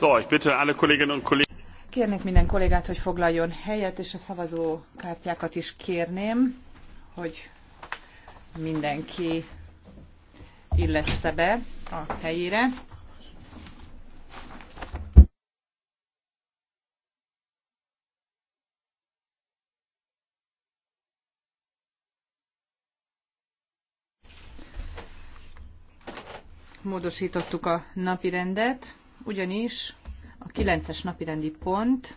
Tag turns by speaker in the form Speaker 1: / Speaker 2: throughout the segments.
Speaker 1: So, ich bitte alle Kolleginnen und Kollegen.
Speaker 2: Kérnék minden kollégát, hogy foglaljon helyet, és a szavazókártyákat is kérném, hogy mindenki illeszte be a helyére. módosítottuk a napirendet ugyanis a 9-es napirendi pont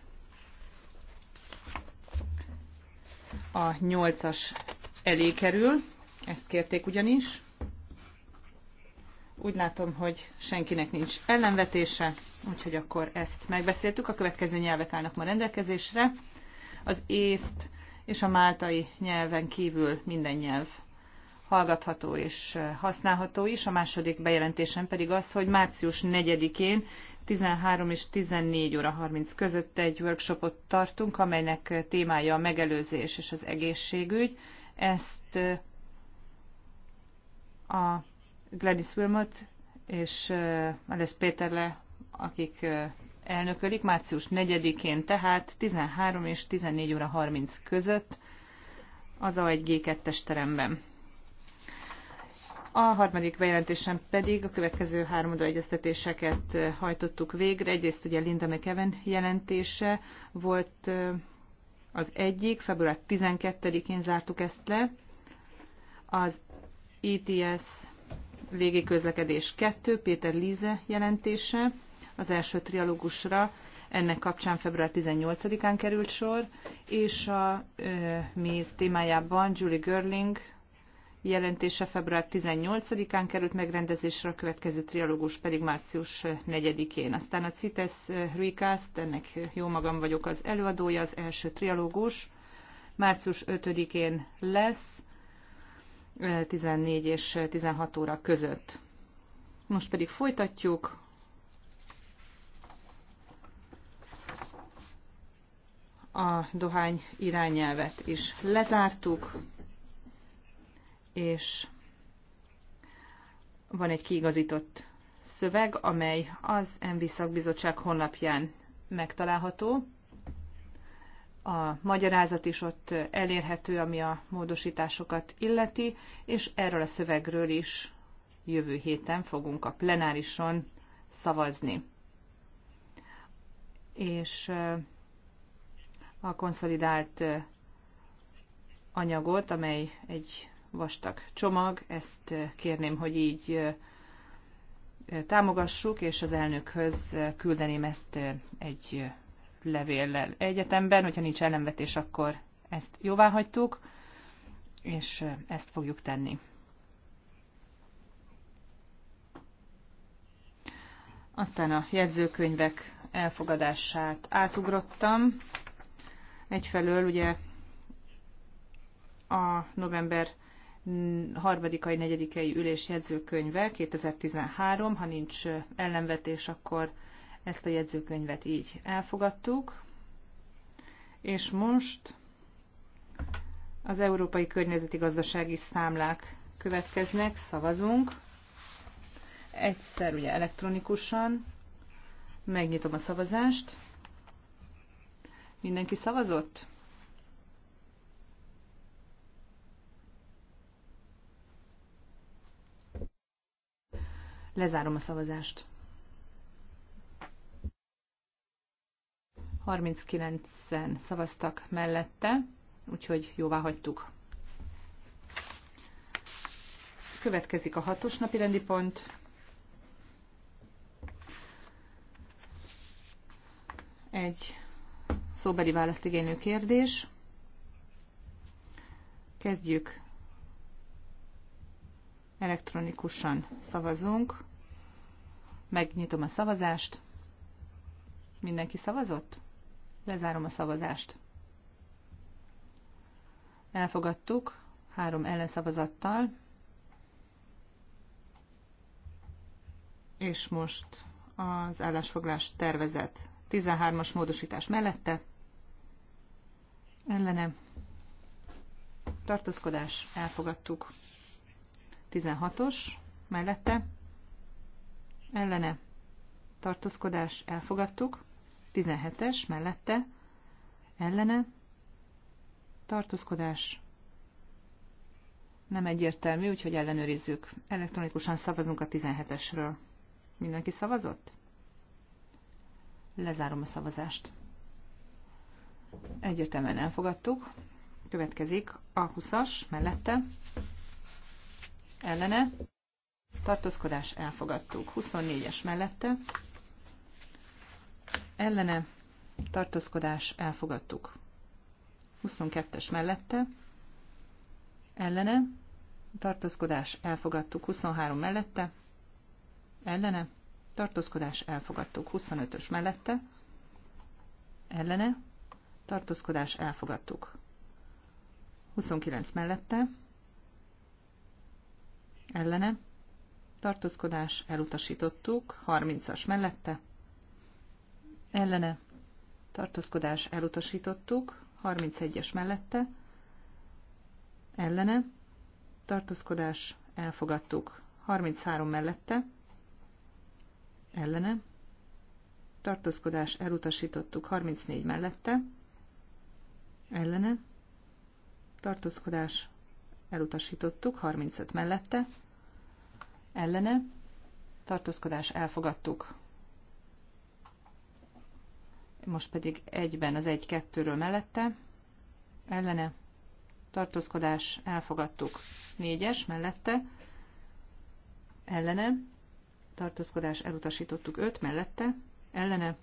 Speaker 2: a 8-as elé kerül, ezt kérték ugyanis. Úgy látom, hogy senkinek nincs ellenvetése, úgyhogy akkor ezt megbeszéltük. A következő nyelvek állnak ma rendelkezésre. Az észt és a máltai nyelven kívül minden nyelv hallgatható és használható is. A második bejelentésem pedig az, hogy március 4-én 13 és 14 óra 30 között egy workshopot tartunk, amelynek témája a megelőzés és az egészségügy. Ezt a Gladys Wilmot és Alice Péterle, akik elnökölik, március 4-én, tehát 13 és 14 óra 30 között az A1G2-es teremben. A harmadik bejelentésen pedig a következő három egyeztetéseket hajtottuk végre. Egyrészt ugye Linda McEwen jelentése volt az egyik, február 12-én zártuk ezt le. Az ETS légiközlekedés 2, Péter Líze jelentése az első trialógusra ennek kapcsán február 18-án került sor, és a e, méz témájában Julie Görling jelentése február 18-án került megrendezésre, a következő trialógus pedig március 4-én. Aztán a CITES Recast, ennek jó magam vagyok az előadója, az első trialógus március 5-én lesz, 14 és 16 óra között. Most pedig folytatjuk. A dohány irányelvet is lezártuk és van egy kiigazított szöveg, amely az MV szakbizottság honlapján megtalálható. A magyarázat is ott elérhető, ami a módosításokat illeti, és erről a szövegről is jövő héten fogunk a plenárison szavazni. És a konszolidált anyagot, amely egy vastag csomag, ezt kérném, hogy így támogassuk, és az elnökhöz küldeném ezt egy levéllel egyetemben, hogyha nincs ellenvetés, akkor ezt jóvá hagytuk, és ezt fogjuk tenni. Aztán a jegyzőkönyvek elfogadását átugrottam. Egyfelől ugye a november harmadikai, negyedikei ülés jegyzőkönyve 2013. Ha nincs ellenvetés, akkor ezt a jegyzőkönyvet így elfogadtuk. És most az európai környezeti gazdasági számlák következnek, szavazunk. Egyszer ugye elektronikusan. Megnyitom a szavazást. Mindenki szavazott? Lezárom a szavazást. 39-en szavaztak mellette, úgyhogy jóvá hagytuk. Következik a hatos napi rendi pont. Egy szóbeli választ igénylő kérdés. Kezdjük elektronikusan szavazunk. Megnyitom a szavazást. Mindenki szavazott? Lezárom a szavazást. Elfogadtuk három ellenszavazattal. És most az állásfoglás tervezet 13-as módosítás mellette. Ellene. Tartózkodás. Elfogadtuk. 16-os mellette ellene tartózkodás elfogadtuk, 17-es mellette ellene tartózkodás nem egyértelmű, úgyhogy ellenőrizzük. Elektronikusan szavazunk a 17-esről. Mindenki szavazott? Lezárom a szavazást. Egyértelműen elfogadtuk. Következik a 20-as mellette, ellene, tartózkodás elfogadtuk. 24-es mellette, ellene, tartózkodás elfogadtuk. 22-es mellette, ellene, tartózkodás elfogadtuk. 23 mellette, ellene, tartózkodás elfogadtuk. 25-ös mellette, ellene, tartózkodás elfogadtuk. 29 mellette, ellene, tartózkodás elutasítottuk, 30-as mellette, ellene, tartózkodás elutasítottuk, 31-es mellette, ellene, tartózkodás elfogadtuk, 33 mellette, ellene, tartózkodás elutasítottuk, 34 mellette, ellene, tartózkodás elutasítottuk, 35 mellette, ellene, tartózkodás elfogadtuk. Most pedig egyben az 1-2-ről mellette, ellene, tartózkodás elfogadtuk, 4-es mellette, ellene, tartózkodás elutasítottuk 5 mellette, ellene,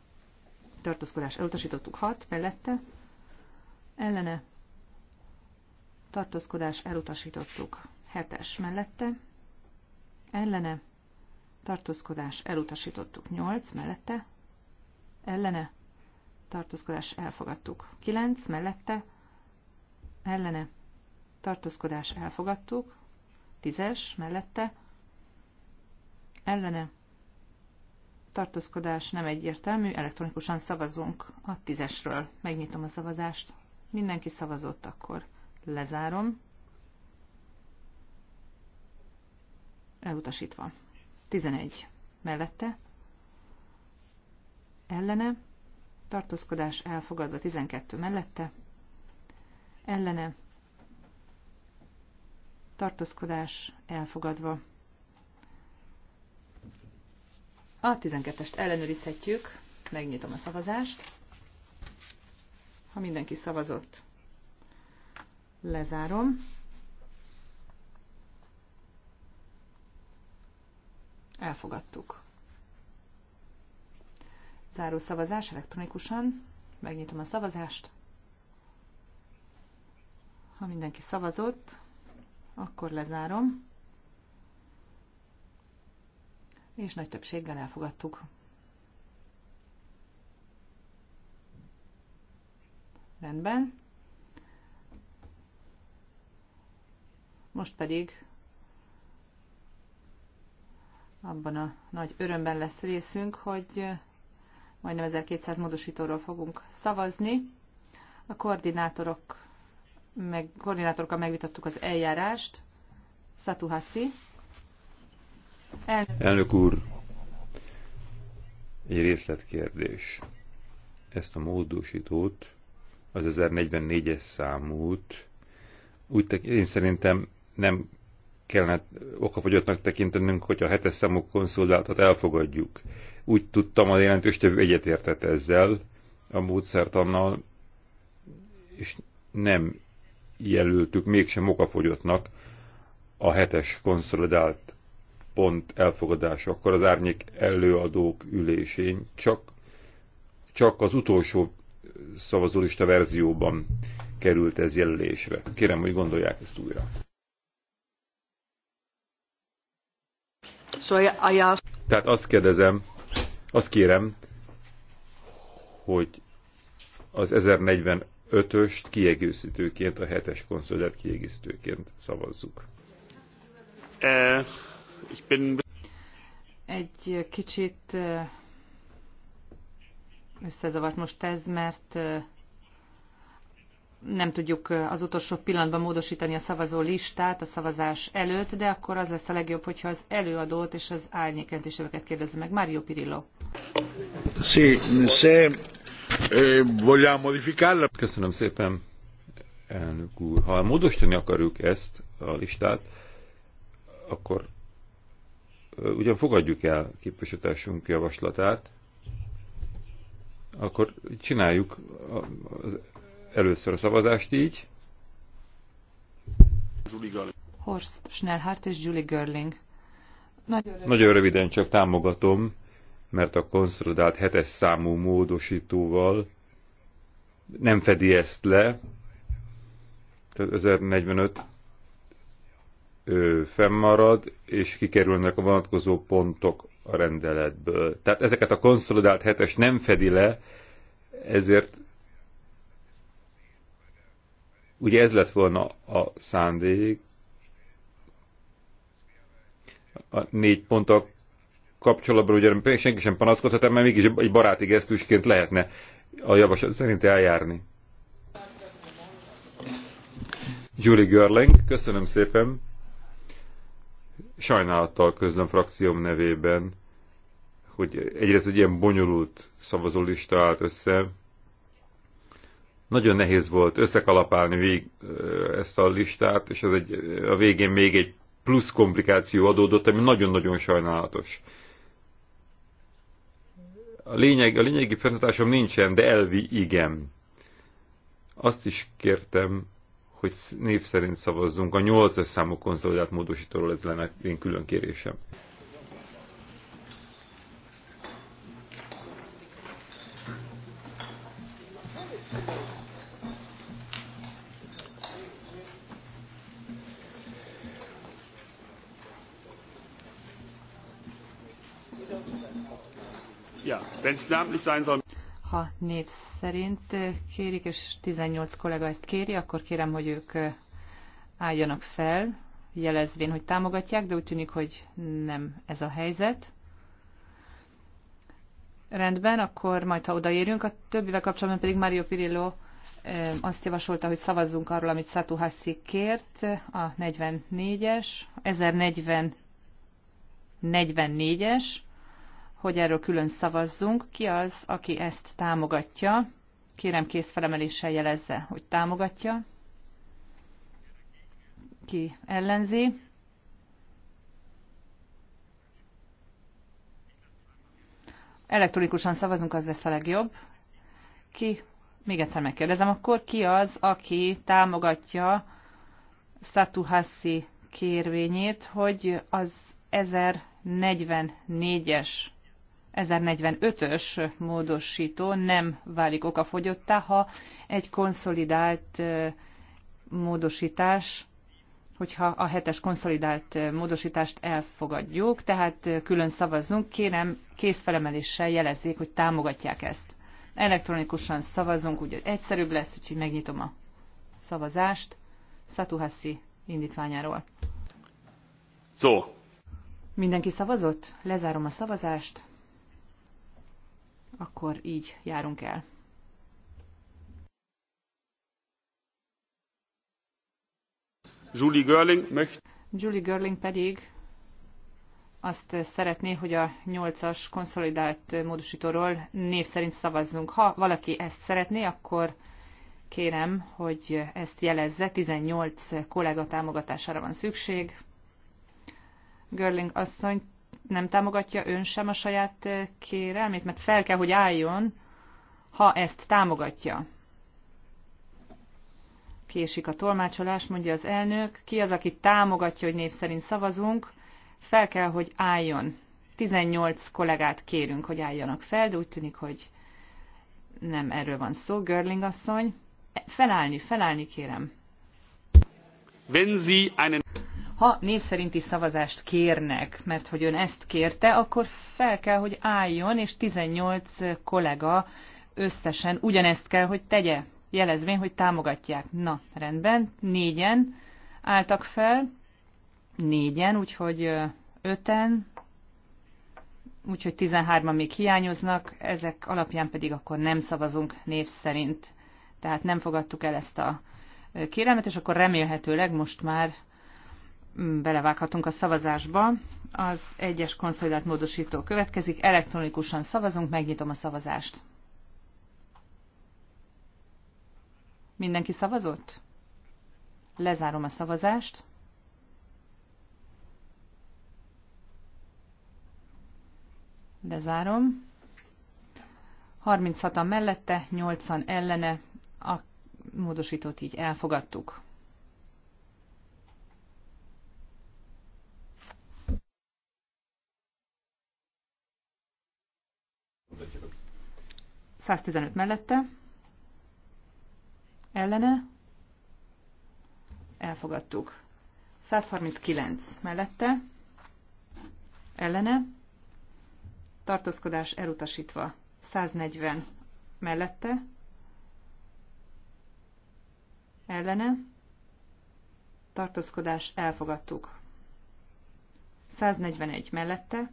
Speaker 2: tartózkodás elutasítottuk 6 mellette, ellene, tartózkodás elutasítottuk. Hetes mellette, ellene, tartózkodás elutasítottuk. Nyolc mellette, ellene, tartózkodás elfogadtuk. Kilenc mellette, ellene, tartózkodás elfogadtuk. Tízes mellette, ellene, tartózkodás nem egyértelmű, elektronikusan szavazunk a tízesről. Megnyitom a szavazást. Mindenki szavazott akkor. Lezárom. Elutasítva. 11. Mellette. Ellene. Tartózkodás elfogadva 12 mellette. Ellene. Tartózkodás elfogadva. A 12-est ellenőrizhetjük. Megnyitom a szavazást. Ha mindenki szavazott, Lezárom. Elfogadtuk. Záró szavazás elektronikusan. Megnyitom a szavazást. Ha mindenki szavazott, akkor lezárom. És nagy többséggel elfogadtuk. Rendben. Most pedig abban a nagy örömben lesz részünk, hogy majdnem 1200 módosítóról fogunk szavazni. A koordinátorok meg, koordinátorokkal megvitattuk az eljárást. Szatuhaszi.
Speaker 3: El...
Speaker 1: Elnök úr, egy részletkérdés. Ezt a módosítót, az 1044-es számút, úgy én szerintem nem kellene okafogyottnak tekintenünk, hogy a hetes számú konszolidáltat elfogadjuk. Úgy tudtam, a jelentős több egyetértett ezzel a módszertannal, és nem jelöltük mégsem okafogyottnak a hetes konszolidált pont elfogadása, akkor az árnyék előadók ülésén csak, csak az utolsó szavazólista verzióban került ez jelölésre. Kérem, hogy gondolják ezt újra.
Speaker 3: So I, ask...
Speaker 1: Tehát azt kérdezem, azt kérem, hogy az 1045-öst kiegészítőként, a 7-es konszolidát kiegészítőként szavazzuk. Uh, ich bin...
Speaker 2: Egy kicsit összezavart most ez, mert nem tudjuk az utolsó pillanatban módosítani a szavazó listát a szavazás előtt, de akkor az lesz a legjobb, hogyha az előadót és az árnyékentéseveket kérdezze meg. Mario Pirillo.
Speaker 1: Sí, se, eh, Köszönöm szépen, elnök úr. Ha módosítani akarjuk ezt a listát, akkor ugyan fogadjuk el képviselőtársunk javaslatát, akkor csináljuk az először a szavazást így.
Speaker 2: Horst Schnellhardt és Julie Görling. Nagyon röviden. Nagyon
Speaker 1: röviden csak támogatom, mert a konszolidált hetes számú módosítóval nem fedi ezt le, tehát 1045 ő fennmarad, és kikerülnek a vonatkozó pontok a rendeletből. Tehát ezeket a konszolidált hetes nem fedi le, ezért Ugye ez lett volna a szándék, a négy ponttal kapcsolatban ugye senki sem panaszkodhat, mert mégis egy baráti gesztusként lehetne a javaslat szerint eljárni. Julie Görling, köszönöm szépen. Sajnálattal közlöm frakcióm nevében, hogy egyrészt egy ilyen bonyolult szavazólista állt össze, nagyon nehéz volt összekalapálni vég, ezt a listát, és ez egy, a végén még egy plusz komplikáció adódott, ami nagyon-nagyon sajnálatos. A, lényeg, a lényegi fenntartásom nincsen, de elvi igen. Azt is kértem, hogy név szerint szavazzunk a 8-as számú konzolidált módosítóról, ez lenne én külön kérésem. namentlich sein soll.
Speaker 2: Ha név szerint kérik, és 18 kollega ezt kéri, akkor kérem, hogy ők eh, álljanak fel, jelezvén, hogy támogatják, de úgy tűnik, hogy nem ez a helyzet. Rendben, akkor majd, ha odaérünk, a többivel kapcsolatban pedig Mario Pirillo eh, azt javasolta, hogy szavazzunk arról, amit Szatu Hassi kért, a 44-es, 1040 44-es, hogy erről külön szavazzunk. Ki az, aki ezt támogatja? Kérem készfelemeléssel jelezze, hogy támogatja. Ki ellenzi? Elektronikusan szavazunk, az lesz a legjobb. Ki, még egyszer megkérdezem akkor, ki az, aki támogatja Satuhassi kérvényét, hogy az 1044-es 1045-ös módosító nem válik okafogyottá, ha egy konszolidált módosítás, hogyha a hetes konszolidált módosítást elfogadjuk, tehát külön szavazzunk, kérem kézfelemeléssel jelezzék, hogy támogatják ezt. Elektronikusan szavazunk, úgyhogy egyszerűbb lesz, úgyhogy megnyitom a szavazást Szatuhaszi indítványáról. Szó. So. Mindenki szavazott? Lezárom a szavazást akkor így járunk el.
Speaker 1: Julie Görling möcht.
Speaker 2: Julie Görling pedig azt szeretné, hogy a 8-as konszolidált módosítóról név szerint szavazzunk. Ha valaki ezt szeretné, akkor kérem, hogy ezt jelezze. 18 kollega támogatására van szükség. Görling asszony nem támogatja ön sem a saját kérelmét? Mert fel kell, hogy álljon, ha ezt támogatja. Késik a tolmácsolás, mondja az elnök. Ki az, aki támogatja, hogy név szerint szavazunk? Fel kell, hogy álljon. 18 kollégát kérünk, hogy álljanak fel, de úgy tűnik, hogy nem erről van szó. Görling asszony, felállni, felállni kérem.
Speaker 1: Wenn Sie einen
Speaker 2: ha név szerinti szavazást kérnek, mert hogy ön ezt kérte, akkor fel kell, hogy álljon, és 18 kollega összesen ugyanezt kell, hogy tegye, jelezvén, hogy támogatják. Na, rendben, négyen álltak fel, négyen, úgyhogy öten, úgyhogy 13-an még hiányoznak, ezek alapján pedig akkor nem szavazunk név szerint. Tehát nem fogadtuk el ezt a kérelmet, és akkor remélhetőleg most már belevághatunk a szavazásba. Az egyes konszolidált módosító következik. Elektronikusan szavazunk, megnyitom a szavazást. Mindenki szavazott? Lezárom a szavazást. Lezárom. 36-an mellette, 80 ellene. A módosítót így elfogadtuk. 115 mellette, ellene, elfogadtuk. 139 mellette, ellene, tartózkodás elutasítva. 140 mellette, ellene, tartózkodás elfogadtuk. 141 mellette,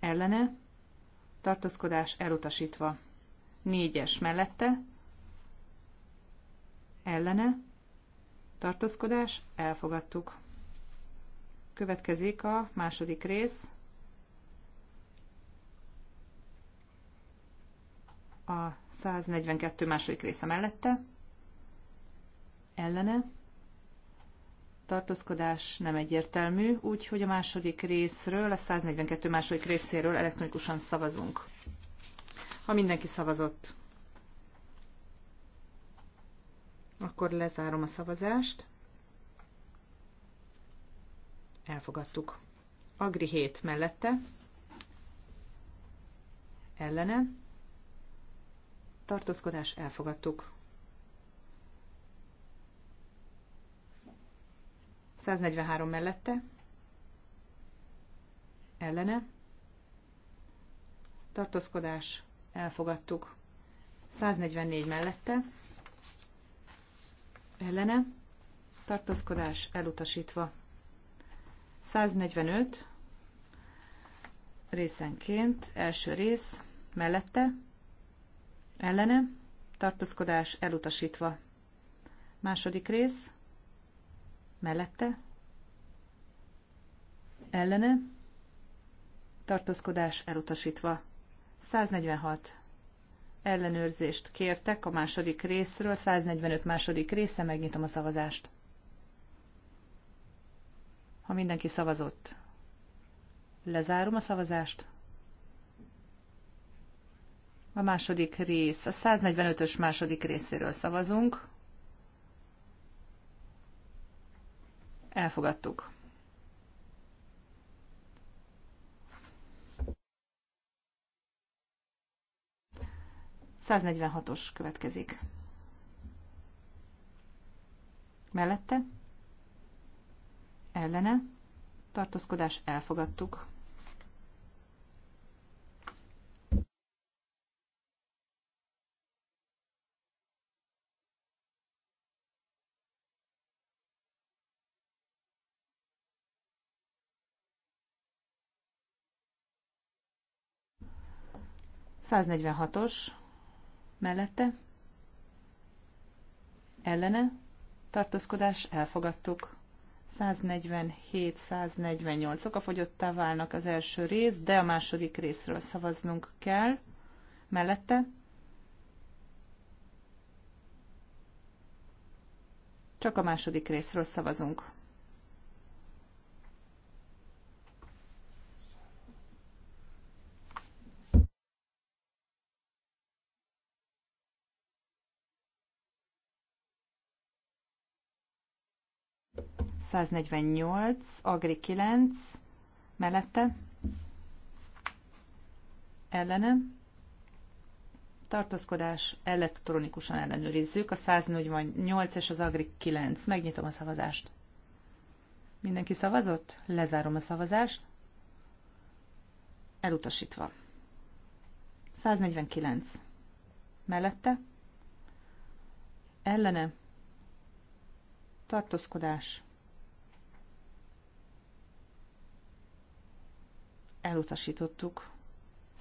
Speaker 2: ellene, tartózkodás elutasítva. Négyes mellette, ellene, tartózkodás, elfogadtuk. Következik a második rész. A 142 második része mellette, ellene, tartózkodás nem egyértelmű, úgyhogy a második részről, a 142 második részéről elektronikusan szavazunk. Ha mindenki szavazott, akkor lezárom a szavazást. Elfogadtuk. Agri 7 mellette. Ellene. Tartózkodás elfogadtuk. 143 mellette, ellene, tartózkodás, elfogadtuk. 144 mellette, ellene, tartózkodás, elutasítva. 145 részenként, első rész, mellette, ellene, tartózkodás, elutasítva. Második rész, mellette, ellene, tartózkodás elutasítva. 146. Ellenőrzést kértek a második részről, 145 második része, megnyitom a szavazást. Ha mindenki szavazott, lezárom a szavazást. A második rész, a 145-ös második részéről szavazunk. Elfogadtuk. os következik. Mellette? Ellene? Tartózkodás elfogadtuk. 146-os mellette ellene tartózkodás elfogadtuk. 147-148-ok a fogyottá válnak az első rész, de a második részről szavaznunk kell. Mellette csak a második részről szavazunk. 148, Agri 9, mellette, ellene, tartózkodás, elektronikusan ellenőrizzük, a 148 és az Agri 9, megnyitom a szavazást. Mindenki szavazott? Lezárom a szavazást. Elutasítva. 149. Mellette? Ellene? Tartózkodás. elutasítottuk.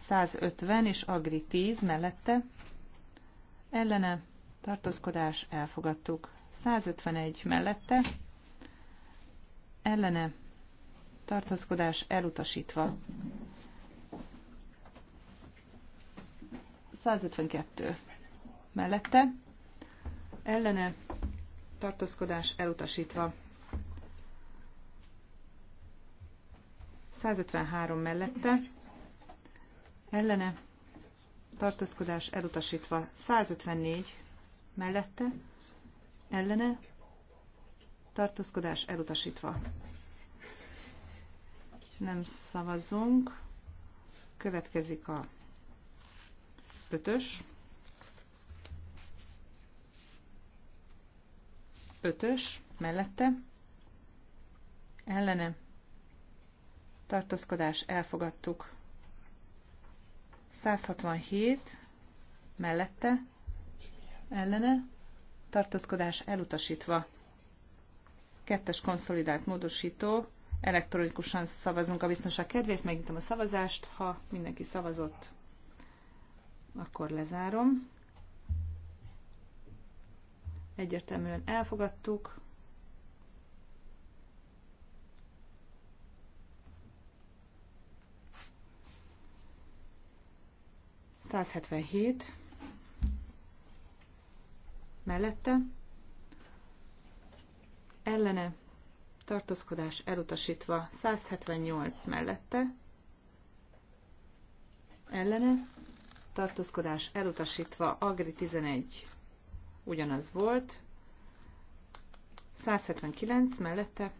Speaker 2: 150 és Agri 10 mellette, ellene, tartózkodás, elfogadtuk. 151 mellette, ellene, tartózkodás, elutasítva. 152 mellette, ellene, tartózkodás, elutasítva. 153 mellette, ellene, tartózkodás elutasítva. 154 mellette, ellene, tartózkodás elutasítva. Nem szavazunk. Következik a ötös. Ötös mellette. Ellene tartózkodás elfogadtuk. 167 mellette ellene tartózkodás elutasítva. Kettes konszolidált módosító. Elektronikusan szavazunk a biztonság kedvéért. Megnyitom a szavazást. Ha mindenki szavazott, akkor lezárom. Egyértelműen elfogadtuk. 177 mellette ellene tartózkodás elutasítva 178 mellette ellene tartózkodás elutasítva Agri 11 ugyanaz volt 179 mellette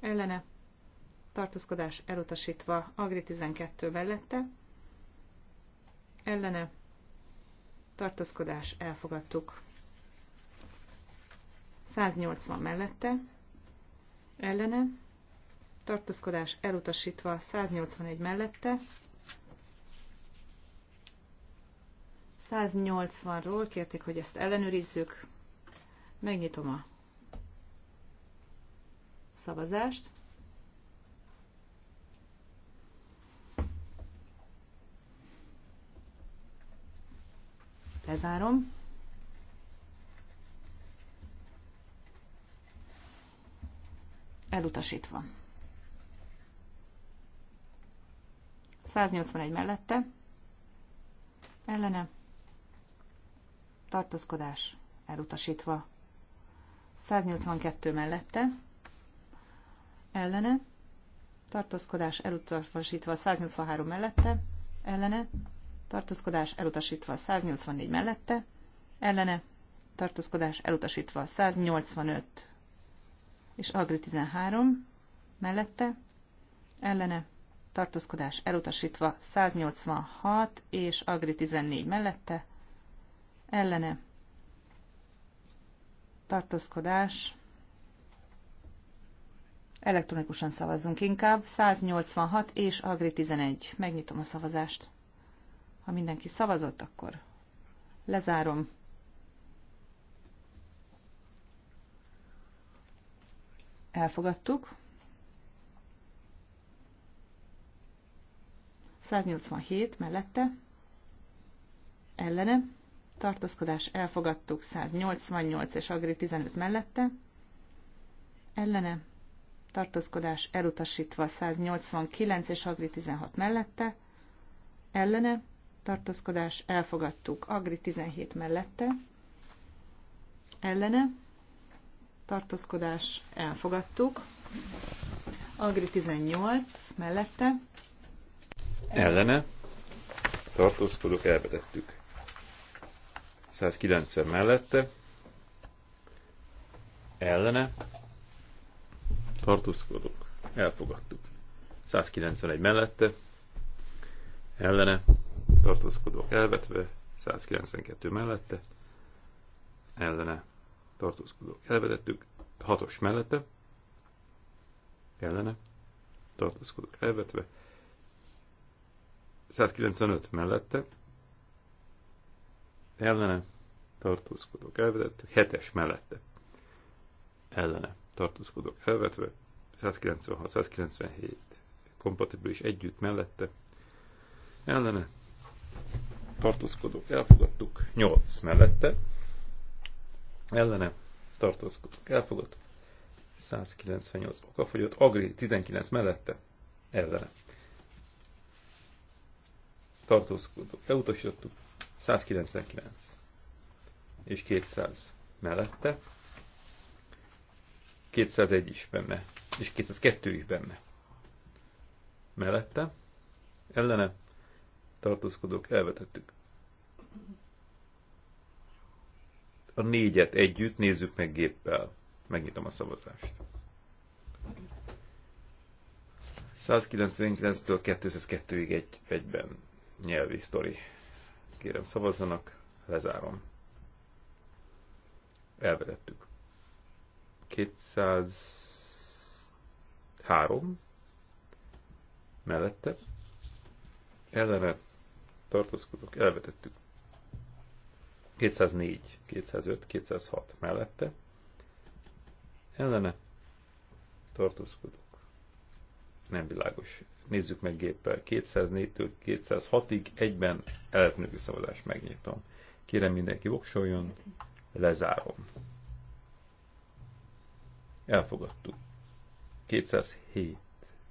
Speaker 2: ellene tartózkodás elutasítva Agri 12 mellette ellene tartózkodás elfogadtuk. 180 mellette ellene tartózkodás elutasítva 181 mellette 180-ról kérték, hogy ezt ellenőrizzük. Megnyitom a szavazást. Lezárom. Elutasítva. 181 mellette. Ellene. Tartózkodás. Elutasítva. 182 mellette. Ellene. Tartózkodás elutasítva 183 mellette. Ellene tartózkodás elutasítva 184 mellette, ellene tartózkodás elutasítva 185 és Agri 13 mellette, ellene tartózkodás elutasítva 186 és Agri 14 mellette, ellene tartózkodás elektronikusan szavazzunk inkább 186 és Agri 11. Megnyitom a szavazást. Ha mindenki szavazott, akkor lezárom. Elfogadtuk. 187 mellette, ellene, tartózkodás elfogadtuk 188 és Agri 15 mellette, ellene, tartózkodás elutasítva 189 és Agri 16 mellette, ellene, tartózkodás, elfogadtuk. Agri 17 mellette, ellene, tartózkodás, elfogadtuk. Agri 18 mellette,
Speaker 1: ellene, tartózkodok, elvetettük. 190 mellette, ellene, tartózkodok, elfogadtuk. 191 mellette, ellene, tartózkodók elvetve, 192 mellette, ellene tartózkodók elvetettük, 6-os mellette, ellene tartózkodók elvetve, 195 mellette, ellene tartózkodók elvetettük, 7-es mellette, ellene tartózkodók elvetve, 196-197 kompatibilis együtt mellette, ellene tartózkodók elfogadtuk, 8 mellette, ellene tartózkodók elfogadtuk, 198 okafogyott, Agri 19 mellette, ellene tartózkodók elutasítottuk, 199 és 200 mellette, 201 is benne, és 202 is benne. Mellette, ellene tartózkodók elvetettük. A négyet együtt nézzük meg géppel. Megnyitom a szavazást. 199-től 202-ig egy, egyben nyelvi sztori. Kérem szavazzanak, lezárom. Elvetettük. 203 mellette ellenet tartózkodók elvetettük. 204, 205, 206 mellette, ellene tartózkodók. Nem világos. Nézzük meg géppel. 204-től 206-ig egyben eltűnő szavazást megnyitom. Kérem mindenki voksoljon, lezárom. Elfogadtuk. 207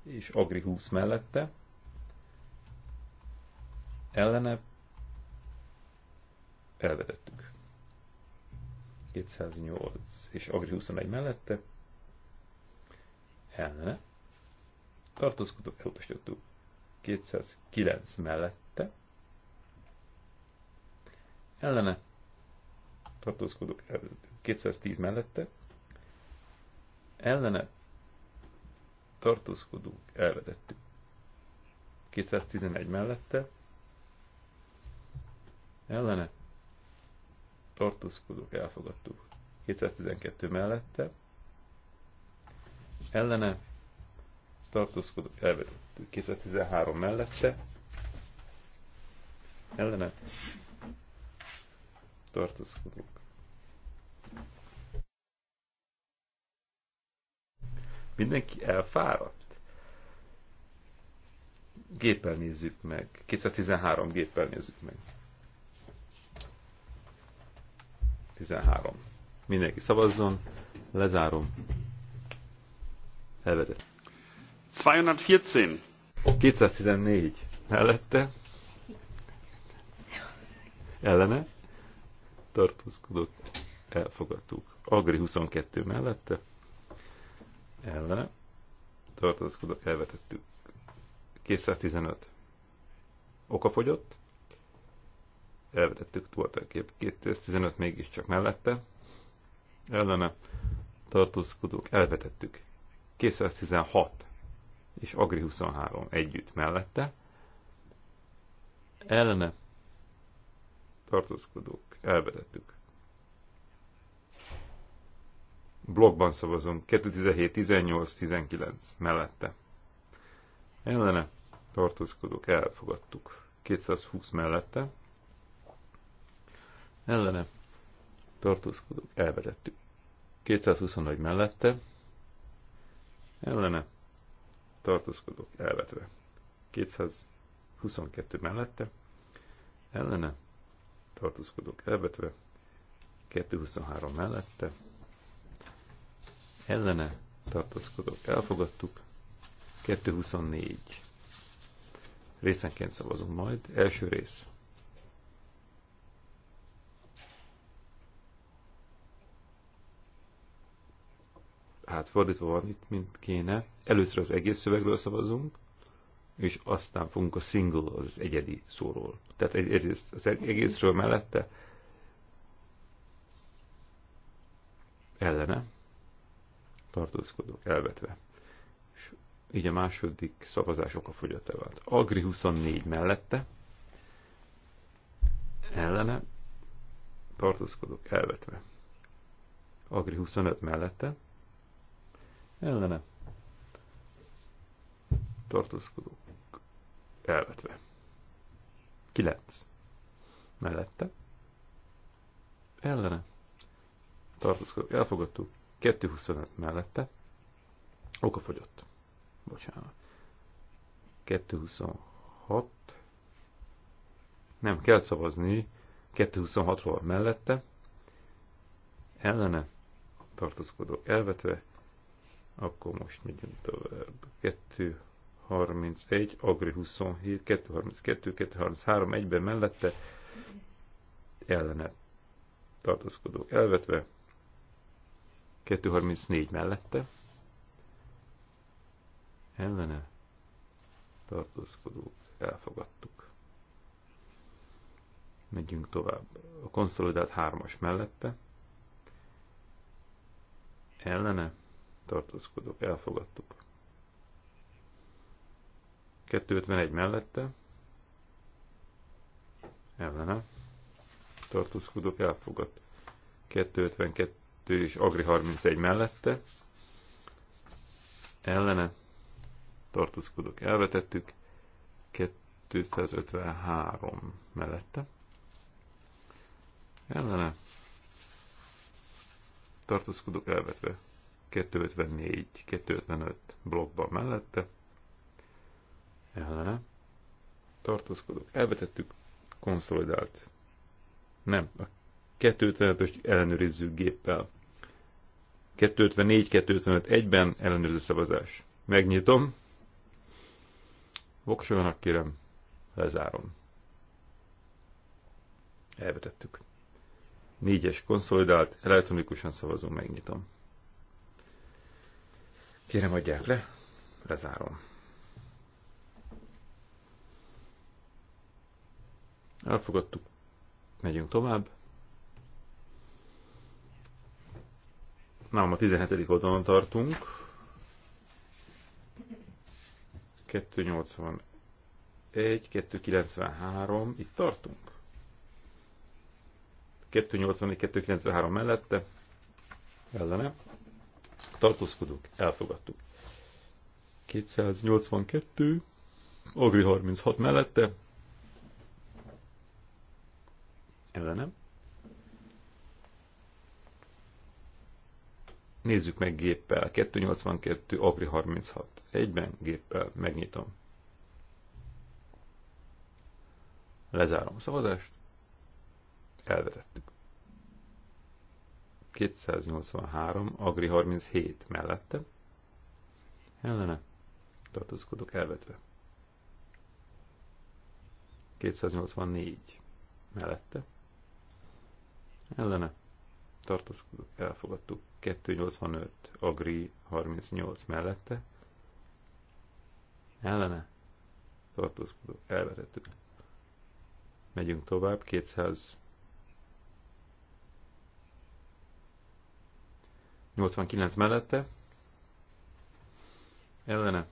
Speaker 1: és Agri 20 mellette, ellene elvetettük. 208 és Agri 21 mellette ellene tartózkodók elutasítottuk. 209 mellette ellene tartózkodók 210 mellette ellene tartózkodók elvetettük. 211 mellette ellene tartózkodók elfogadtuk. 212 mellette ellene tartózkodók elvetettük. 213 mellette ellene tartózkodók. Mindenki elfáradt? Géppel nézzük meg. 213 géppel nézzük meg. 13. Mindenki szavazzon. Lezárom. Elvetett. 214. 214. Mellette. Ellene. Tartózkodok. Elfogadtuk. Agri 22 mellette. Ellene. Tartózkodok. Elvetettük. 215. Okafogyott elvetettük voltaképp. 2015 mégiscsak mellette, ellene tartózkodók elvetettük. 216 és Agri 23 együtt mellette, ellene tartózkodók elvetettük. Blogban szavazunk 2017, 18, 19 mellette. Ellene tartózkodók elfogadtuk. 220 mellette ellene tartózkodók elvetettük. 221 mellette ellene tartózkodók elvetve. 222 mellette ellene tartózkodók elvetve. 223 mellette ellene tartózkodók elfogadtuk. 224 részenként szavazunk majd. Első rész hát fordítva van itt, mint kéne. Először az egész szövegről szavazunk, és aztán fogunk a single, az egyedi szóról. Tehát egyrészt az e- egészről mellette ellene tartózkodok, elvetve. És így a második szavazás okafogyata vált. Agri 24 mellette ellene tartózkodok, elvetve. Agri 25 mellette ellene tartózkodók elvetve. 9. Mellette ellene tartózkodók elfogadtó 225 mellette okafogyott. Bocsánat. 226 nem kell szavazni 226-ról mellette ellene tartózkodók elvetve akkor most megyünk tovább. 231, Agri 27, 232, 233, egyben mellette ellene tartózkodók elvetve, 234 mellette ellene tartózkodók elfogadtuk. Megyünk tovább. A konszolidált hármas mellette ellene tartózkodok, elfogadtuk. 251 mellette ellene tartózkodok, elfogadt. 252 és Agri 31 mellette ellene tartózkodok, elvetettük. 253 mellette ellene tartózkodok, elvetve 254-255 blokkban mellette, ellene, Tartózkodok. elvetettük, konszolidált. Nem, a 255-öst ellenőrizzük géppel. 254-255 egyben ellenőrző szavazás. Megnyitom. Voksoljanak kérem, lezárom. Elvetettük. Négyes konszolidált, elektronikusan szavazunk, megnyitom. Kérem, adják le, lezárom. Elfogadtuk, megyünk tovább. Nálam a 17. oldalon tartunk. 281, 293, itt tartunk. 284, 293 mellette, ellene, tartózkodunk, elfogadtuk. 282, Ogri 36 mellette, ellenem. Nézzük meg géppel, 282, Ogri 36, egyben géppel megnyitom. Lezárom a szavazást, elvetettük. 283, Agri 37 mellette. Ellene tartózkodok elvetve. 284 mellette. Ellene tartózkodok elfogadtuk. 285, Agri 38 mellette. Ellene tartózkodok elvetettük. Megyünk tovább, 200 89 mellette, ellene,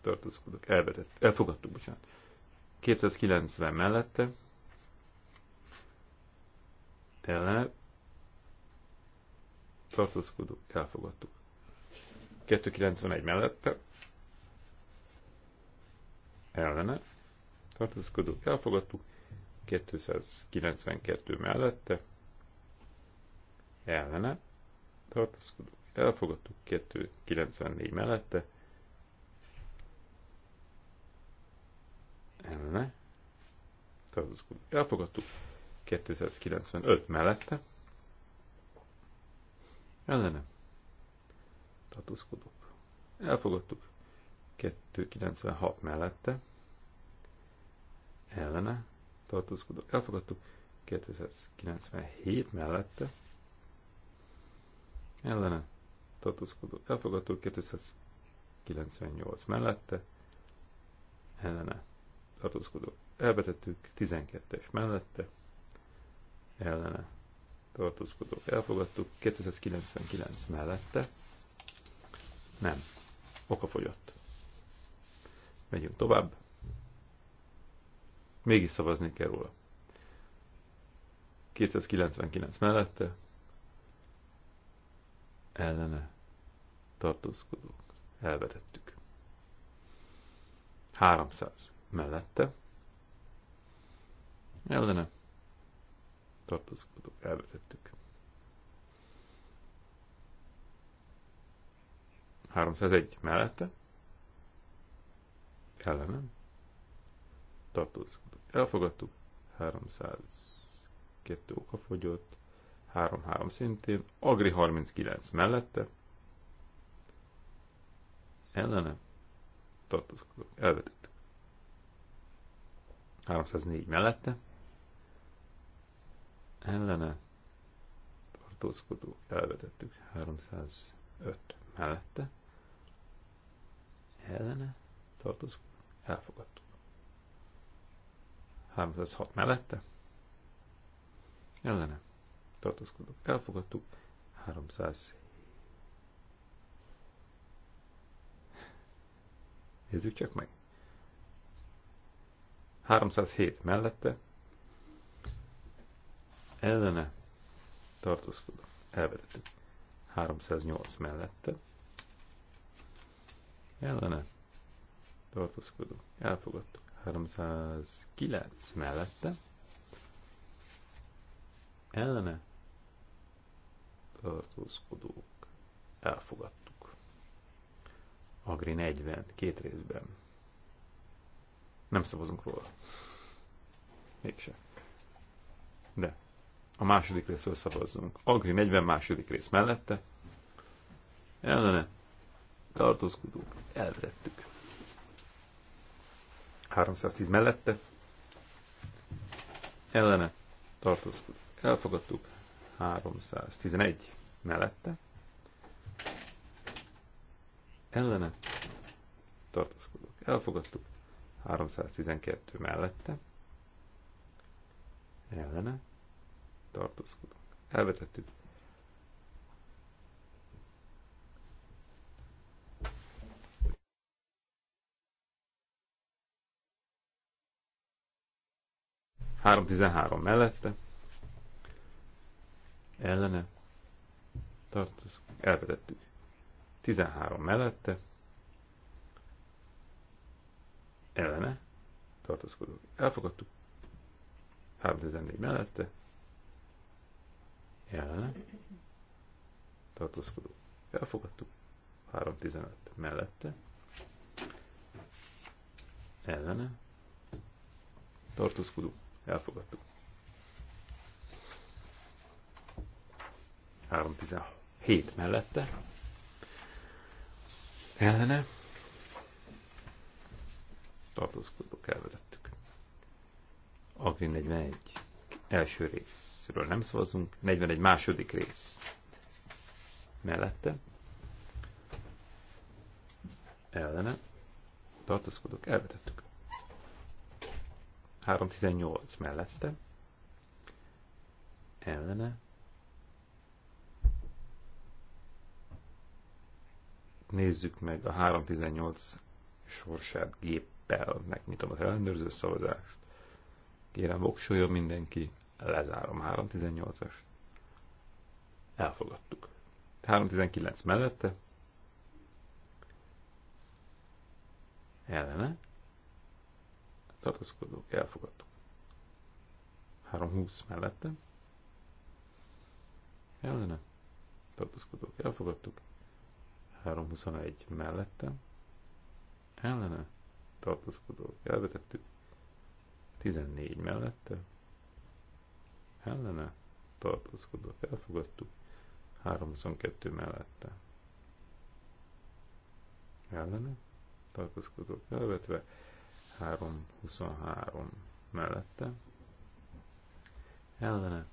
Speaker 1: tartózkodok, elvetett, elfogadtuk, bocsánat. 290 mellette, ellene, tartózkodok, elfogadtuk. 291 mellette, ellene, tartózkodók elfogadtuk, 292 mellette, ellene, tartózkodók elfogadtuk, 294 mellette, ellene, tartózkodók elfogadtuk, 295 mellette, ellene, tartózkodók elfogadtuk, 296 mellette, ellene, tartózkodók elfogadtuk, 297 mellette, ellene tartózkodó elfogadó 298 mellette ellene tartózkodó elbetettük 12-es mellette ellene tartózkodók elfogadtuk 299 mellette nem, oka fogyott. megyünk tovább mégis szavazni kell róla 299 mellette ellene tartózkodók elvetettük. 300 mellette ellene tartózkodók elvetettük. 301 mellette ellene tartózkodók elfogadtuk. 302 okafogyott 3-3 szintén, Agri 39 mellette, ellene, tartozkodok, elvetett. 304 mellette, ellene, tartózkodó, elvetettük. 305 mellette, ellene, tartózkodó, elfogadtuk. 306 mellette, ellene, tartózkodók elfogadtuk, 300. Nézzük csak meg. 307 mellette ellene tartózkodók elvetettük. 308 mellette ellene tartózkodó. Elfogadtuk. 309 mellette. Ellene tartózkodók, elfogadtuk. Agri 40, két részben. Nem szavazunk róla. Mégse. De a második részről szavazzunk. Agri 40 második rész mellette. Ellene tartózkodók, Elvettük. 310 mellette. Ellene tartózkodók, elfogadtuk. 311 mellette ellene tartózkodók elfogadtuk, 312 mellette ellene tartózkodók elvetettük, Három tizenhárom mellette, ellene tartozik, elvetettük. 13 mellette ellene tartózkodók. Elfogadtuk. 314 mellette ellene tartózkodók. Elfogadtuk. 315 mellette ellene tartózkodó, Elfogadtuk. 317 mellette. Ellene. Tartózkodók elvetettük. Agri 41 első részről nem szavazunk. 41 második rész mellette. Ellene. Tartózkodók elvetettük. 318 mellette. Ellene Nézzük meg a 318 sorsát géppel. Megnyitom az ellenőrző szavazást. Kérem, voksoljon mindenki. Lezárom 318-as. Elfogadtuk. 319 mellette. Ellene. Tartaszkodók, elfogadtuk. 320 mellette. Ellene. Tartaszkodók, elfogadtuk. 321 mellette, ellene tartózkodók elvetettük, 14 mellette, ellene tartózkodók elfogadtuk, 322 mellette, ellene tartózkodók elvetve, 323 mellette, ellene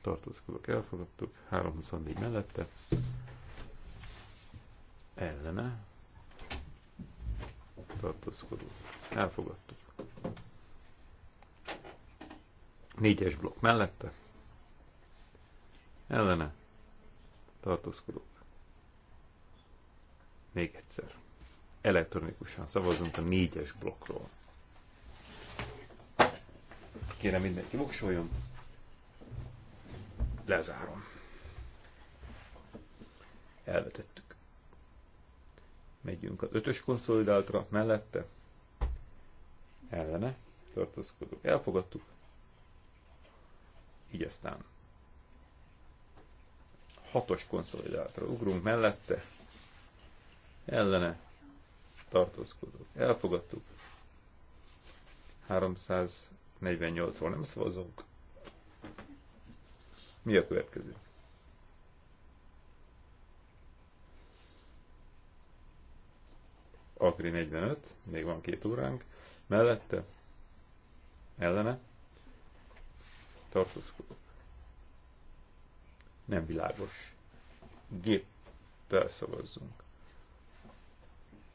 Speaker 1: tartózkodók elfogadtuk, 324 mellette, ellene tartózkodók. Elfogadtuk. Négyes blokk mellette ellene tartózkodók. Még egyszer. Elektronikusan szavazunk a négyes blokkról. Kérem mindenki voksoljon. Lezárom. Elvetettük. Megyünk az ötös konszolidáltra, mellette, ellene, tartózkodók, elfogadtuk. Így aztán hatos konszolidáltra ugrunk mellette, ellene, tartózkodunk, elfogadtuk. 348-ról nem szavazunk. Mi a következő? Agri 45, még van két óránk, mellette, ellene, tartózkodok. Nem világos. Géppel szavazzunk.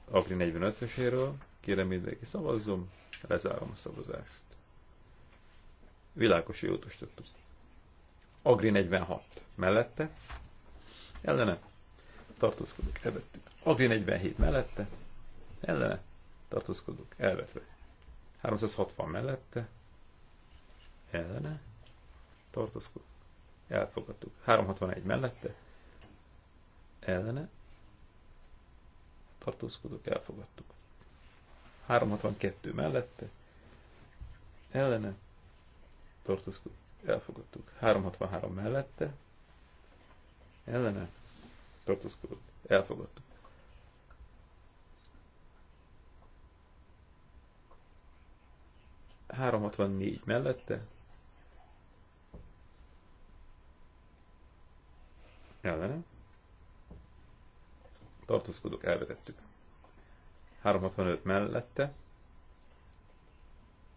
Speaker 1: Agri 45 eséről kérem mindenki szavazzom, lezárom a szavazást. Világos jótosítottuk. Agri 46 mellette, ellene, tartózkodik, elvettük. Agri 47 mellette, ellene tartózkodók elvetve. 360 mellette ellene tartózkodók elfogadtuk. 361 mellette ellene tartózkodók elfogadtuk. 362 mellette ellene tartózkodók elfogadtuk. 363 mellette ellene tartózkodók elfogadtuk. 364 mellette. Ellene. Tartózkodok, elvetettük. 365 mellette.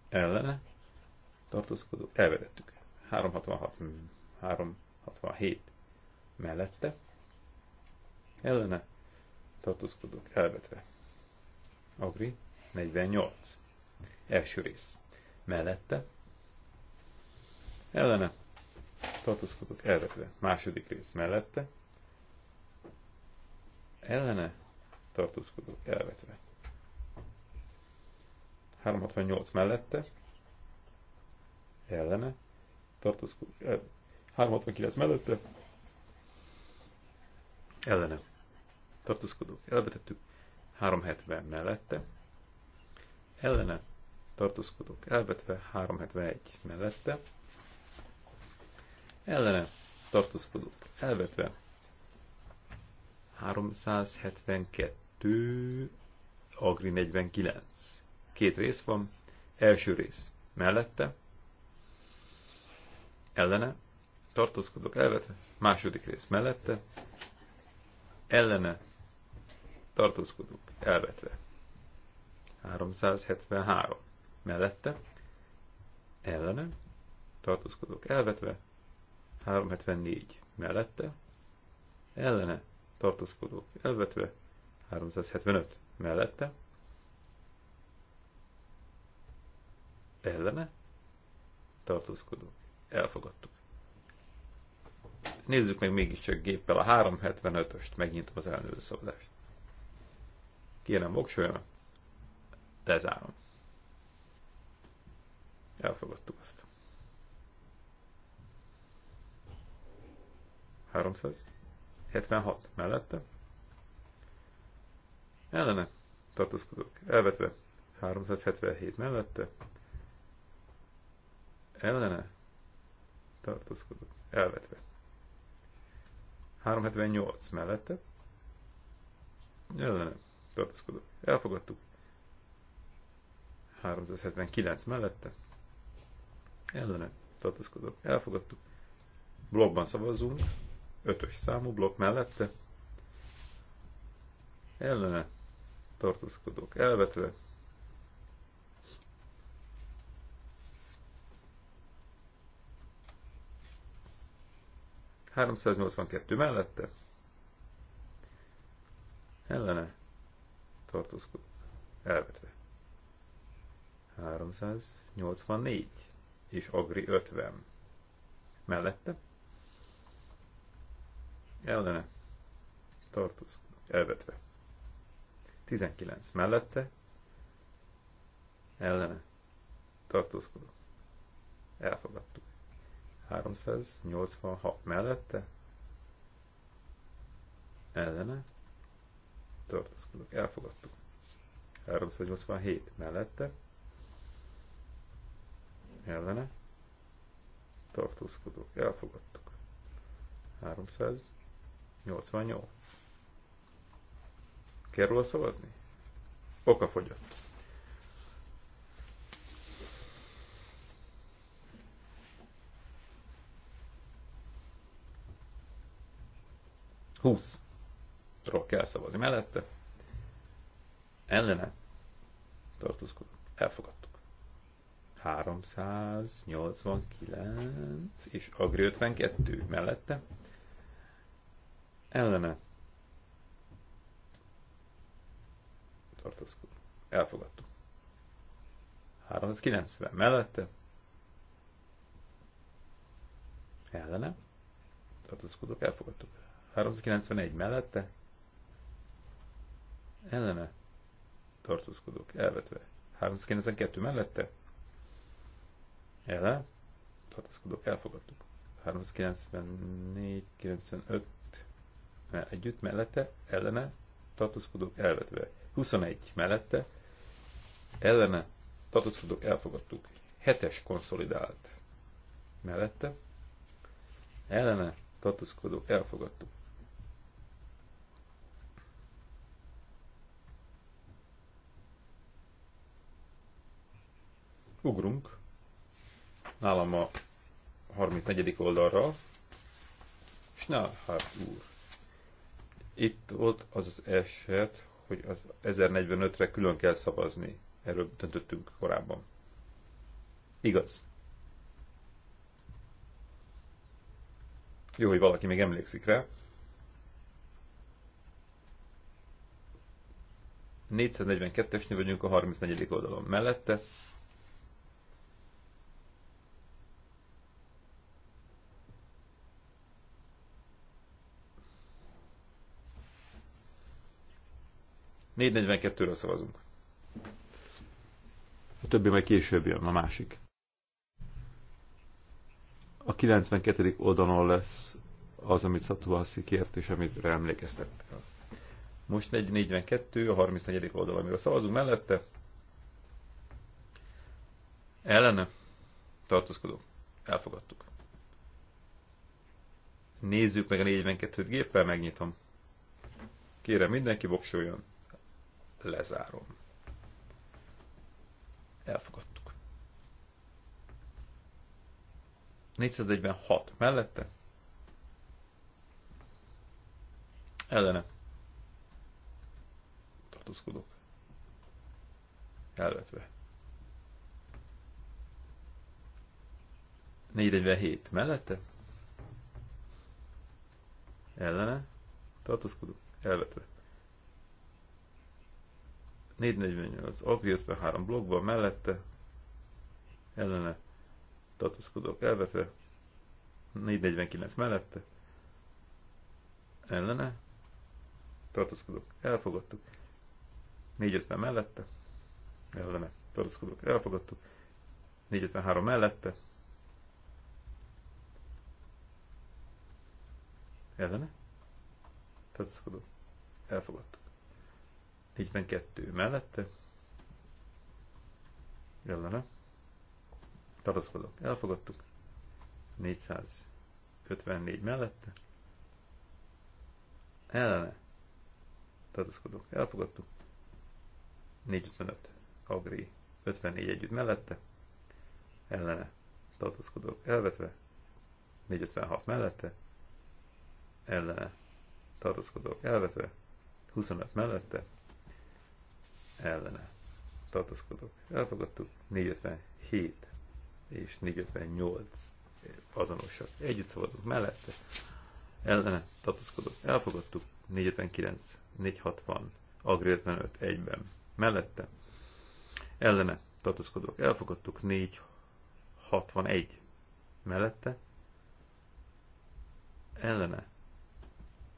Speaker 1: Ellene. Tartózkodók elvetettük. 366, 367 mellette. Ellene. Tartózkodók elvetve. Agri 48. Első rész mellette, ellene, tartózkodok, elvetve, második rész mellette, ellene, tartózkodok, elvetve. 368 mellette, ellene, tartózkodok, el, 369 mellette, ellene, tartózkodok, elvetettük, 370 mellette, ellene, tartózkodók elvetve, 371 mellette, ellene tartózkodók elvetve, 372, Agri 49. Két rész van, első rész mellette, ellene, tartózkodók elvetve, második rész mellette, ellene, tartózkodók elvetve. 373 mellette, ellene, tartózkodók elvetve, 374 mellette, ellene, tartózkodók elvetve, 375 mellette, ellene, tartózkodók elfogadtuk. Nézzük meg mégiscsak géppel a 375-öst, megnyitom az ellenőrző szabadást. Kérem, voksoljon, lezárom. Elfogadtuk azt. 376 mellette. Ellene tartózkodók elvetve. 377 mellette. Ellene tartózkodók elvetve. 378 mellette. Ellene tartózkodók elfogadtuk. 379 mellette ellene tartozkodok. elfogadtuk. Blokkban szavazzunk, ötös számú blokk mellette, ellene tartozkodok. elvetve, kettő mellette ellene tartózkodók elvetve. 384 és Agri 50. Mellette ellene tartoz, elvetve. 19. Mellette ellene tartózkodó. Elfogadtuk. 386 mellette ellene Tartózkodó. Elfogadtuk. 387 mellette ellene tartózkodók elfogadtuk. 388. Kell róla szavazni? Oka fogyott. Húsz. Ról kell szavazni mellette. Ellene Tartózkodó. elfogadtuk. 389 és Agri 52 mellette. Ellene. Tartozkodó. Elfogadtuk. 390 mellette. Ellene. Tartózkodók elfogadtuk. 391 mellette. Ellene. Tartózkodók elvetve. 392 mellette ellen tartózkodók elfogadtuk. 394, 95 együtt mellette, ellene tartózkodók elvetve. 21 mellette, ellene tartózkodók elfogadtuk. 7-es konszolidált mellette, ellene tartózkodók elfogadtuk. Ugrunk nálam a 34. oldalra, hát úr. Itt volt az az eset, hogy az 1045-re külön kell szavazni. Erről döntöttünk korábban. Igaz. Jó, hogy valaki még emlékszik rá. 442-esnél vagyunk a 34. oldalon mellette, 442-re szavazunk. A többi majd később jön, a másik. A 92. oldalon lesz az, amit Szatuvászi kért, és amit emlékeztettek. Most 442, a 34. oldal, amiről szavazunk mellette. Ellene. Tartózkodó. Elfogadtuk. Nézzük meg a 42-t géppel, megnyitom. Kérem mindenki voksoljon lezárom. Elfogadtuk. 446 mellette. Ellene. Tartózkodok. Elvetve. 447 mellette. Ellene. Tartózkodok. Elvetve. 448, Agri 53 blogban mellette, ellene tartózkodók elvetve, 449 mellette, ellene tartózkodók elfogadtuk, 450 mellette, ellene tartózkodók elfogadtuk, 453 mellette, ellene tartózkodók elfogadtuk. 42 mellette, ellene, tartozkodok, elfogadtuk, 454 mellette, ellene, tartozkodok, elfogadtuk, 455 agri, 54 együtt mellette, ellene, tartózkodók elvetve, 456 mellette, ellene, tartózkodók elvetve, 25 mellette, ellene tartózkodók elfogadtuk, 457 és 458 azonosak. Együtt szavazunk mellette, ellene tartózkodók elfogadtuk, 459, 460, 5, 1 egyben mellette, ellene tartózkodók elfogadtuk, 461 mellette, ellene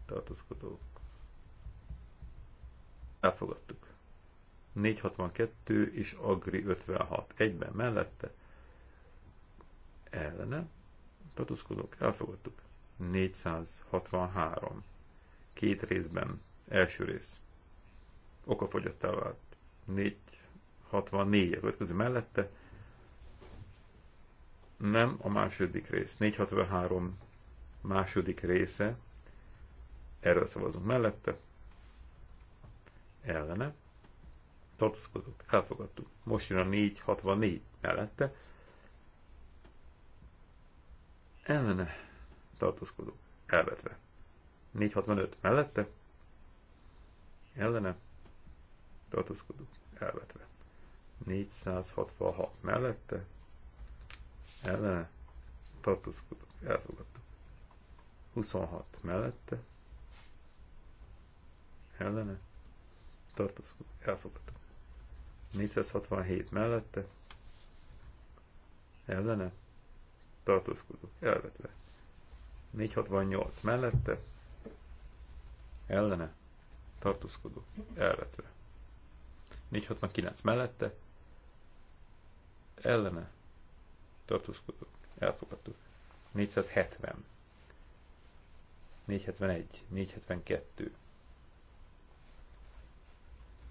Speaker 1: Tartozkodók. elfogadtuk. 462 és Agri 56. Egyben mellette ellene tartózkodók elfogadtuk. 463. Két részben. Első rész. fogyott el 464 a következő mellette. Nem a második rész. 463 második része. Erről szavazunk mellette. Ellene tartózkodók, elfogadtuk. Most jön a 464 mellette, ellene tartózkodók, elvetve. 465 mellette, ellene tartózkodók, elvetve. 466 mellette, ellene tartózkodók, elfogadtuk. 26 mellette, ellene tartózkodók, elfogadtuk. 467 mellette, ellene, tartózkodók elvetve. 468 mellette, ellene, tartózkodók elvetve. 469 mellette, ellene, tartózkodók elfogadtuk. 470, 471, 472.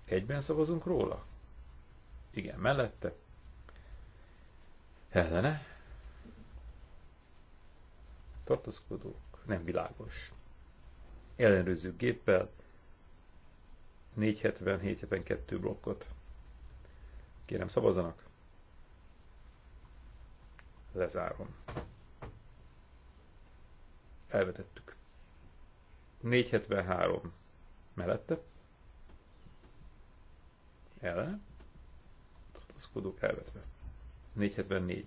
Speaker 1: Egyben szavazunk róla? igen mellette, ellene, Tartozkodók, nem világos. Ellenőrző géppel 470-772 blokkot. Kérem szavazanak. Lezárom. Elvetettük. 473 mellette. Ellen tartózkodók elvetve. 474.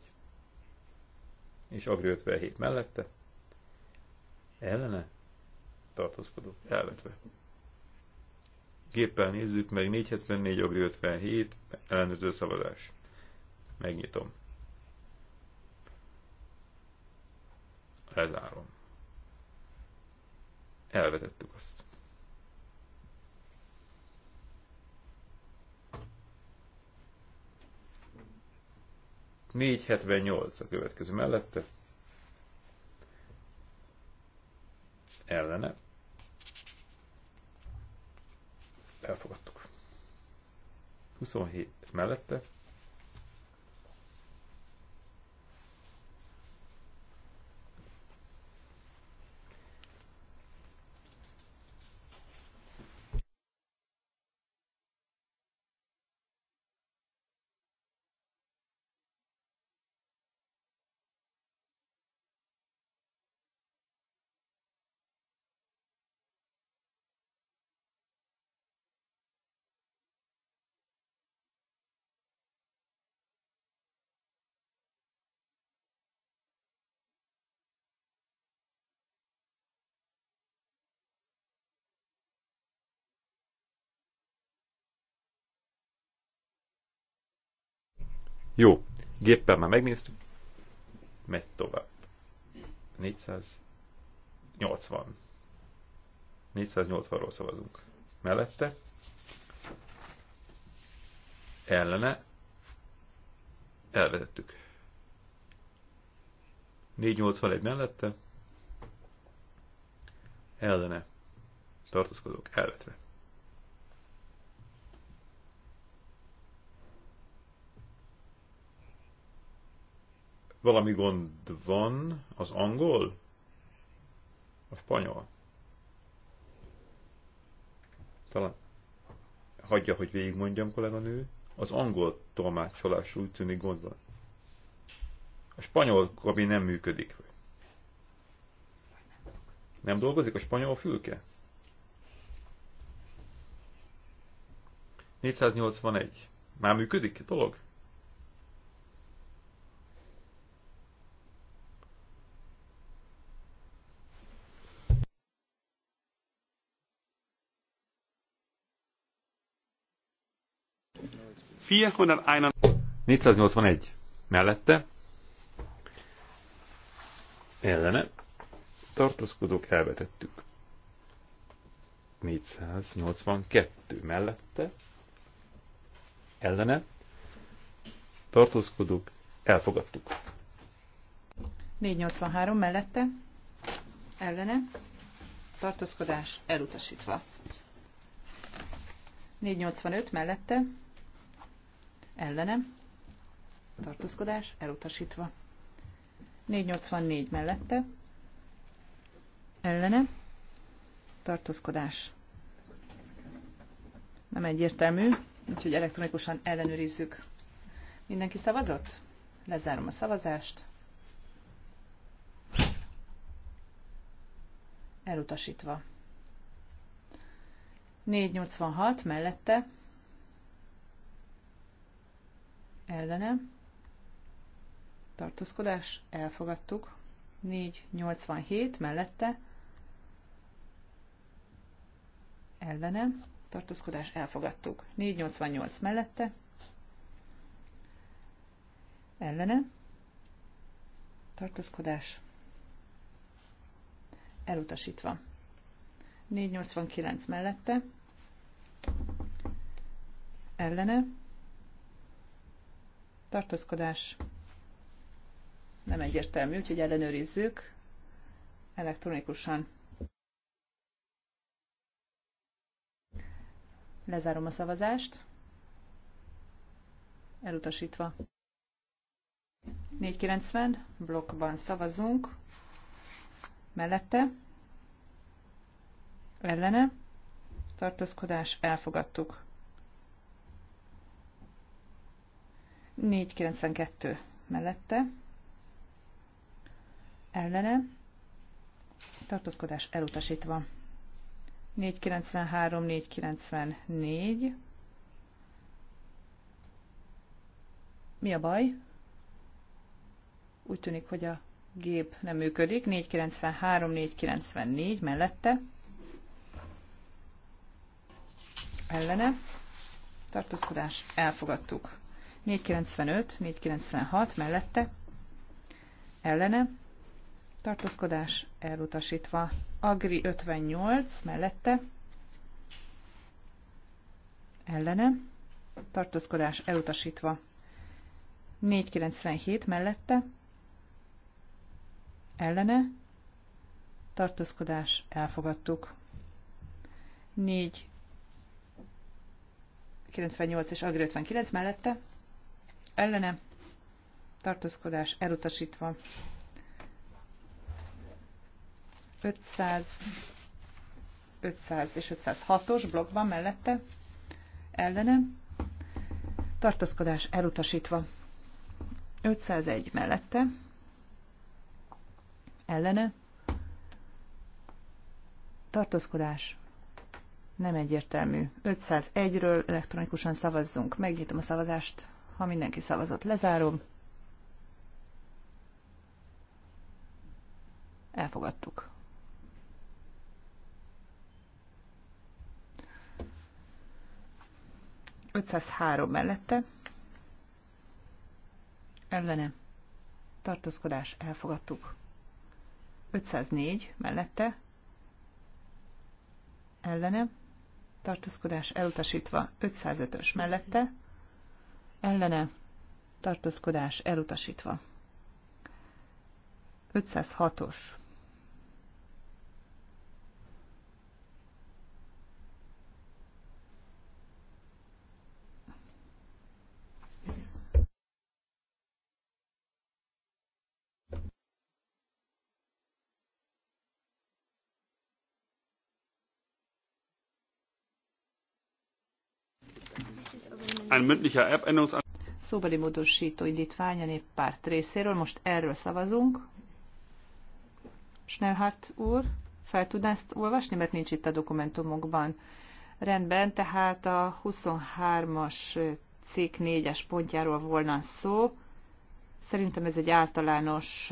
Speaker 1: És Agri 57 mellette. Ellene tartózkodók elvetve. Géppel nézzük meg 474, Agri 57, ellenőrző szavazás. Megnyitom. Lezárom. Elvetettük azt. 478 a következő mellette. Ellene. Elfogadtuk. 27 mellette. Jó, géppel már megnéztük, megy tovább. 480. 480-ról szavazunk. Mellette ellene elvetettük. 481 mellette ellene tartózkodók elvetve. Valami gond van az angol? A spanyol? Talán hagyja, hogy végigmondjam, kolléganő. Az angol tolmácsolás úgy tűnik gond van. A spanyol kabin nem működik. Nem dolgozik a spanyol fülke? 481. Már működik a dolog? 481 mellette ellene tartózkodók elvetettük. 482 mellette ellene tartózkodók elfogadtuk.
Speaker 2: 483 mellette ellene tartózkodás elutasítva. 485 mellette ellenem, tartózkodás elutasítva. 484 mellette, ellene, tartózkodás nem egyértelmű, úgyhogy elektronikusan ellenőrizzük. Mindenki szavazott? Lezárom a szavazást. Elutasítva. 486 mellette, ellene, tartózkodás, elfogadtuk, 487 mellette, ellene, tartózkodás, elfogadtuk, 488 mellette, ellene, tartózkodás, elutasítva. 489 mellette, ellene, tartózkodás nem egyértelmű, úgyhogy ellenőrizzük elektronikusan. Lezárom a szavazást. Elutasítva. 490, blokkban szavazunk. Mellette. Ellene. Tartózkodás, elfogadtuk. 492 mellette, ellene, tartózkodás elutasítva. 493, 494. Mi a baj? Úgy tűnik, hogy a gép nem működik. 493, 494 mellette. Ellene. Tartózkodás. Elfogadtuk. 495, 496 mellette ellene tartózkodás elutasítva. Agri 58 mellette ellene tartózkodás elutasítva. 497 mellette ellene tartózkodás elfogadtuk. 4 98 és Agri 59 mellette ellene tartózkodás elutasítva. 500, 500 és 506-os blokkban mellette ellene tartózkodás elutasítva. 501 mellette ellene tartózkodás nem egyértelmű. 501-ről elektronikusan szavazzunk. Megnyitom a szavazást. Ha mindenki szavazott, lezárom. Elfogadtuk. három mellette. Ellene. Tartózkodás. Elfogadtuk. 504 mellette. Ellene. Tartózkodás elutasítva 505 ötös mellette ellene tartózkodás elutasítva. 506-os
Speaker 1: Ein mündlicher Erbänderungsantrag.
Speaker 2: Szóbeli módosító indítvány a néppárt részéről. Most erről szavazunk. Schnellhardt úr, fel tudná ezt olvasni, mert nincs itt a dokumentumokban. Rendben, tehát a 23-as cikk 4-es pontjáról volna szó. Szerintem ez egy általános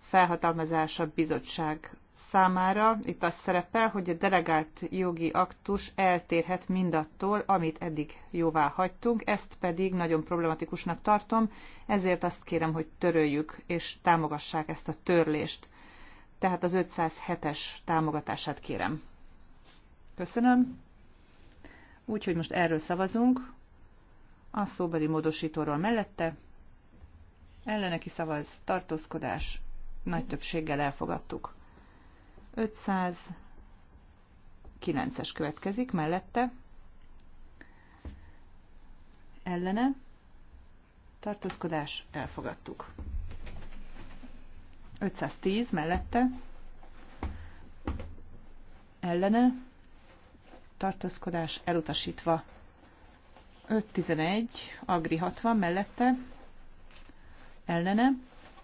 Speaker 2: felhatalmazás a bizottság számára itt az szerepel, hogy a delegált jogi aktus eltérhet mindattól, amit eddig jóvá hagytunk, ezt pedig nagyon problematikusnak tartom, ezért azt kérem, hogy töröljük és támogassák ezt a törlést. Tehát az 507-es támogatását kérem. Köszönöm. Úgyhogy most erről szavazunk. A szóbeli módosítóról mellette. Ellene szavaz tartózkodás. Nagy többséggel elfogadtuk. 509-es következik mellette. Ellene. Tartózkodás. Elfogadtuk. 510 mellette. Ellene. Tartózkodás elutasítva. 511, Agri 60 mellette. Ellene.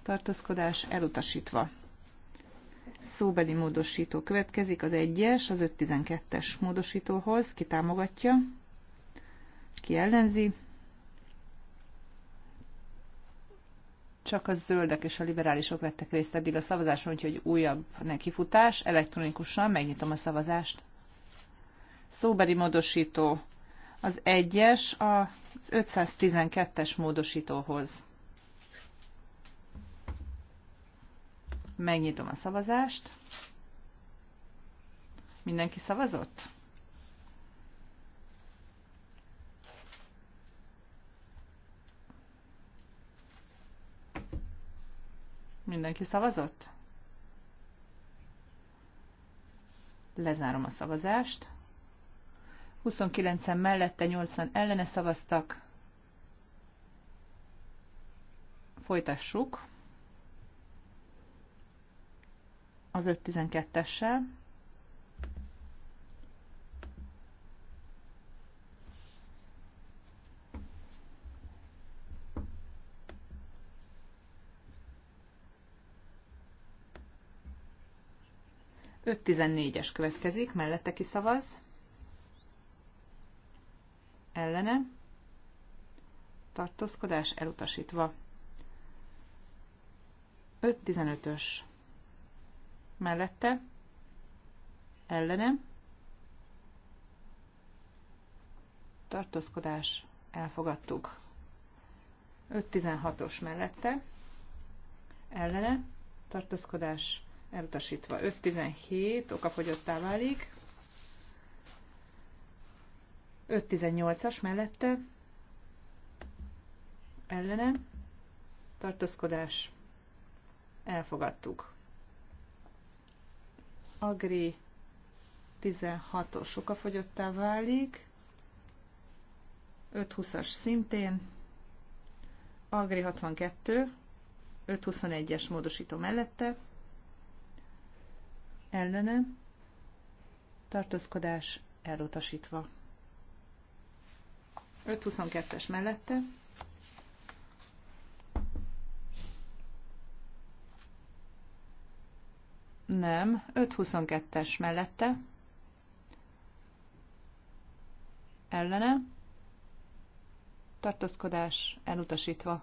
Speaker 2: Tartózkodás elutasítva szóbeli módosító következik, az 1-es, az 512-es módosítóhoz, ki támogatja, ki ellenzi. Csak a zöldek és a liberálisok vettek részt eddig a szavazáson, úgyhogy újabb nekifutás. Elektronikusan megnyitom a szavazást. Szóbeli módosító az 1-es, az 512-es módosítóhoz. Megnyitom a szavazást. Mindenki szavazott? Mindenki szavazott? Lezárom a szavazást. 29-en mellette, 80 ellene szavaztak. Folytassuk. az 5.12-essel. Öt tizennégyes következik, mellette kiszavaz. Ellene. Tartózkodás elutasítva. 5.15-ös mellette, ellene, tartózkodás, elfogadtuk. 5.16-os mellette, ellene, tartózkodás, elutasítva. 5.17 okafogyottá válik. 5.18-as mellette, ellene, tartózkodás, elfogadtuk. Agri 16-os sokafogyottá válik, 520-as szintén, Agri 62, 521-es módosító mellette, ellene, tartózkodás elutasítva. 522-es mellette, Nem. 5.22-es mellette. Ellene. Tartózkodás elutasítva.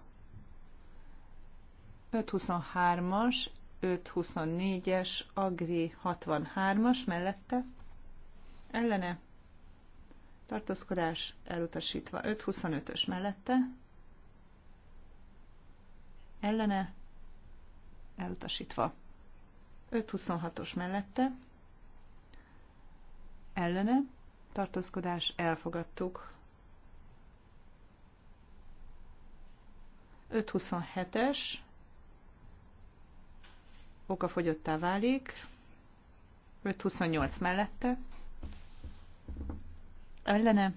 Speaker 2: 5.23-as, 5.24-es, Agri 63-as mellette. Ellene. Tartózkodás elutasítva. 5.25-ös mellette. Ellene. Elutasítva. 526-os mellette ellene tartózkodás elfogadtuk. 527-es okafogyottá válik, 528 mellette ellene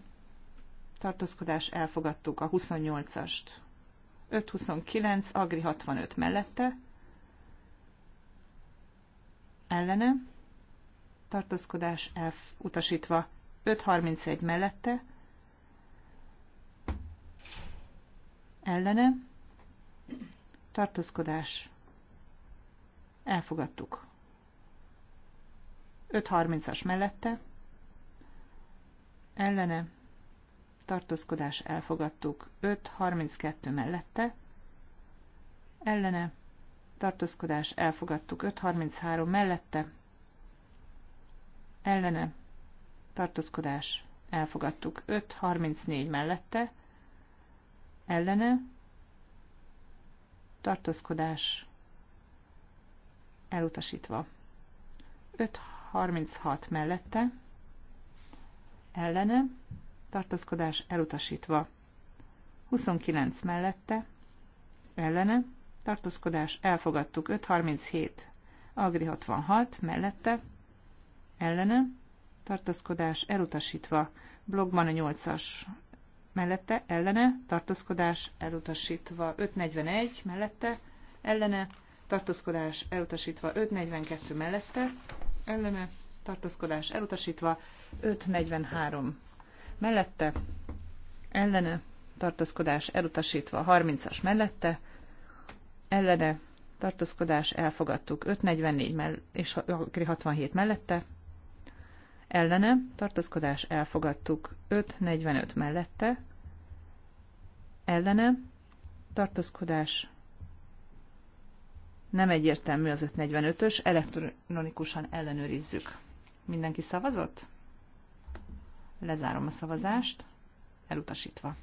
Speaker 2: tartózkodás elfogadtuk a 28-ast. 529 Agri 65 mellette ellene, tartózkodás F utasítva 531 mellette, ellene, tartózkodás elfogadtuk. 530-as mellette, ellene, tartózkodás elfogadtuk. 532 mellette, ellene, tartózkodás elfogadtuk 533 mellette, ellene, tartózkodás elfogadtuk 534 mellette, ellene, tartózkodás elutasítva 536 mellette, ellene, tartózkodás elutasítva 29 mellette, ellene, tartózkodás, elfogadtuk 537, Agri 66, mellette, ellene, tartózkodás, elutasítva, blogban a 8-as, mellette, ellene, tartózkodás, elutasítva, 541, mellette, ellene, tartózkodás, elutasítva, 542, mellette, ellene, tartózkodás, elutasítva, 543, mellette, ellene, tartózkodás, elutasítva, 30-as mellette, ellene tartózkodás elfogadtuk. 544 mell- és 67 mellette ellene tartózkodás elfogadtuk. 545 mellette ellene tartózkodás nem egyértelmű az 545-ös, elektronikusan ellenőrizzük. Mindenki szavazott? Lezárom a szavazást, elutasítva.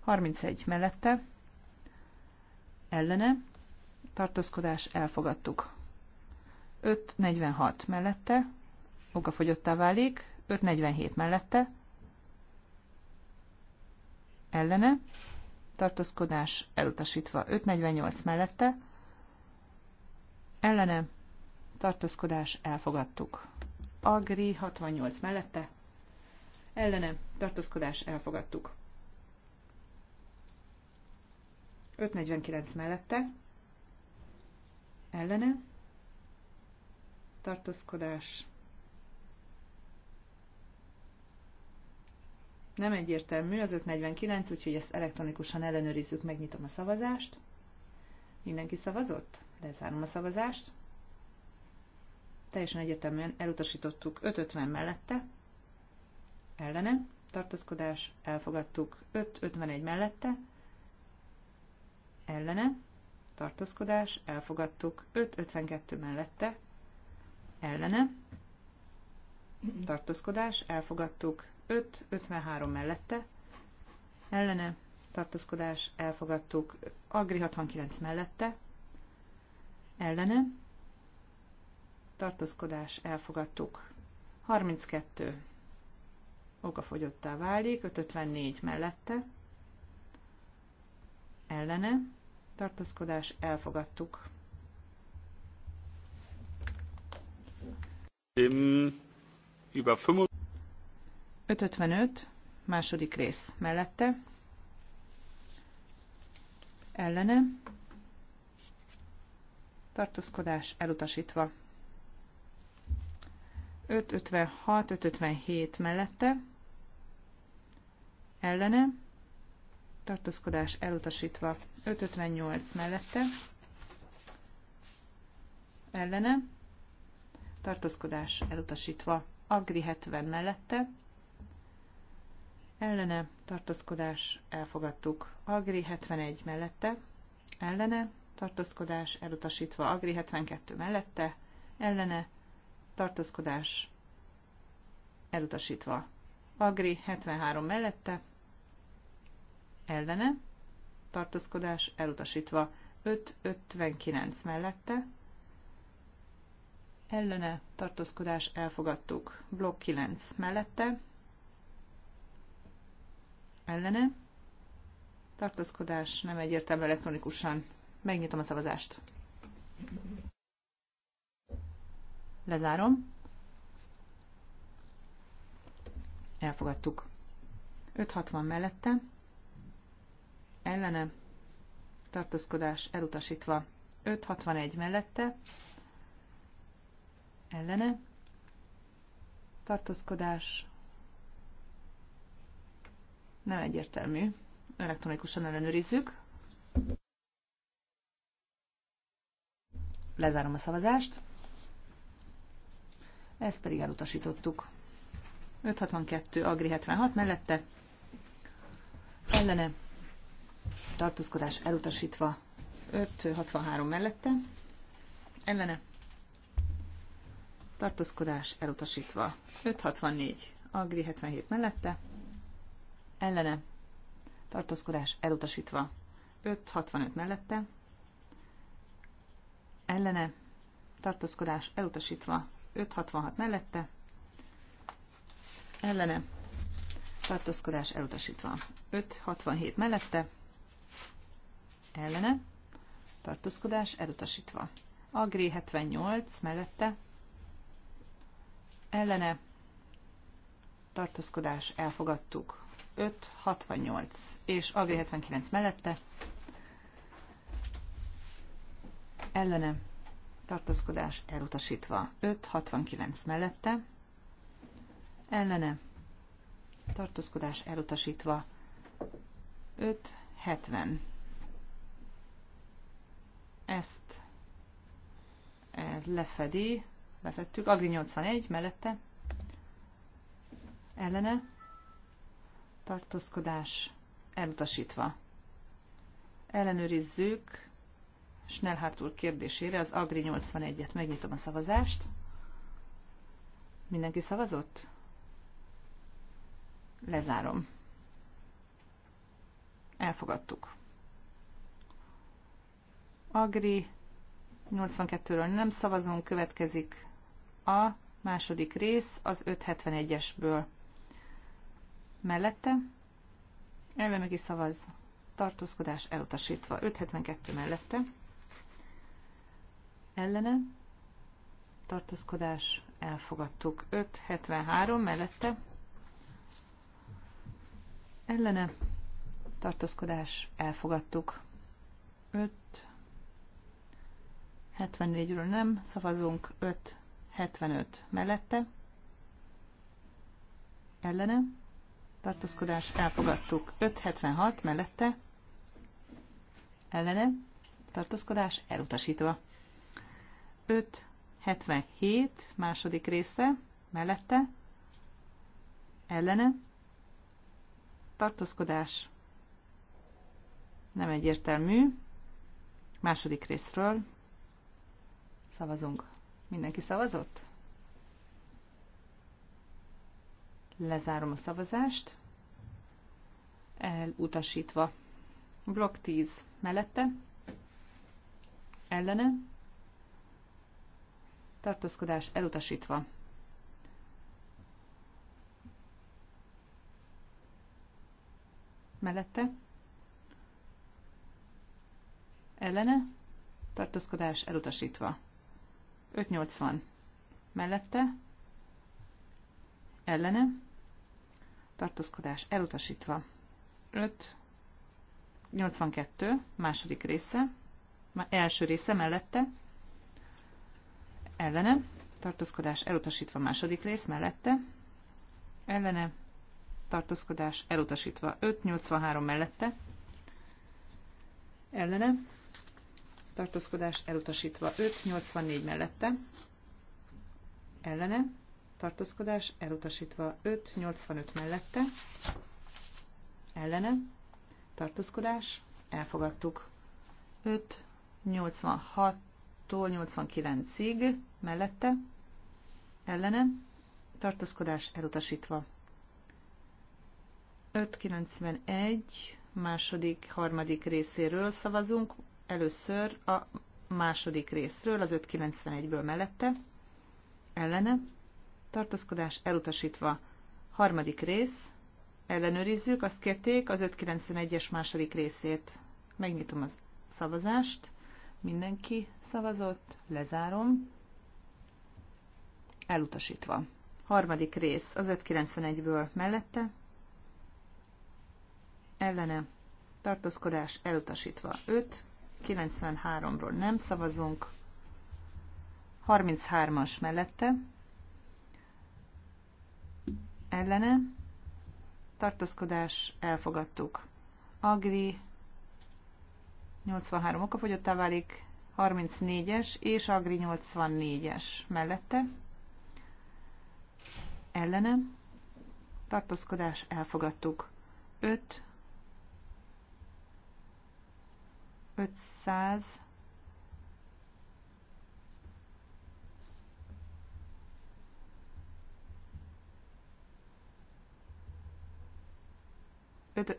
Speaker 2: 31 mellette, ellene, tartózkodás elfogadtuk. 546 mellette, fogyottá válik, 547 mellette, ellene, tartózkodás elutasítva, 548 mellette, ellene, tartózkodás elfogadtuk. Agri 68 mellette, ellene, tartózkodás elfogadtuk. 549 mellette, ellene, tartózkodás, nem egyértelmű, az 549, úgyhogy ezt elektronikusan ellenőrizzük, megnyitom a szavazást. Mindenki szavazott? Lezárom a szavazást. Teljesen egyértelműen elutasítottuk 550 mellette, ellene, tartózkodás, elfogadtuk 551 mellette, ellene, tartózkodás, elfogadtuk, 552 mellette, ellene, tartózkodás, elfogadtuk, 553 mellette, ellene, tartózkodás, elfogadtuk, Agri 69 mellette, ellene, tartózkodás, elfogadtuk, 32 okafogyottá válik, 554 mellette, ellene, tartózkodás elfogadtuk. Über 555, második rész mellette, ellene, tartózkodás elutasítva. 556, 557 mellette, ellene, tartózkodás elutasítva 558 mellette, ellene, tartózkodás elutasítva Agri 70 mellette, ellene, tartózkodás elfogadtuk Agri 71 mellette, ellene, tartózkodás elutasítva Agri 72 mellette, ellene, tartózkodás elutasítva Agri 73 mellette, ellene, tartózkodás elutasítva. 559 mellette, ellene, tartózkodás elfogadtuk. Blokk 9 mellette, ellene, tartózkodás nem egyértelmű elektronikusan. Megnyitom a szavazást. Lezárom. Elfogadtuk. 560 mellette ellene, tartózkodás elutasítva. 561 mellette, ellene, tartózkodás nem egyértelmű. Elektronikusan ellenőrizzük. Lezárom a szavazást. Ezt pedig elutasítottuk. 562 Agri 76 mellette. Ellene tartózkodás elutasítva 563 mellette, ellene tartózkodás elutasítva 564 Agri 77 mellette, ellene tartózkodás elutasítva 565 mellette, ellene tartózkodás elutasítva 566 mellette, ellene tartózkodás elutasítva 567 mellette, ellene, tartózkodás elutasítva. Agri 78 mellette, ellene, tartózkodás elfogadtuk. 5-68 és Agri 79 mellette, ellene, tartózkodás elutasítva. 5-69 mellette, ellene, tartózkodás elutasítva. 5-70 ezt e, lefedi, lefettük. Agri 81 mellette. Ellene. Tartózkodás elutasítva. Ellenőrizzük Snellhart úr kérdésére az Agri 81-et. Megnyitom a szavazást. Mindenki szavazott? Lezárom. Elfogadtuk. Agri 82-ről nem szavazunk, következik a második rész az 571-esből. Mellette ellene szavaz tartózkodás elutasítva. 572 mellette ellene tartózkodás elfogadtuk. 573 mellette ellene tartózkodás elfogadtuk. 5 74-ről nem, szavazunk 5, 75 mellette, ellene, tartózkodás, elfogadtuk 576 mellette, ellene, tartózkodás, elutasítva. 577 második része, mellette, ellene, tartózkodás, nem egyértelmű, második részről Szavazunk. Mindenki szavazott? Lezárom a szavazást. Elutasítva. Blokk 10 mellette. Ellene. Tartózkodás elutasítva. Mellette. Ellene. Tartózkodás elutasítva. 580 mellette, ellene, tartózkodás elutasítva. 5, 82, második része, első része mellette, ellene, tartózkodás elutasítva második rész mellette, ellene, tartózkodás elutasítva 583 mellette, ellene, tartózkodás elutasítva 584 mellette, ellene, tartózkodás elutasítva 585 mellette, ellene, tartózkodás, elfogadtuk 586-tól 89-ig mellette, ellene, tartózkodás elutasítva 591 második, harmadik részéről szavazunk, Először a második részről, az 591-ből mellette, ellene, tartózkodás elutasítva. Harmadik rész, ellenőrizzük, azt kérték az 591-es második részét. Megnyitom az szavazást, mindenki szavazott, lezárom, elutasítva. Harmadik rész, az 591-ből mellette, ellene, tartózkodás elutasítva. 5, 93-ról nem szavazunk. 33-as mellette. Ellene. Tartózkodás elfogadtuk. Agri 83 okafogyottá válik. 34-es és Agri 84-es mellette. Ellene. Tartózkodás elfogadtuk. 5 500 5,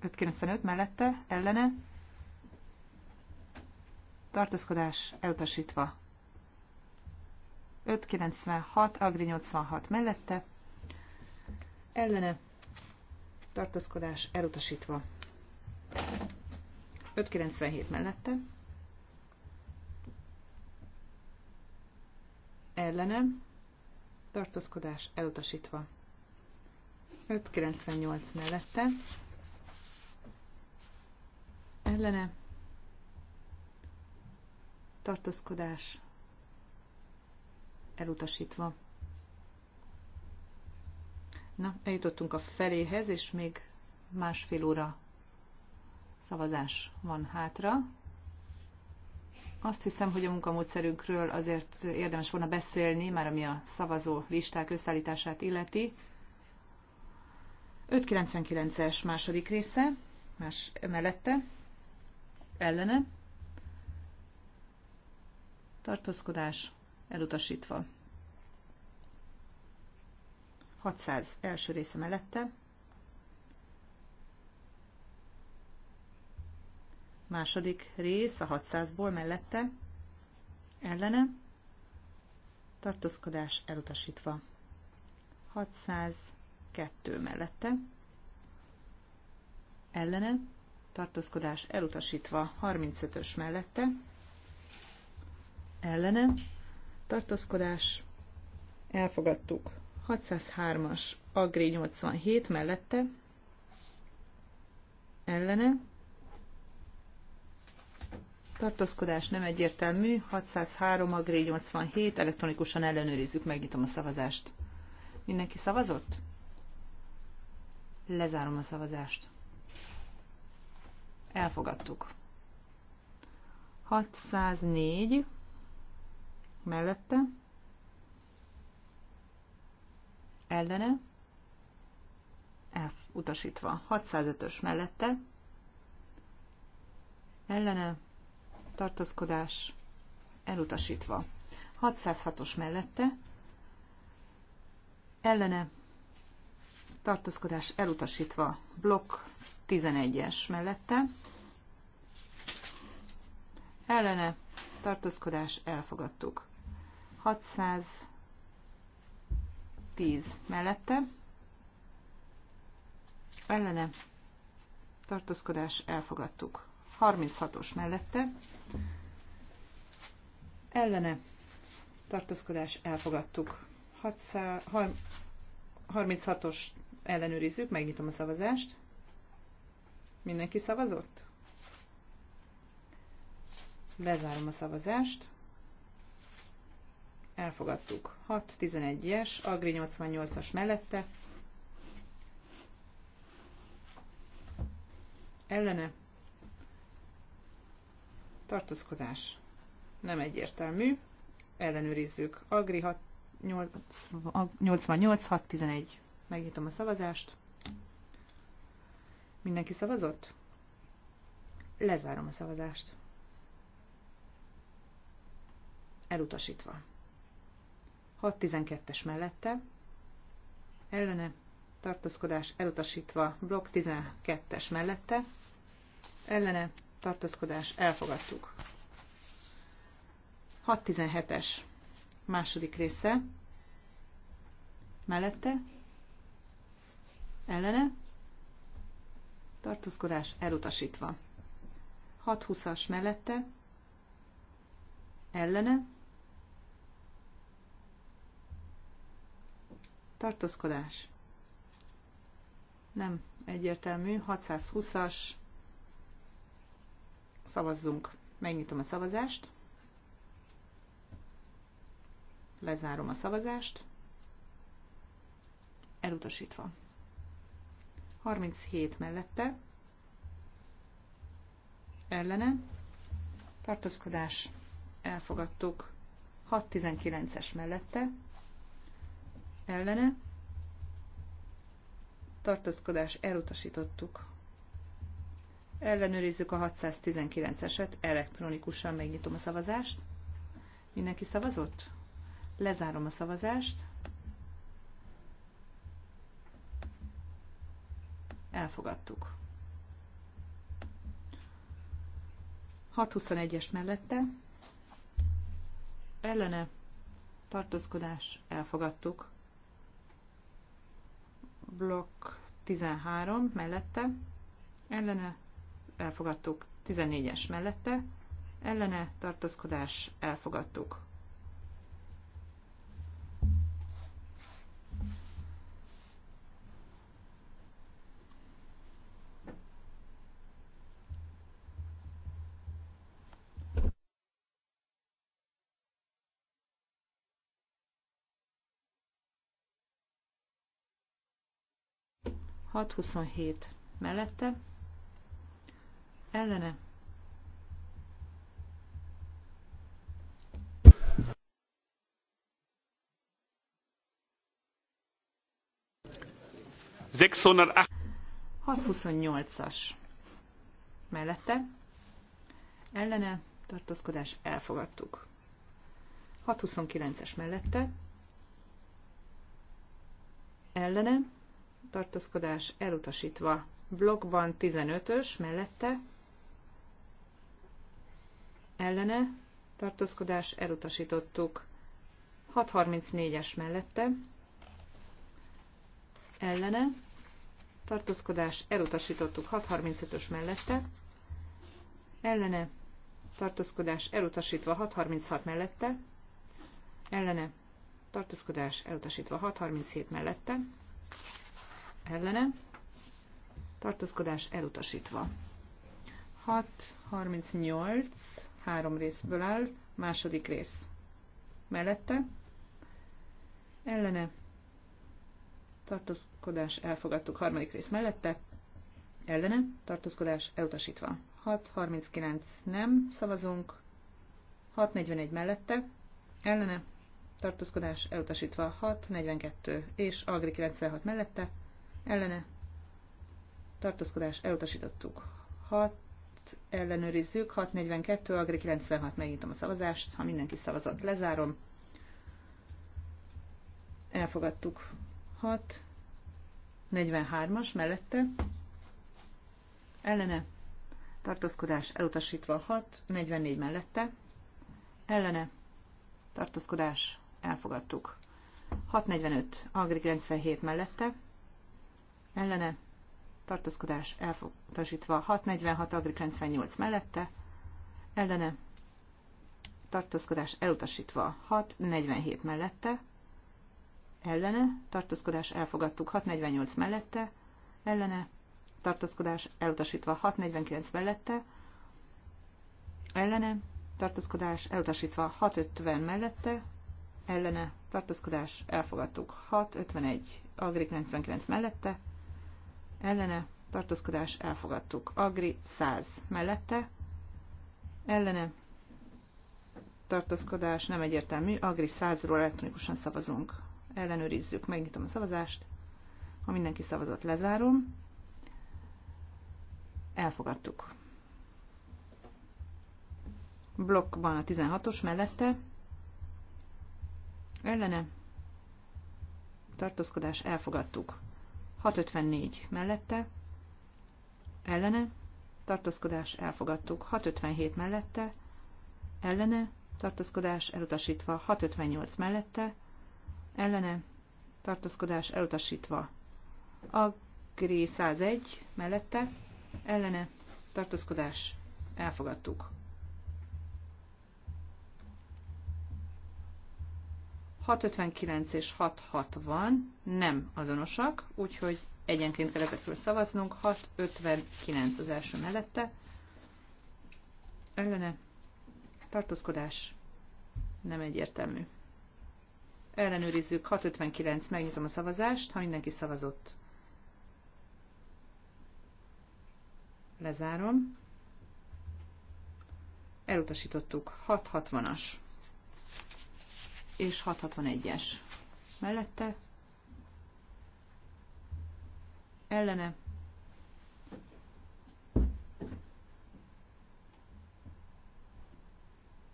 Speaker 2: 595 mellette, ellene, tartózkodás elutasítva. 596, Agri 86 mellette, ellene, tartózkodás elutasítva. 597 mellette. Ellenem. Tartózkodás elutasítva. 598 mellette. Ellene. Tartózkodás elutasítva. Na, eljutottunk a feléhez, és még másfél óra szavazás van hátra. Azt hiszem, hogy a munkamódszerünkről azért érdemes volna beszélni, már ami a szavazó listák összeállítását illeti. 599-es második része, más mellette, ellene, tartózkodás elutasítva. 600 első része mellette, Második rész a 600-ból mellette, ellene, tartózkodás elutasítva. 602 mellette, ellene, tartózkodás elutasítva. 35-ös mellette, ellene, tartózkodás elfogadtuk. 603-as Agri 87 mellette, ellene, tartózkodás nem egyértelmű, 603 agré 87, elektronikusan ellenőrizzük, megnyitom a szavazást. Mindenki szavazott? Lezárom a szavazást. Elfogadtuk. 604 mellette, ellene, utasítva. 605-ös mellette, ellene, tartózkodás elutasítva. 606-os mellette, ellene tartózkodás elutasítva. Blokk 11-es mellette, ellene tartózkodás elfogadtuk. 610 mellette, ellene tartózkodás elfogadtuk. 36-os mellette, Ellene. Tartózkodás elfogadtuk. 36-os ellenőrizzük, megnyitom a szavazást. Mindenki szavazott? Lezárom a szavazást. Elfogadtuk. 6-11-es, Agri 88-as mellette. Ellene tartózkodás nem egyértelmű, ellenőrizzük. Agri 6, 88 611. Megnyitom a szavazást. Mindenki szavazott? Lezárom a szavazást. Elutasítva. 612-es mellette. Ellene. Tartózkodás elutasítva. Blokk 12-es mellette. Ellene tartózkodás elfogadtuk. 6.17-es második része mellette ellene tartózkodás elutasítva. 6.20-as mellette ellene tartózkodás nem egyértelmű, 620-as Szavazzunk. Megnyitom a szavazást. Lezárom a szavazást. Elutasítva. 37 mellette. Ellene. Tartózkodás. Elfogadtuk. 6 19 es mellette. Ellene. Tartózkodás. Elutasítottuk. 6-19. Ellenőrizzük a 619-eset, elektronikusan megnyitom a szavazást. Mindenki szavazott? Lezárom a szavazást. Elfogadtuk. 621-es mellette. Ellene tartózkodás, elfogadtuk. Blokk 13 mellette. Ellene elfogadtuk. 14-es mellette, ellene tartózkodás, elfogadtuk. Hat huszonhét mellette ellene.
Speaker 1: Sechshundertacht.
Speaker 2: 628-as. Mellette. Ellene tartózkodás elfogadtuk. 629-es mellette. Ellene tartózkodás elutasítva. Blokkban 15-ös mellette ellene, tartózkodás elutasítottuk. 634-es mellette, ellene, tartózkodás elutasítottuk. 635-ös mellette, ellene, tartózkodás elutasítva. 636 mellette, ellene, tartózkodás elutasítva. 637 mellette, ellene, tartózkodás elutasítva. 638 három részből áll, második rész mellette, ellene, tartózkodás, elfogadtuk, harmadik rész mellette, ellene, tartózkodás, elutasítva. 6.39 nem szavazunk, 6.41 mellette, ellene, tartózkodás, elutasítva. 6.42 és Agri 96 mellette, ellene, tartózkodás, elutasítottuk. 6 ellenőrizzük. 642, Agri 96, megnyitom a szavazást. Ha mindenki szavazott, lezárom. Elfogadtuk 6, 43-as mellette. Ellene. Tartózkodás elutasítva 6, 44 mellette. Ellene. Tartózkodás elfogadtuk. 645, Agri 97 mellette. Ellene tartózkodás elfogtasítva 646, Agri 98 mellette, ellene, tartózkodás elutasítva 647 mellette, ellene, tartózkodás elfogadtuk 648 mellette, ellene, tartózkodás elutasítva 649 mellette, ellene, tartózkodás elutasítva 650 mellette, ellene, tartózkodás elfogadtuk 651, Agri 99 mellette, ellene, tartózkodás elfogadtuk. Agri 100 mellette, ellene, tartózkodás nem egyértelmű, Agri 100-ról elektronikusan szavazunk. Ellenőrizzük, megnyitom a szavazást. Ha mindenki szavazott, lezárom. Elfogadtuk. Blokkban a 16-os mellette, ellene, tartózkodás elfogadtuk. 654 mellette, ellene, tartózkodás elfogadtuk. 657 mellette, ellene, tartózkodás elutasítva. 658 mellette, ellene, tartózkodás elutasítva. Agri 101 mellette, ellene, tartózkodás elfogadtuk. 659 és 660 nem azonosak, úgyhogy egyenként kell ezekről szavaznunk. 659 az első mellette. Ellene tartózkodás nem egyértelmű. Ellenőrizzük 659, megnyitom a szavazást, ha mindenki szavazott. Lezárom. Elutasítottuk 660-as és 661-es. Mellette ellene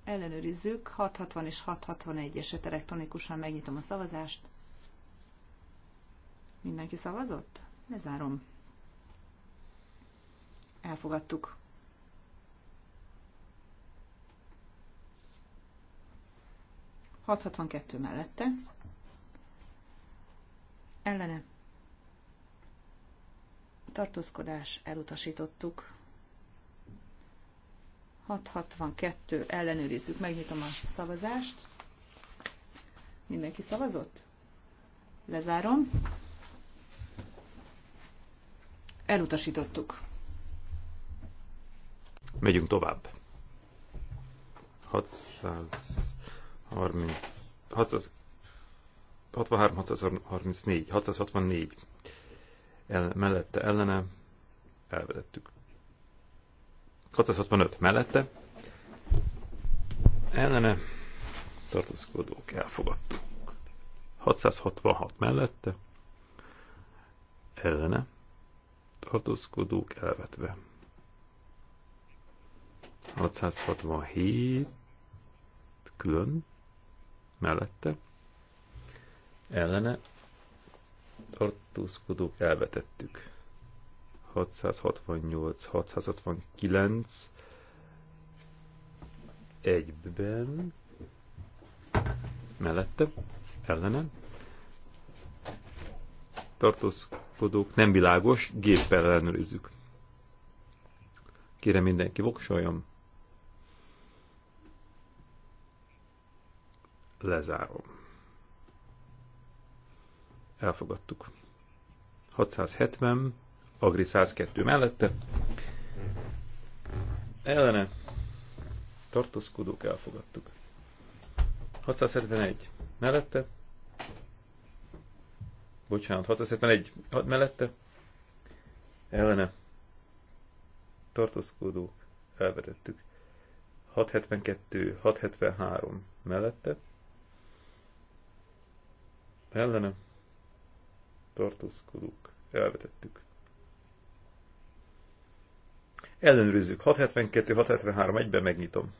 Speaker 2: ellenőrizzük, 660 és 661 eset elektronikusan megnyitom a szavazást. Mindenki szavazott? Lezárom. Elfogadtuk. 662 mellette. Ellene. Tartózkodás elutasítottuk. 662 ellenőrizzük. Megnyitom a szavazást. Mindenki szavazott? Lezárom. Elutasítottuk.
Speaker 1: Megyünk tovább. 600 30, 63, 634, 664 el, mellette ellene elvetettük. 665 mellette ellene tartózkodók elfogadtuk. 666 mellette ellene tartózkodók elvetve. 667 külön mellette ellene tartózkodók elvetettük. 668, 669 egyben mellette ellene tartózkodók nem világos, géppel ellenőrizzük. Kérem mindenki, voksoljon! Lezárom. Elfogadtuk. 670, Agri 102 mellette. Ellene. Tartózkodók elfogadtuk. 671 mellette. Bocsánat, 671 mellette. Ellene. Tartózkodók elvetettük. 672, 673 mellette ellene tartózkodók elvetettük. Ellenőrizzük. 672-673 egyben megnyitom.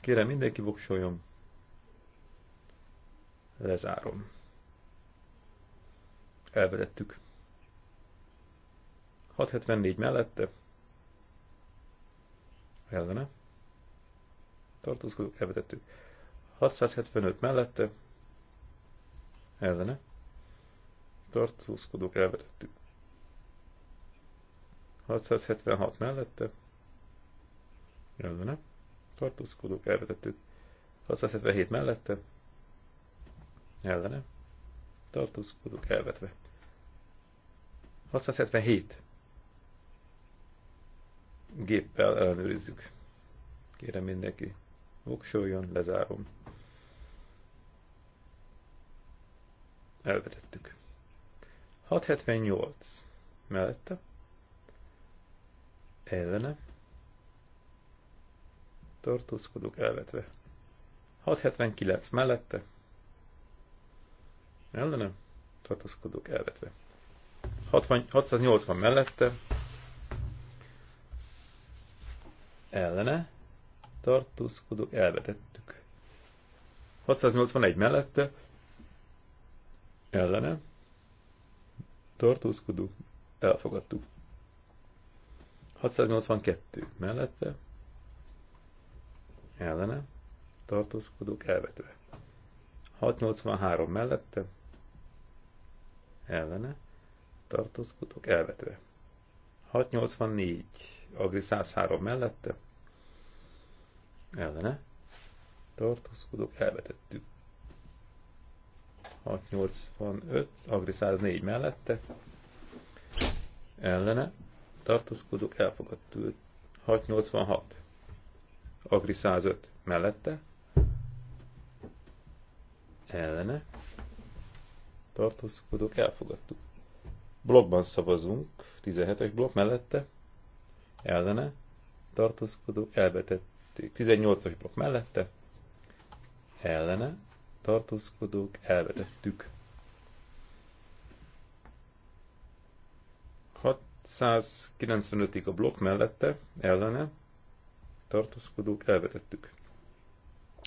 Speaker 1: Kérem, mindenki voksoljon. Lezárom. Elvedettük. 674 mellette. Ellene. Tartózkodók, elvetettük. 675 mellette ellene tartózkodók elvetettük. 676 mellette ellene tartózkodók elvetettük. 677 mellette ellene tartózkodók elvetve. 677 géppel ellenőrizzük. Kérem mindenki, voksoljon, lezárom. elvetettük. 678 mellette, ellene, tartózkodók elvetve. 679 mellette, ellene, tartózkodók elvetve. 60, 680 mellette, ellene, tartózkodók elvetettük. 681 mellette, ellene tartózkodunk, elfogadtuk. 682 mellette ellene tartózkodók elvetve. 683 mellette ellene tartózkodók elvetve. 684 Agri 103 mellette ellene tartózkodók elvetettük. 685, Agri 104 mellette, ellene, tartózkodók elfogadtuk, 686, Agri 105 mellette, ellene, tartózkodók elfogadtuk. Blokkban szavazunk, 17-es blokk mellette, ellene, tartózkodok, elvetették, 18-as blokk mellette, ellene, tartózkodók, elvetettük. 695-ig a blokk mellette, ellene, tartózkodók, elvetettük.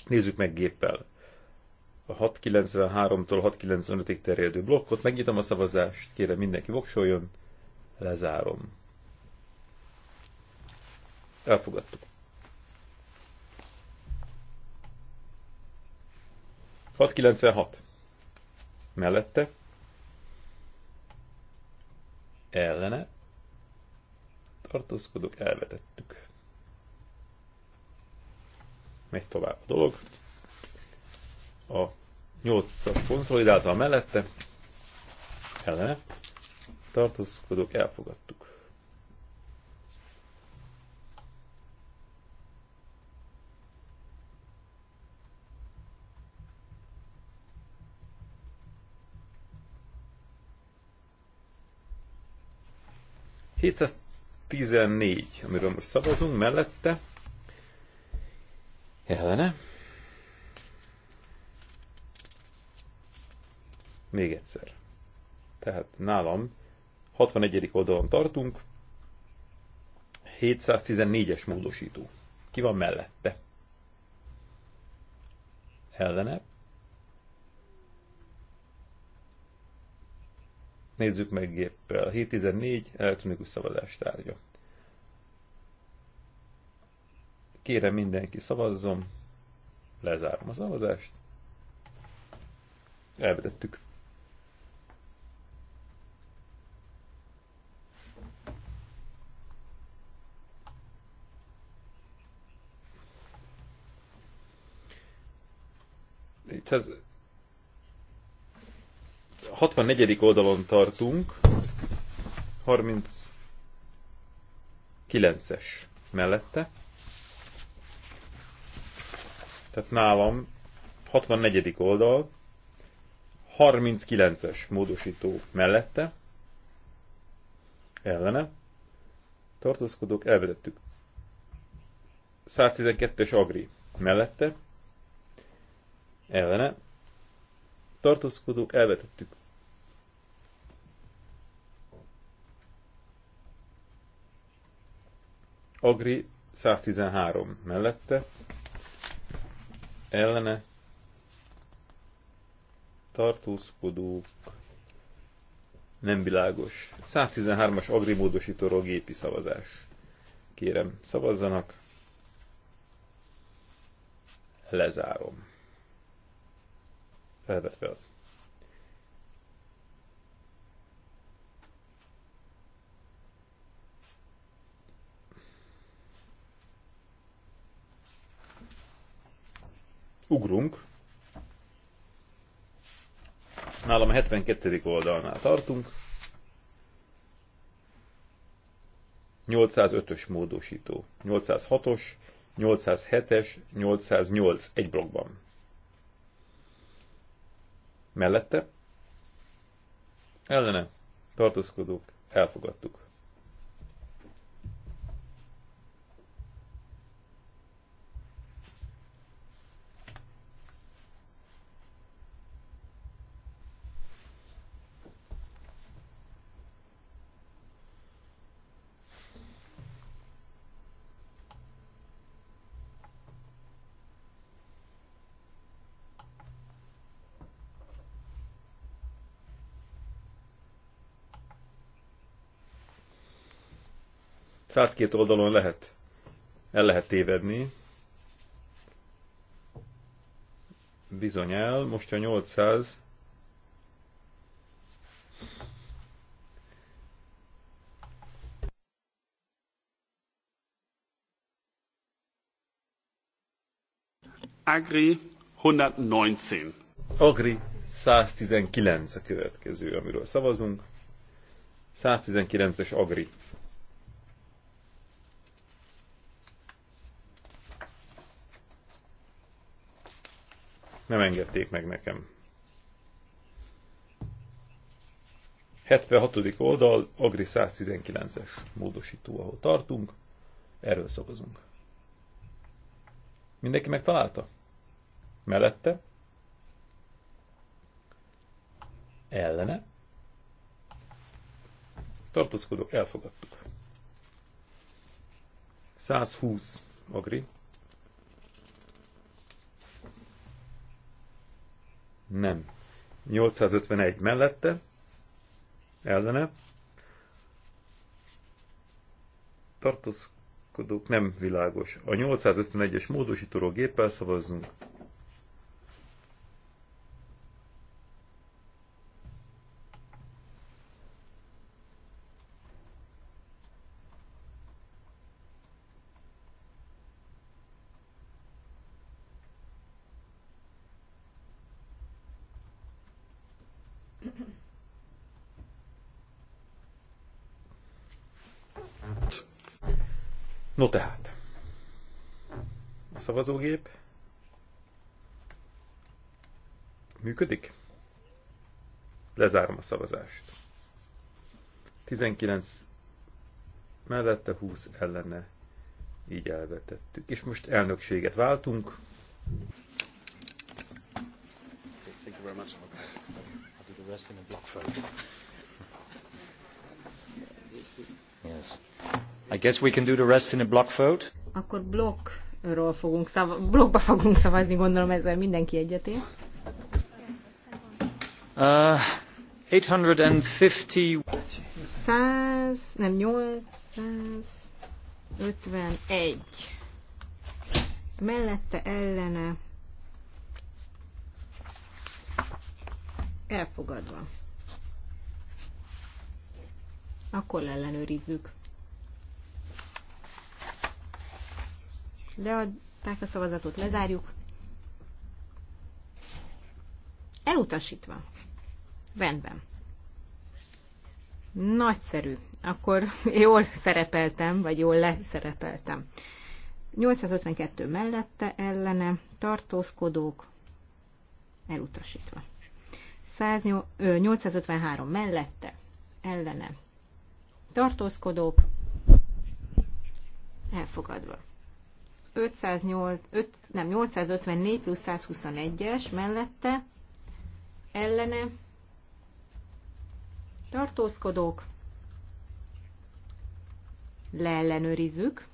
Speaker 1: Nézzük meg géppel. A 693-tól 695-ig terjedő blokkot, megnyitom a szavazást, kérem mindenki voksoljon, lezárom. Elfogadtuk. 696. Mellette. Ellene. Tartózkodok, elvetettük. Megy tovább a dolog. A 8 szak konszolidálta mellette. Ellene. Tartózkodok, elfogadtuk. 714, amiről most szavazunk, mellette, ellene, még egyszer. Tehát nálam 61. oldalon tartunk, 714-es módosító. Ki van mellette? Ellene. nézzük meg géppel. 714 elektronikus szavazás tárgya. Kérem mindenki szavazzon. Lezárom a szavazást. Elvetettük. Itt hát az 64. oldalon tartunk, 39-es mellette. Tehát nálam 64. oldal, 39-es módosító mellette, ellene, tartózkodók, elvetettük. 112-es agri mellette, ellene, tartózkodók, elvetettük. Agri 113 mellette, ellene tartózkodók nem világos. 113-as módosítóról gépi szavazás. Kérem, szavazzanak. Lezárom. Felvetve az. ugrunk. Nálam a 72. oldalnál tartunk. 805-ös módosító, 806-os, 807-es, 808 egy blokkban. Mellette ellene tartózkodók elfogadtuk. 102 oldalon lehet, el lehet tévedni. Bizony el, most a 800. Agri 119. Agri 119 a következő, amiről szavazunk. 119-es Agri nem engedték meg nekem. 76. oldal, Agri 119-es módosító, ahol tartunk, erről szavazunk. Mindenki megtalálta? Mellette? Ellene? Tartózkodok, elfogadtuk. 120 Agri, Nem. 851 mellette, ellene. Tartózkodók nem világos. A 851-es módosítóról géppel szavazzunk. No tehát, a szavazógép működik? Lezárom a szavazást. 19 mellette 20 ellene így elvetettük. És most elnökséget váltunk.
Speaker 3: thank you very much. I guess we can do the rest in a block vote.
Speaker 4: Akkor blokkról fogunk szavazni, blokkba fogunk szavazni, gondolom ezzel mindenki egyetért.
Speaker 3: Uh, 850...
Speaker 4: 100, nem 851. Mellette ellene elfogadva. Akkor ellenőrizzük. leadták a szavazatot, lezárjuk. Elutasítva. Rendben. Nagyszerű. Akkor jól szerepeltem, vagy jól leszerepeltem. 852 mellette ellene tartózkodók elutasítva. 853 mellette ellene tartózkodók elfogadva. 508, nem, 854 plusz 121-es mellette ellene tartózkodók, leellenőrizzük.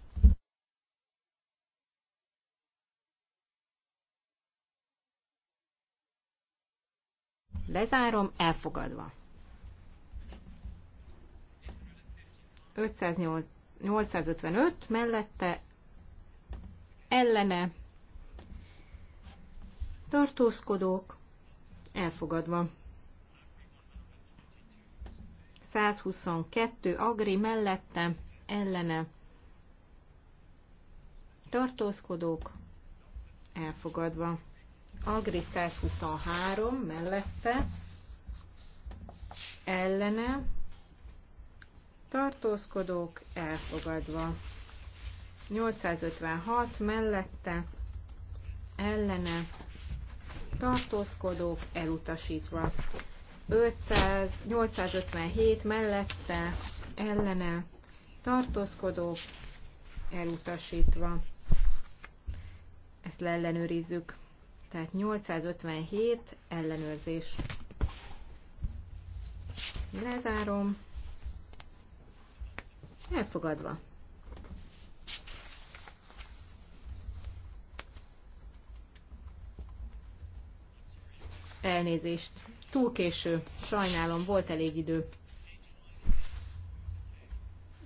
Speaker 4: Lezárom, elfogadva. 508, 855 mellette ellene tartózkodók elfogadva. 122 agri mellette ellene tartózkodók elfogadva. Agri 123 mellette ellene tartózkodók elfogadva. 856 mellette ellene tartózkodók elutasítva. 500, 857 mellette ellene tartózkodók elutasítva. Ezt leellenőrizzük. Tehát 857 ellenőrzés. Lezárom. Elfogadva. Elnézést. Túl késő. Sajnálom, volt elég idő.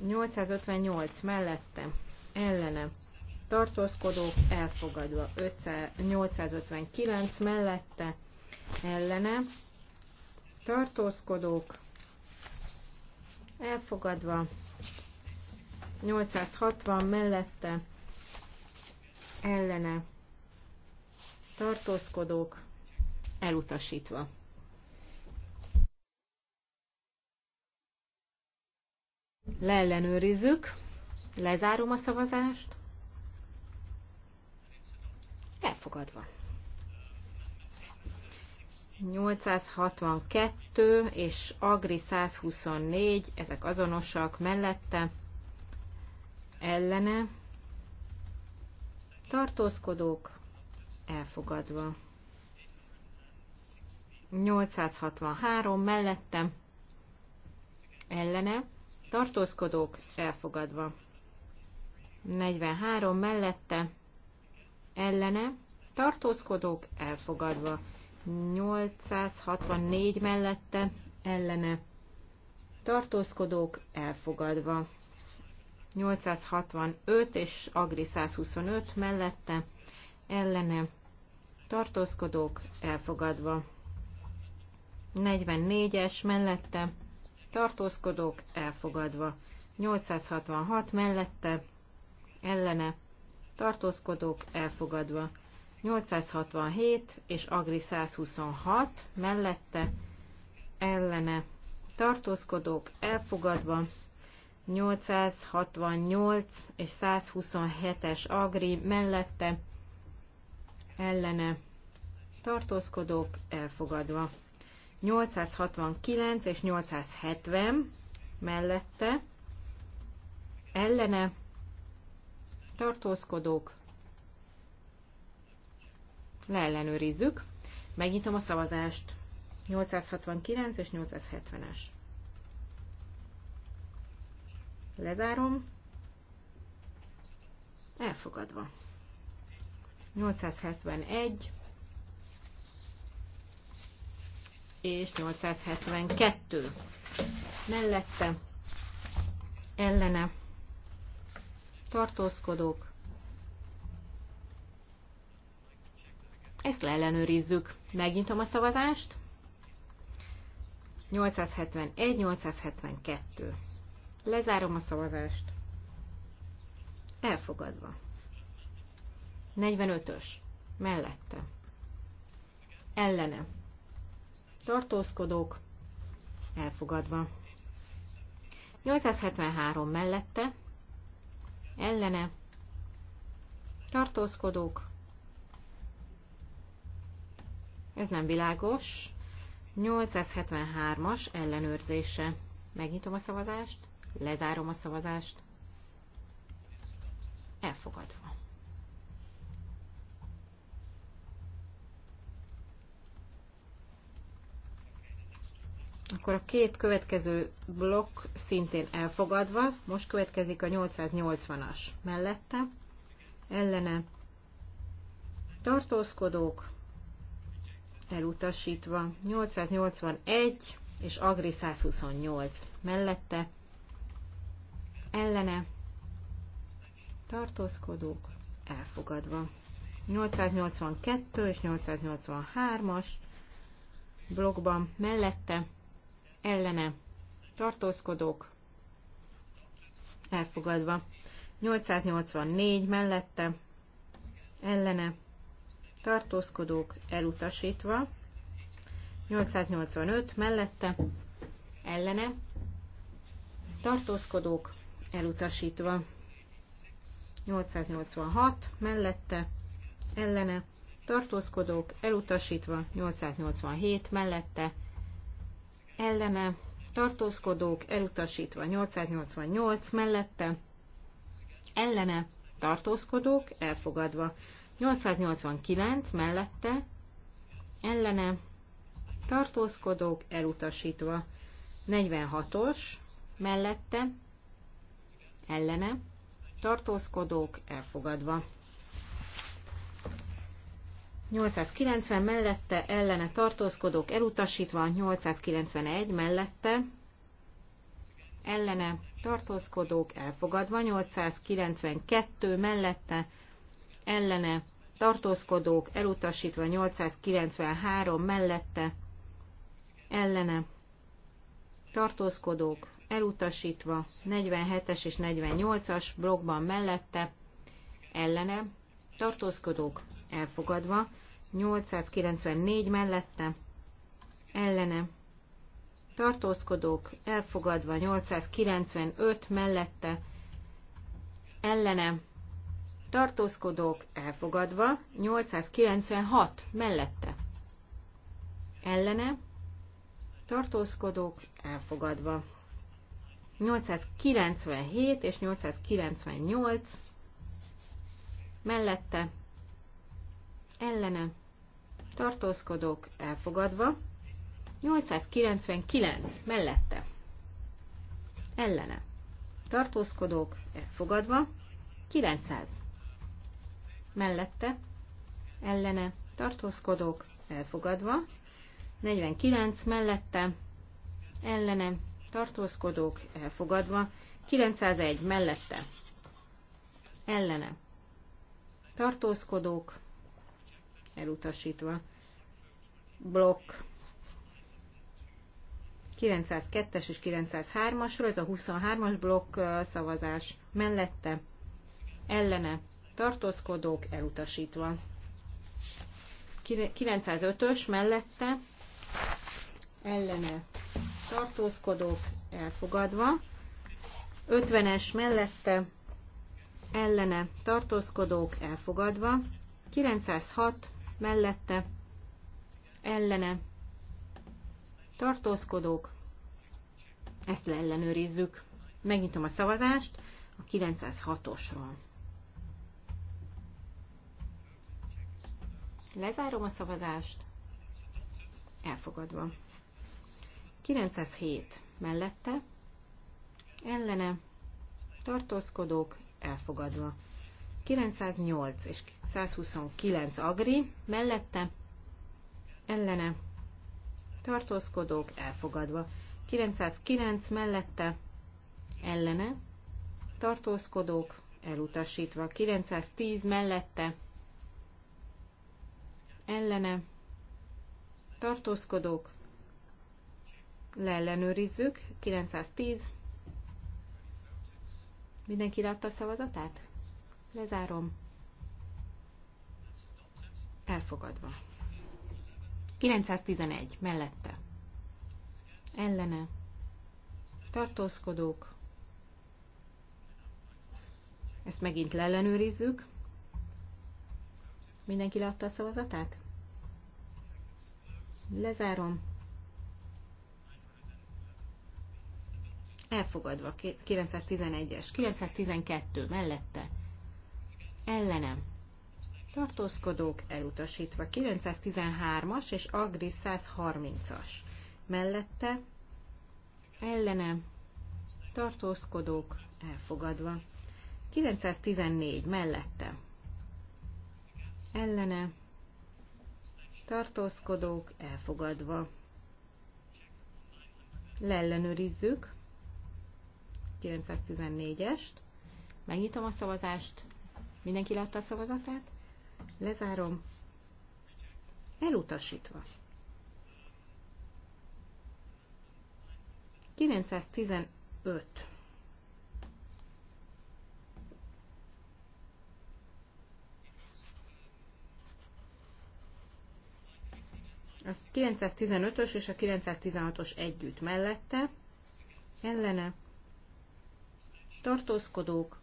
Speaker 4: 858 mellette, ellene, tartózkodók elfogadva, 859 mellette, ellene, tartózkodók elfogadva, 860 mellette, ellene, tartózkodók elutasítva. Leellenőrizzük, lezárom a szavazást, elfogadva. 862 és Agri 124, ezek azonosak mellette, ellene, tartózkodók, elfogadva. 863 mellettem ellene, tartózkodók elfogadva. 43 mellette ellene, tartózkodók elfogadva. 864 mellette ellene, tartózkodók elfogadva. 865 és Agri 125 mellette ellene, tartózkodók elfogadva. 44-es mellette tartózkodók elfogadva. 866 mellette ellene tartózkodók elfogadva. 867 és Agri 126 mellette ellene tartózkodók elfogadva. 868 és 127-es Agri mellette ellene tartózkodók elfogadva. 869 és 870 mellette ellene tartózkodók leellenőrizzük. Megnyitom a szavazást. 869 és 870-es. Lezárom. Elfogadva. 871 és 872 mellette ellene tartózkodók. Ezt leellenőrizzük. Megnyitom a szavazást. 871-872. Lezárom a szavazást. Elfogadva. 45-ös. Mellette. Ellene tartózkodók, elfogadva. 873 mellette, ellene, tartózkodók, ez nem világos, 873-as ellenőrzése. Megnyitom a szavazást, lezárom a szavazást, elfogadva. Akkor a két következő blokk szintén elfogadva, most következik a 880-as mellette, ellene tartózkodók, elutasítva, 881 és Agri 128 mellette, ellene tartózkodók, elfogadva. 882 és 883-as blokkban mellette ellene tartózkodók elfogadva. 884 mellette ellene tartózkodók elutasítva. 885 mellette ellene tartózkodók elutasítva. 886 mellette ellene tartózkodók elutasítva. 887 mellette ellene, tartózkodók elutasítva 888 mellette, ellene, tartózkodók elfogadva 889 mellette, ellene, tartózkodók elutasítva 46-os mellette, ellene, tartózkodók elfogadva 890 mellette ellene tartózkodók elutasítva, 891 mellette ellene tartózkodók elfogadva, 892 mellette ellene tartózkodók elutasítva, 893 mellette ellene tartózkodók elutasítva, 47-es és 48-as blokkban mellette ellene tartózkodók elfogadva, 894 mellette, ellene, tartózkodók, elfogadva, 895 mellette, ellene, tartózkodók, elfogadva, 896 mellette, ellene, tartózkodók, elfogadva. 897 és 898 mellette ellene tartózkodók elfogadva, 899 mellette ellene tartózkodók elfogadva, 900 mellette ellene tartózkodók elfogadva, 49 mellette ellene tartózkodók elfogadva, 901 mellette ellene tartózkodók elutasítva. Blokk 902-es és 903-asról, ez a 23-as blokk szavazás mellette, ellene tartózkodók elutasítva. 905-ös mellette, ellene tartózkodók elfogadva, 50-es mellette, ellene tartózkodók elfogadva, 906 mellette, ellene, tartózkodók, ezt leellenőrizzük. Megnyitom a szavazást a 906-osról. Lezárom a szavazást. Elfogadva. 907 mellette. Ellene. Tartózkodók. Elfogadva. 908 és 129 agri, mellette, ellene, tartózkodók elfogadva. 909 mellette, ellene, tartózkodók elutasítva. 910 mellette, ellene, tartózkodók, leellenőrizzük, 910, mindenki látta a szavazatát? Lezárom. Elfogadva. 911. Mellette. Ellene. Tartózkodók. Ezt megint leellenőrizzük. Mindenki leadta a szavazatát? Lezárom. Elfogadva. 911-es. 912 mellette. Ellenem tartózkodók elutasítva. 913-as és Agri 130-as mellette ellene tartózkodók elfogadva. 914 mellette ellene tartózkodók elfogadva. Leellenőrizzük 914-est. Megnyitom a szavazást. Mindenki látta a szavazatát? Lezárom. Elutasítva. 915. A 915-ös és a 916-os együtt mellette, ellene, tartózkodók,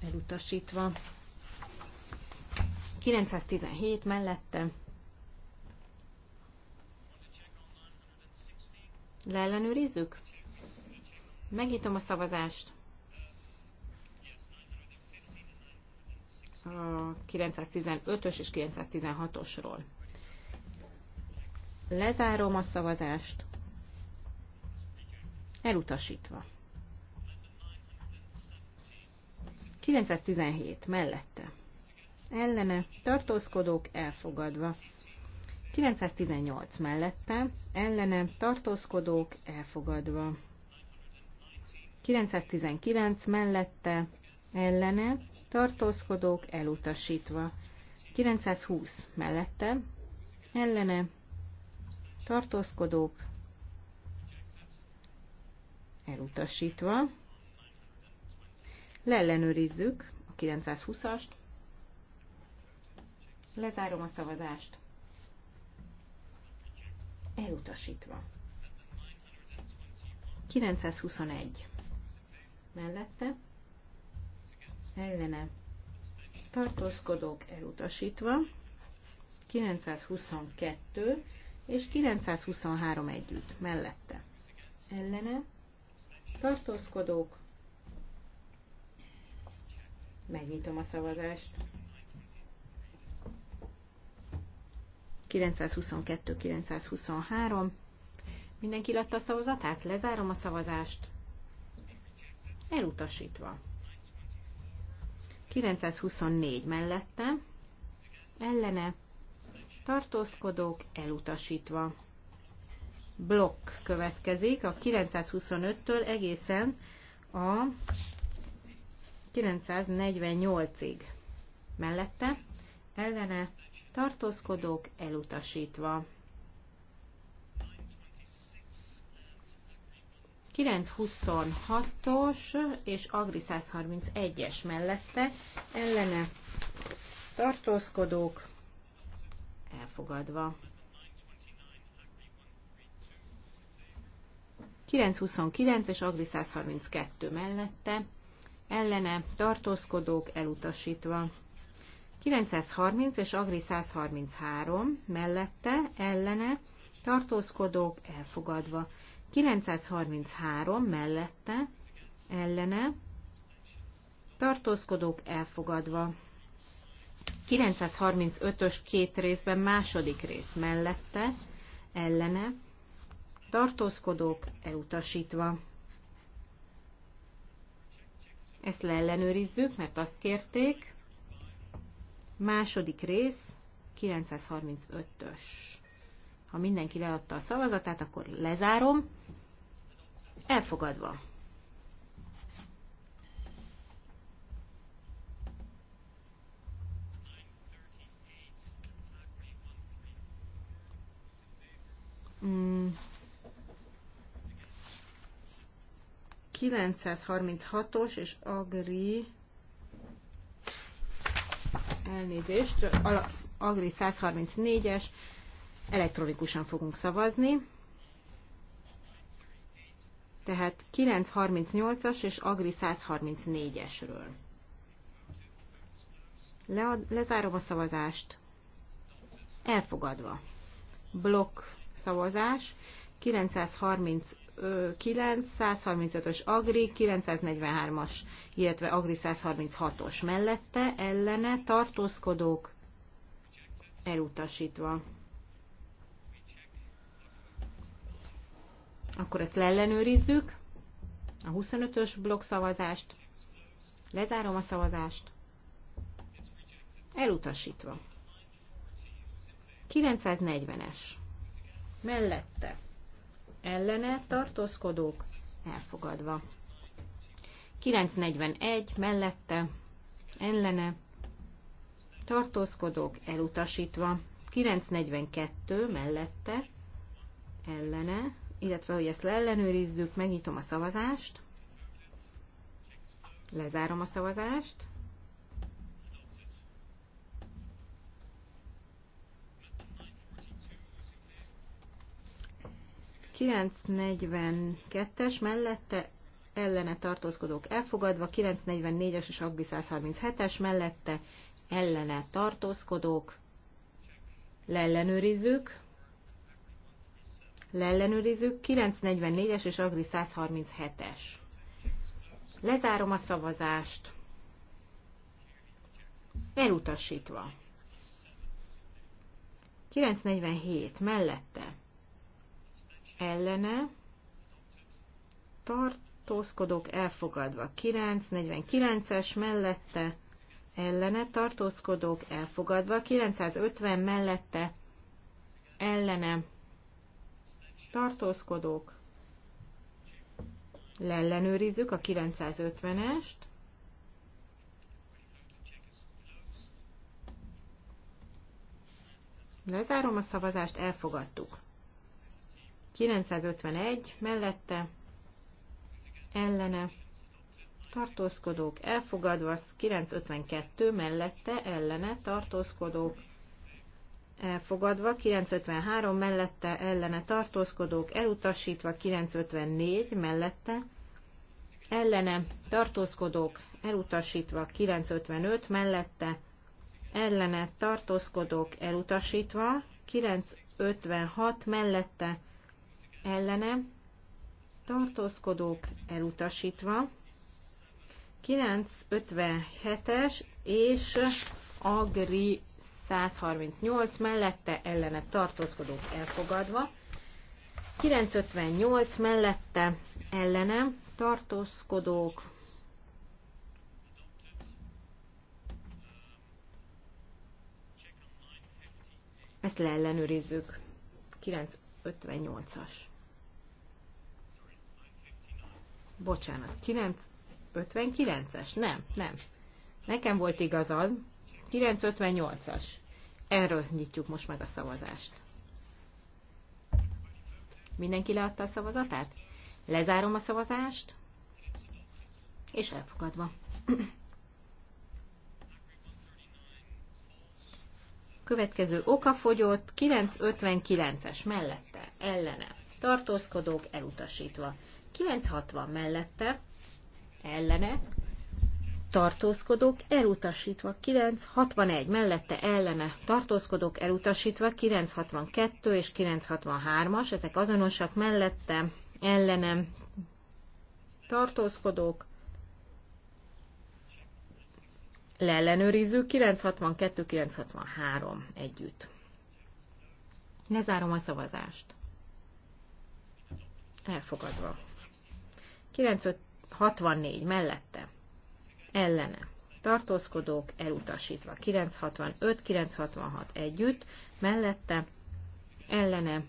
Speaker 4: elutasítva. 917 mellette. Leellenőrizzük? Megnyitom a szavazást. A 915-ös és 916-osról. Lezárom a szavazást. Elutasítva. 917 mellette ellene tartózkodók elfogadva. 918 mellette ellene tartózkodók elfogadva. 919 mellette ellene tartózkodók elutasítva. 920 mellette ellene tartózkodók elutasítva. Leellenőrizzük a 920-ast. Lezárom a szavazást. Elutasítva. 921. Mellette. Ellene. Tartózkodók elutasítva. 922 és 923 együtt. Mellette. Ellene. Tartózkodók. Megnyitom a szavazást. 922-923. Mindenki látta a szavazatát? Lezárom a szavazást. Elutasítva. 924 mellette. Ellene. Tartózkodók elutasítva. Blokk következik a 925-től egészen a 948-ig. Mellette. Ellene tartózkodók elutasítva. 926-os és Agri 131-es mellette ellene tartózkodók elfogadva. 929 és Agri 132 mellette ellene tartózkodók elutasítva. 930 és Agri 133 mellette ellene tartózkodók elfogadva. 933 mellette ellene tartózkodók elfogadva. 935-ös két részben második rész mellette ellene tartózkodók elutasítva. Ezt leellenőrizzük, mert azt kérték, Második rész, 935-ös. Ha mindenki leadta a szavazatát, akkor lezárom. Elfogadva. Mm. 936-os és Agri elnézést, Agri 134-es, elektronikusan fogunk szavazni. Tehát 938-as és Agri 134-esről. Le, lezárom a szavazást. Elfogadva. Blokk szavazás. 935 ös Agri, 943-as, illetve Agri 136-os mellette, ellene tartózkodók elutasítva. Akkor ezt leellenőrizzük, a 25-ös szavazást, lezárom a szavazást, elutasítva. 940-es. Mellette ellene tartózkodók elfogadva. 941 mellette ellene tartózkodók elutasítva. 942 mellette ellene, illetve hogy ezt leellenőrizzük, megnyitom a szavazást, lezárom a szavazást, 942-es mellette ellene tartózkodók elfogadva, 944-es és Agbi 137-es mellette ellene tartózkodók, leellenőrizzük, leellenőrizzük, 944-es és Agri 137-es. Lezárom a szavazást. Elutasítva. 947 mellette ellene tartózkodók elfogadva. 49 es mellette ellene tartózkodók elfogadva. 950 mellette ellene tartózkodók leellenőrizzük a 950-est. Lezárom a szavazást, elfogadtuk. 951 mellette ellene tartózkodók elfogadva, 952 mellette ellene tartózkodók elfogadva, 953 mellette ellene tartózkodók elutasítva, 954 mellette ellene tartózkodók elutasítva, 955 mellette ellene tartózkodók elutasítva, 956 mellette ellene tartózkodók elutasítva, 957-es és Agri 138 mellette ellene tartózkodók elfogadva, 958 mellette ellene tartózkodók Ezt leellenőrizzük. 958-as. bocsánat, 9, 59-es? Nem, nem. Nekem volt igazad. 958-as. Erről nyitjuk most meg a szavazást. Mindenki leadta a szavazatát? Lezárom a szavazást, és elfogadva. Következő okafogyott 959-es mellette, ellene, tartózkodók elutasítva. 960 mellette ellene tartózkodók elutasítva 961 mellette ellene tartózkodók elutasítva 962 és 963-as, ezek azonosak mellette ellenem tartózkodók leellenőrizzük 962-963 együtt. Ne zárom a szavazást. Elfogadva. 964 mellette, ellene, tartózkodók elutasítva. 965-966 együtt, mellette, ellene,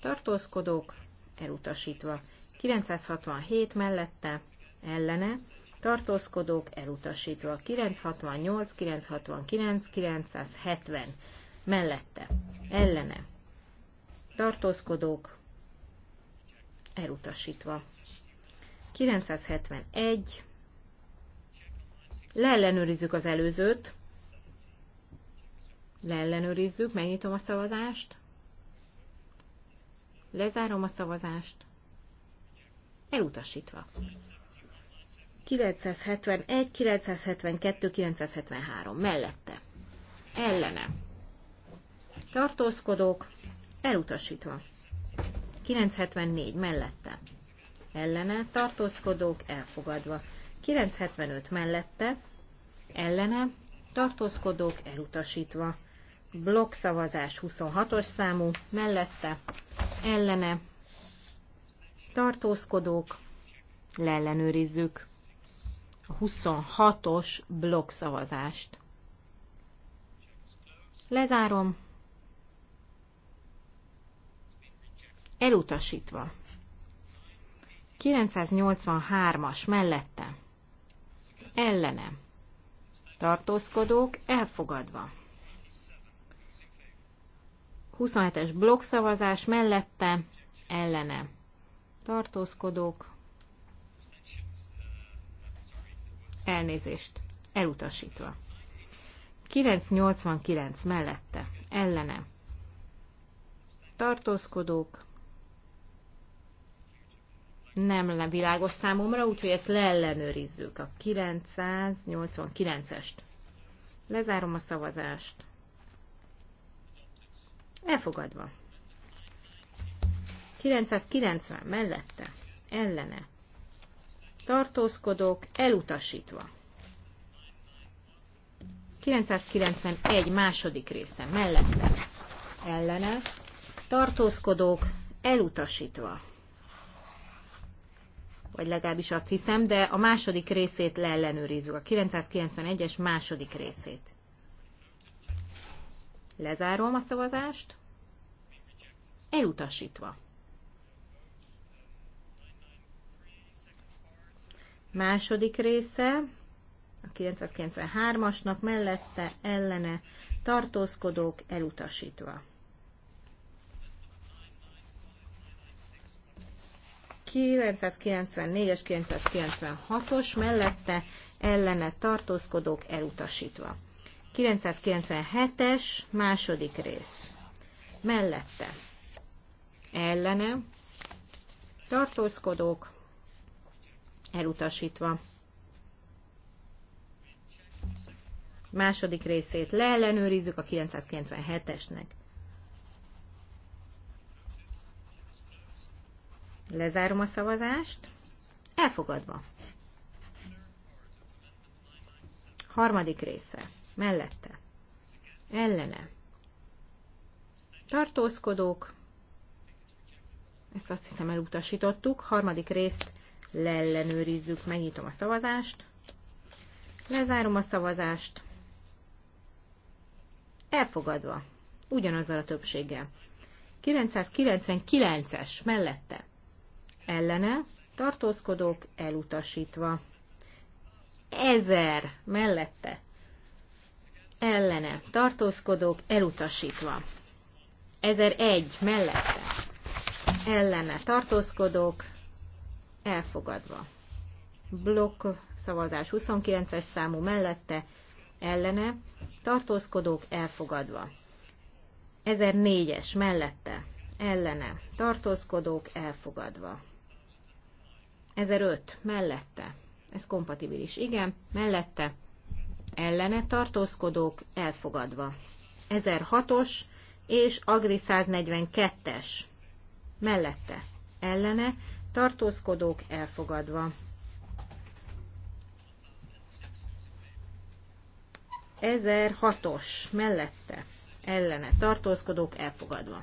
Speaker 4: tartózkodók elutasítva. 967 mellette, ellene, tartózkodók elutasítva. 968, 969, 970 mellette, ellene, tartózkodók elutasítva. 971. Leellenőrizzük az előzőt. Leellenőrizzük, megnyitom a szavazást. Lezárom a szavazást. Elutasítva. 971, 972, 973. Mellette. Ellene. Tartózkodók. Elutasítva. 974. Mellette ellene tartózkodók elfogadva. 975 mellette ellene tartózkodók elutasítva. Blokkszavazás 26-os számú mellette ellene tartózkodók leellenőrizzük a 26-os blokkszavazást. Lezárom. Elutasítva. 983-as mellette ellene tartózkodók elfogadva. 27-es blokkszavazás mellette ellene tartózkodók elnézést elutasítva. 989 mellette ellene tartózkodók nem világos számomra, úgyhogy ezt leellenőrizzük a 989-est. Lezárom a szavazást. Elfogadva. 990 mellette, ellene. Tartózkodók elutasítva. 991 második része mellette, ellene. Tartózkodók elutasítva vagy legalábbis azt hiszem, de a második részét leellenőrizzük, a 991-es második részét. Lezárom a szavazást. Elutasítva. Második része a 993-asnak mellette ellene tartózkodók elutasítva. 994 és 996-os mellette ellene tartózkodók elutasítva. 997-es második rész. Mellette ellene tartózkodók elutasítva. Második részét leellenőrizzük a 997-esnek. Lezárom a szavazást. Elfogadva. Harmadik része. Mellette. Ellene. Tartózkodók. Ezt azt hiszem elutasítottuk. Harmadik részt leellenőrizzük. Megnyitom a szavazást. Lezárom a szavazást. Elfogadva. Ugyanazzal a többséggel. 999-es mellette ellene tartózkodók elutasítva. Ezer mellette ellene tartózkodók elutasítva. Ezer egy mellette ellene tartózkodók elfogadva. Blokk szavazás 29-es számú mellette ellene tartózkodók elfogadva. 1004-es mellette ellene tartózkodók elfogadva. 1005 mellette, ez kompatibilis, igen, mellette, ellene tartózkodók elfogadva. 1006-os és Agri 142-es mellette, ellene tartózkodók elfogadva. 1006-os mellette, ellene tartózkodók elfogadva.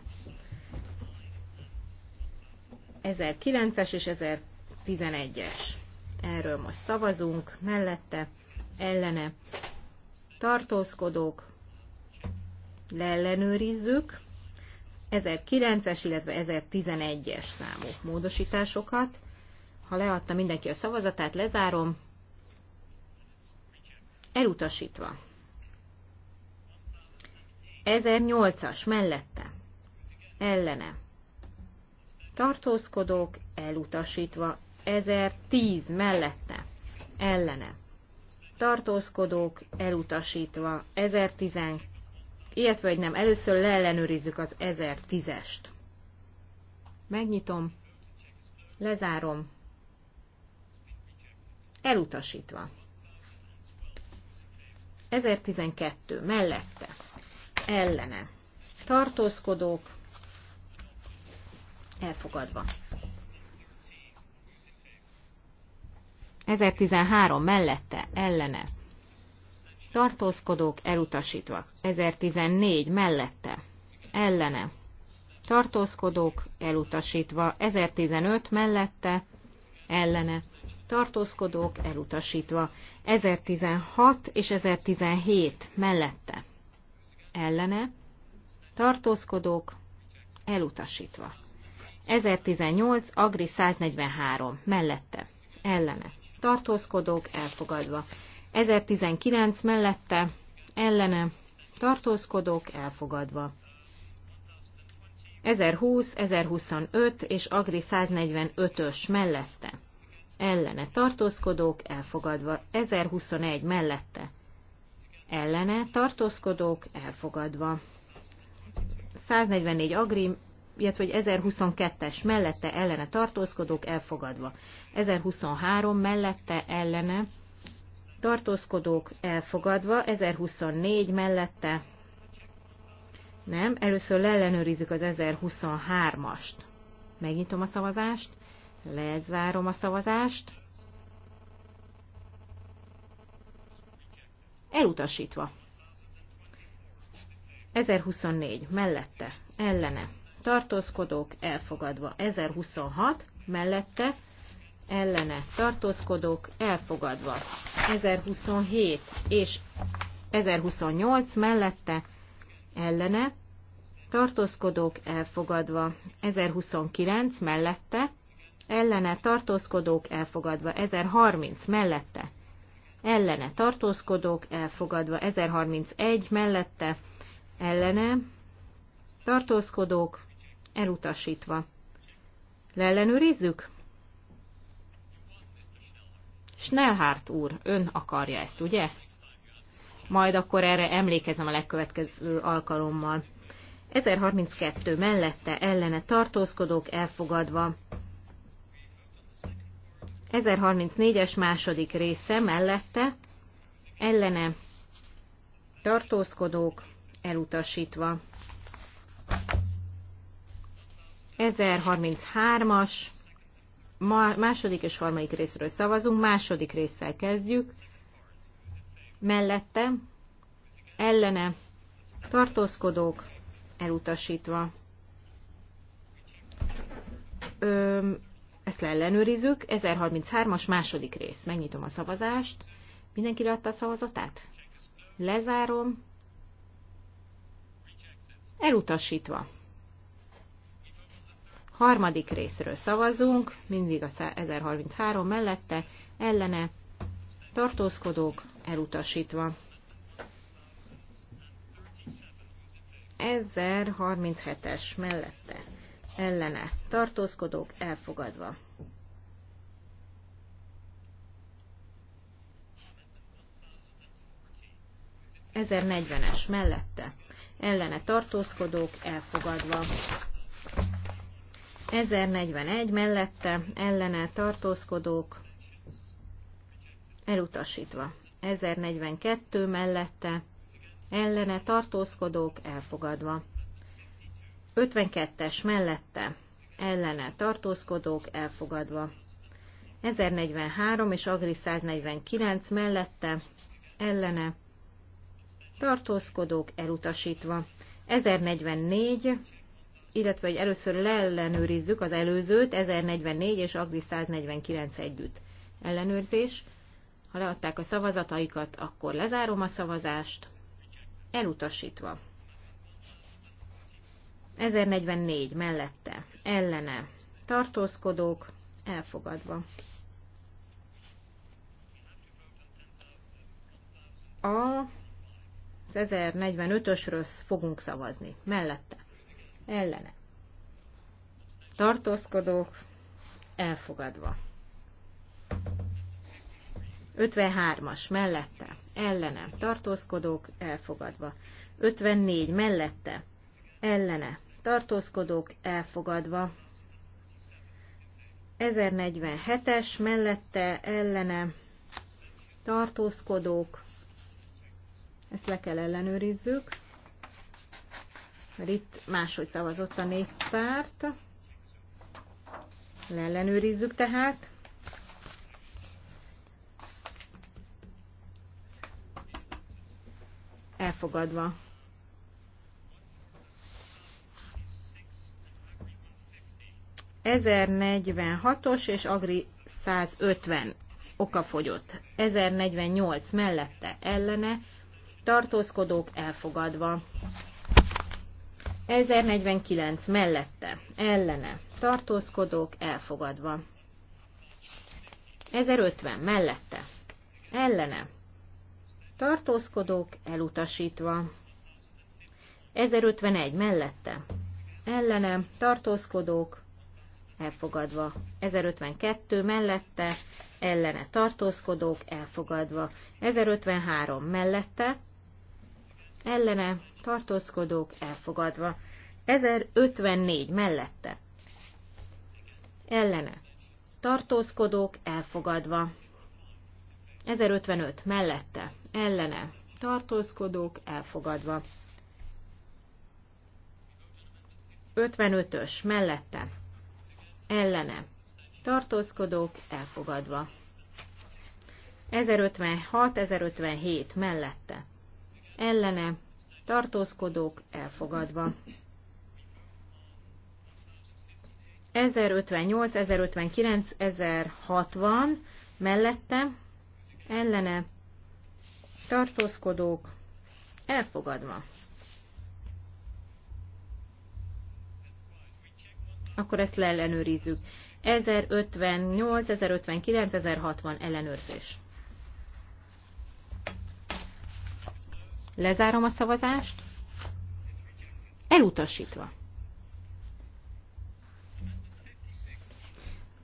Speaker 4: 1009-es és 11-es. Erről most szavazunk, mellette, ellene, tartózkodók, leellenőrizzük 1009-es, illetve 1011-es számú módosításokat. Ha leadta mindenki a szavazatát, lezárom. Elutasítva. 1008-as mellette. Ellene. Tartózkodók elutasítva. 1010 mellette, ellene, tartózkodók elutasítva, 1010, ilyet vagy nem, először leellenőrizzük az 1010-est. Megnyitom, lezárom, elutasítva. 1012 mellette, ellene, tartózkodók, elfogadva. 2013 mellette, ellene. Tartózkodók elutasítva. 2014 mellette, ellene. Tartózkodók elutasítva. 2015 mellette, ellene. Tartózkodók elutasítva. 2016 és 2017 mellette, ellene. Tartózkodók elutasítva. 2018 Agri 143. Mellette. Ellene tartózkodók elfogadva. 1019 mellette ellene tartózkodók elfogadva. 1020, 1025 és Agri 145-ös mellette. Ellene tartózkodók elfogadva. 1021 mellette. Ellene tartózkodók elfogadva. 144 Agri illetve hogy 1022-es mellette ellene tartózkodók elfogadva. 1023 mellette ellene tartózkodók elfogadva, 1024 mellette nem, először leellenőrizzük az 1023-ast. Megnyitom a szavazást, lezárom a szavazást. Elutasítva. 1024 mellette, ellene tartózkodók elfogadva. 1026 mellette ellene tartózkodók elfogadva. 1027 és 1028 mellette ellene tartózkodók elfogadva. 1029 mellette ellene tartózkodók elfogadva. 1030 mellette ellene tartózkodók elfogadva. 1031 mellette ellene tartózkodók elutasítva. Leellenőrizzük? Schnellhardt úr, ön akarja ezt, ugye? Majd akkor erre emlékezem a legkövetkező alkalommal. 1032 mellette ellene tartózkodók elfogadva. 1034-es második része mellette ellene tartózkodók elutasítva. 1033-as, második és harmadik részről szavazunk, második résszel kezdjük, mellette, ellene, tartózkodók, elutasítva. Ö, ezt leellenőrizzük, 1033-as második rész. Megnyitom a szavazást. Mindenki adta a szavazatát? Lezárom. Elutasítva. Harmadik részről szavazunk, mindig a 1033 mellette, ellene, tartózkodók, elutasítva. 1037-es mellette, ellene, tartózkodók, elfogadva. ezer es mellette, ellene tartózkodók elfogadva. 1041 mellette ellene tartózkodók elutasítva. 1042 mellette ellene tartózkodók elfogadva. 52-es mellette ellene tartózkodók elfogadva. 1043 és Agri 149 mellette ellene tartózkodók elutasítva. 1044 illetve hogy először leellenőrizzük az előzőt, 1044 és Agri 149 együtt ellenőrzés. Ha leadták a szavazataikat, akkor lezárom a szavazást. Elutasítva. 1044 mellette, ellene, tartózkodók, elfogadva. A 1045-ösről fogunk szavazni, mellette ellene. Tartózkodók elfogadva. 53-as mellette, ellene, tartózkodók elfogadva. 54 mellette, ellene, tartózkodók elfogadva. 1047-es mellette, ellene, tartózkodók, ezt le kell ellenőrizzük. Mert itt máshogy szavazott a néppárt. Leellenőrizzük tehát. Elfogadva. Ezer os és Agri 150 okafogyott. 1048 mellette ellene tartózkodók elfogadva. 1049 mellette, ellene, tartózkodók elfogadva. 1050 mellette, ellene, tartózkodók elutasítva. 1051 mellette, ellene, tartózkodók elfogadva. 1052 mellette, ellene, tartózkodók elfogadva. 1053 mellette, ellene tartózkodók elfogadva. 1054 mellette ellene tartózkodók elfogadva. 1055 mellette ellene tartózkodók elfogadva. 55-ös mellette ellene tartózkodók elfogadva. 1056-1057 mellette ellene tartózkodók elfogadva. 1058, 1059, 1060 mellette ellene tartózkodók elfogadva. Akkor ezt leellenőrizzük. 1058, 1059, 1060 ellenőrzés. Lezárom a szavazást. Elutasítva.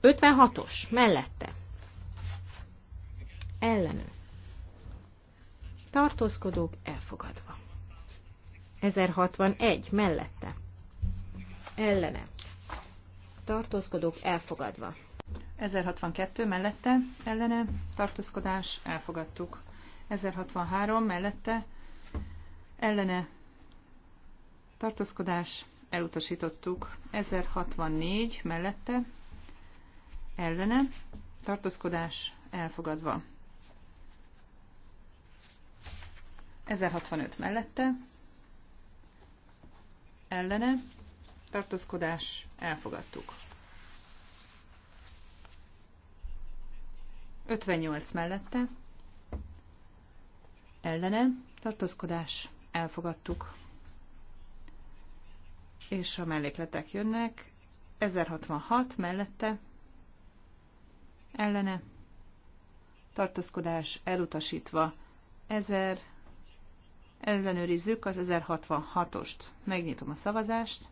Speaker 4: 56-os, mellette. Ellenő. Tartózkodók elfogadva. 1061, mellette. Ellene. Tartózkodók elfogadva. 1062
Speaker 2: mellette, ellene, tartózkodás, elfogadtuk. 1063 mellette, ellene tartózkodás elutasítottuk. 1064 mellette ellene tartózkodás elfogadva. 1065 mellette ellene tartózkodás elfogadtuk. 58 mellette ellene tartózkodás elfogadtuk. És a mellékletek jönnek. 1066 mellette, ellene, tartózkodás elutasítva. 1000 ellenőrizzük az 1066-ost. Megnyitom a szavazást.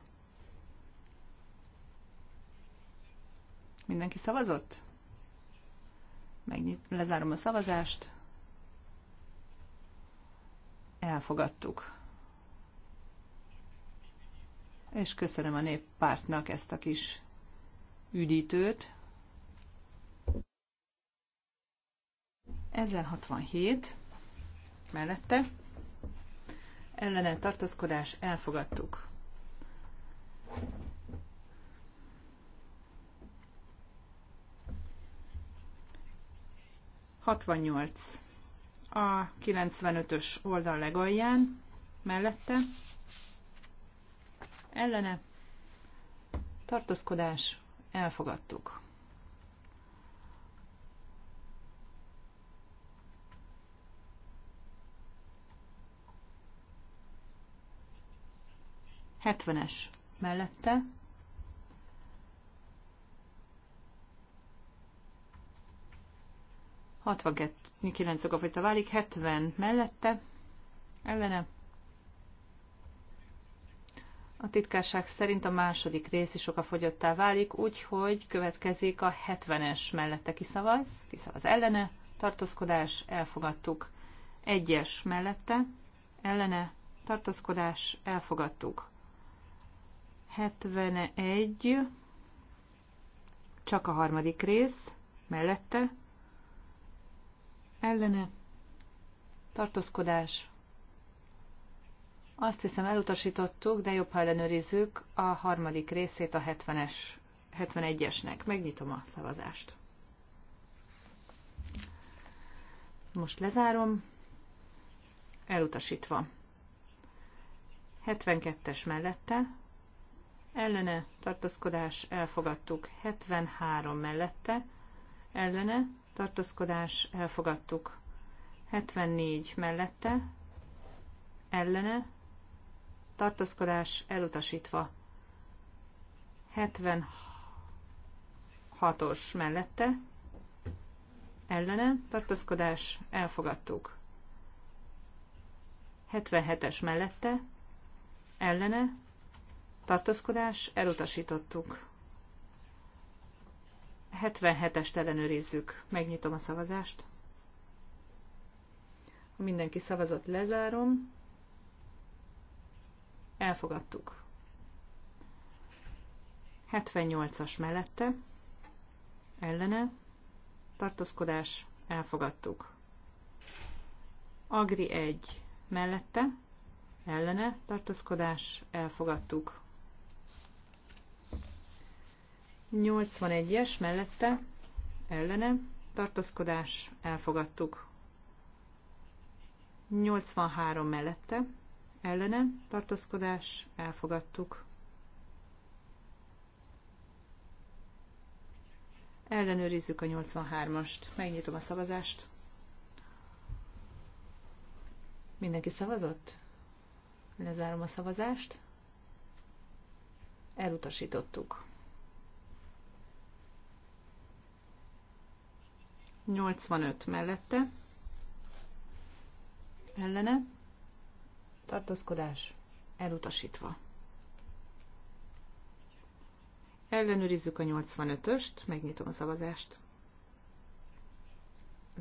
Speaker 2: Mindenki szavazott? Megnyit, lezárom a szavazást elfogadtuk. És köszönöm a néppártnak ezt a kis üdítőt. 1067 mellette ellene tartózkodás elfogadtuk. Hatvannyolc a 95-ös oldal legalján, mellette, ellene, tartózkodás, elfogadtuk. Hetvenes mellette, 9 okafogyta válik, 70 mellette, ellene. A titkárság szerint a második rész is okafogyottá válik, úgyhogy következik a 70-es mellette kiszavaz, kiszavaz ellene, tartózkodás, elfogadtuk. Egyes mellette, ellene, tartózkodás, elfogadtuk. 71, csak a harmadik rész, mellette, ellene, tartózkodás. Azt hiszem elutasítottuk, de jobb, ha ellenőrizzük a harmadik részét a 70-es, 71-esnek. Megnyitom a szavazást. Most lezárom. Elutasítva. 72-es mellette. Ellene tartózkodás elfogadtuk. 73 mellette. Ellene tartózkodás, elfogadtuk. 74 mellette, ellene, tartózkodás elutasítva. 76-os mellette, ellene, tartózkodás elfogadtuk. 77-es mellette, ellene, tartózkodás elutasítottuk. 77-est ellenőrizzük. Megnyitom a szavazást. Ha mindenki szavazott, lezárom. Elfogadtuk. 78-as mellette. Ellene. Tartózkodás. Elfogadtuk. Agri 1 mellette. Ellene. Tartózkodás. Elfogadtuk. 81-es mellette ellene tartózkodás elfogadtuk. 83 mellette ellene tartózkodás elfogadtuk. Ellenőrizzük a 83-ast. Megnyitom a szavazást. Mindenki szavazott? Lezárom a szavazást. Elutasítottuk. 85 mellette, ellene, tartózkodás elutasítva. Ellenőrizzük a 85-öst, megnyitom a szavazást.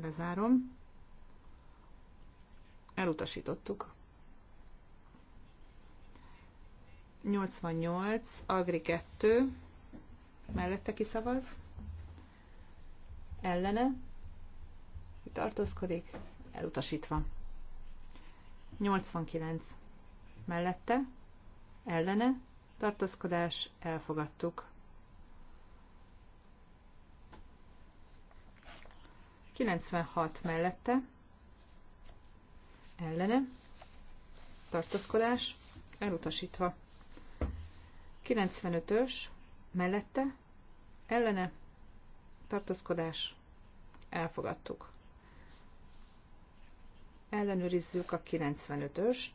Speaker 2: Lezárom. Elutasítottuk. 88, Agri 2, mellette kiszavaz, ellene, tartózkodik, elutasítva. 89. Mellette, ellene, tartózkodás, elfogadtuk. 96 mellette, ellene, tartózkodás, elutasítva. 95-ös, mellette, ellene, tartózkodás, elfogadtuk. Ellenőrizzük a 95-öst.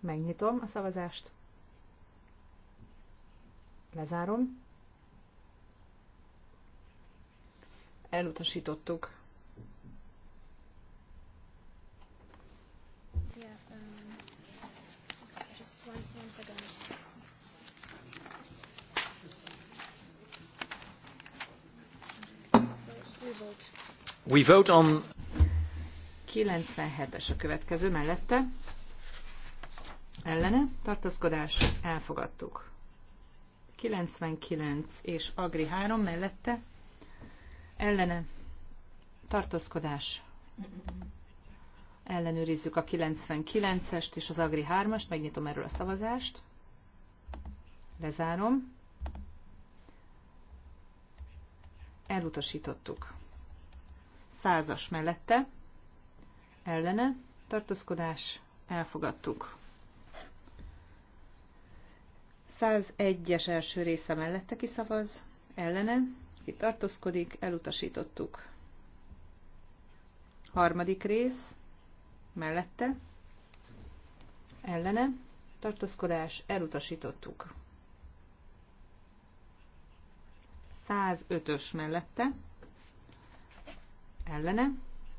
Speaker 2: Megnyitom a szavazást. Lezárom. Elutasítottuk.
Speaker 3: We vote on
Speaker 2: 97-es a következő mellette. Ellene tartózkodás elfogadtuk. 99 és Agri 3 mellette. Ellene tartózkodás. Ellenőrizzük a 99-est és az Agri 3-ast. Megnyitom erről a szavazást. Lezárom. Elutasítottuk. Százas mellette ellene, tartózkodás, elfogadtuk. 101-es első része mellette kiszavaz, ellene, ki tartózkodik, elutasítottuk. Harmadik rész, mellette, ellene, tartózkodás, elutasítottuk. 105-ös mellette, ellene,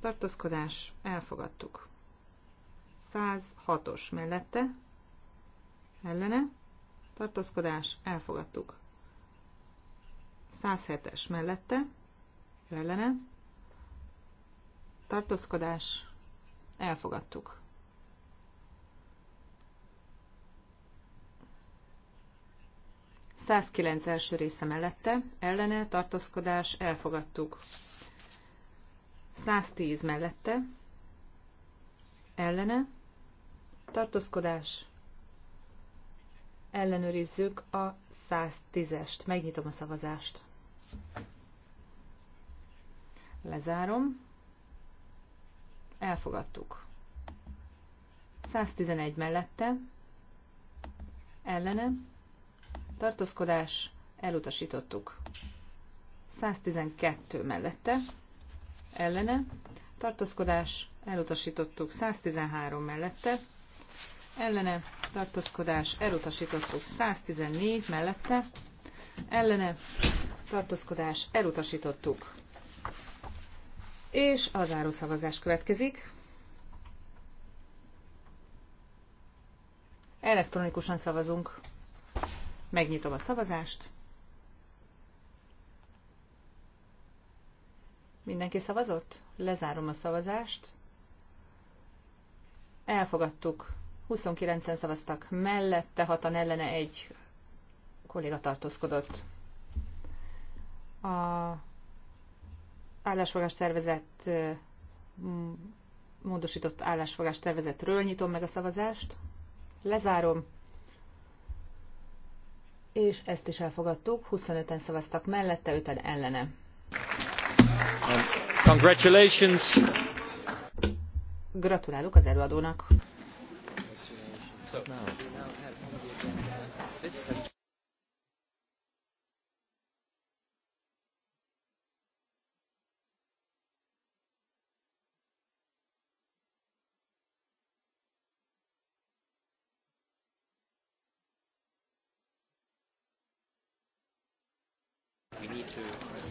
Speaker 2: tartózkodás, elfogadtuk. 106-os mellette, ellene, tartózkodás, elfogadtuk. 107-es mellette, ellene, tartózkodás, elfogadtuk. 109 első része mellette, ellene, tartózkodás, elfogadtuk. 110 mellette, ellene, tartózkodás, ellenőrizzük a 110-est. Megnyitom a szavazást. Lezárom. Elfogadtuk. 111 mellette, ellene, tartózkodás, elutasítottuk. 112 mellette, ellene, tartózkodás elutasítottuk 113 mellette, ellene, tartózkodás elutasítottuk 114 mellette, ellene, tartózkodás elutasítottuk. És az zárószavazás következik. Elektronikusan szavazunk. Megnyitom a szavazást. Mindenki szavazott? Lezárom a szavazást. Elfogadtuk. 29-en szavaztak mellette, 6-an ellene egy kolléga tartózkodott. A állásfogás tervezett módosított állásfogás tervezetről nyitom meg a szavazást. Lezárom. És ezt is elfogadtuk. 25-en szavaztak mellette, 5-en ellene.
Speaker 3: Congratulations!
Speaker 2: Gratulálok az előadónak!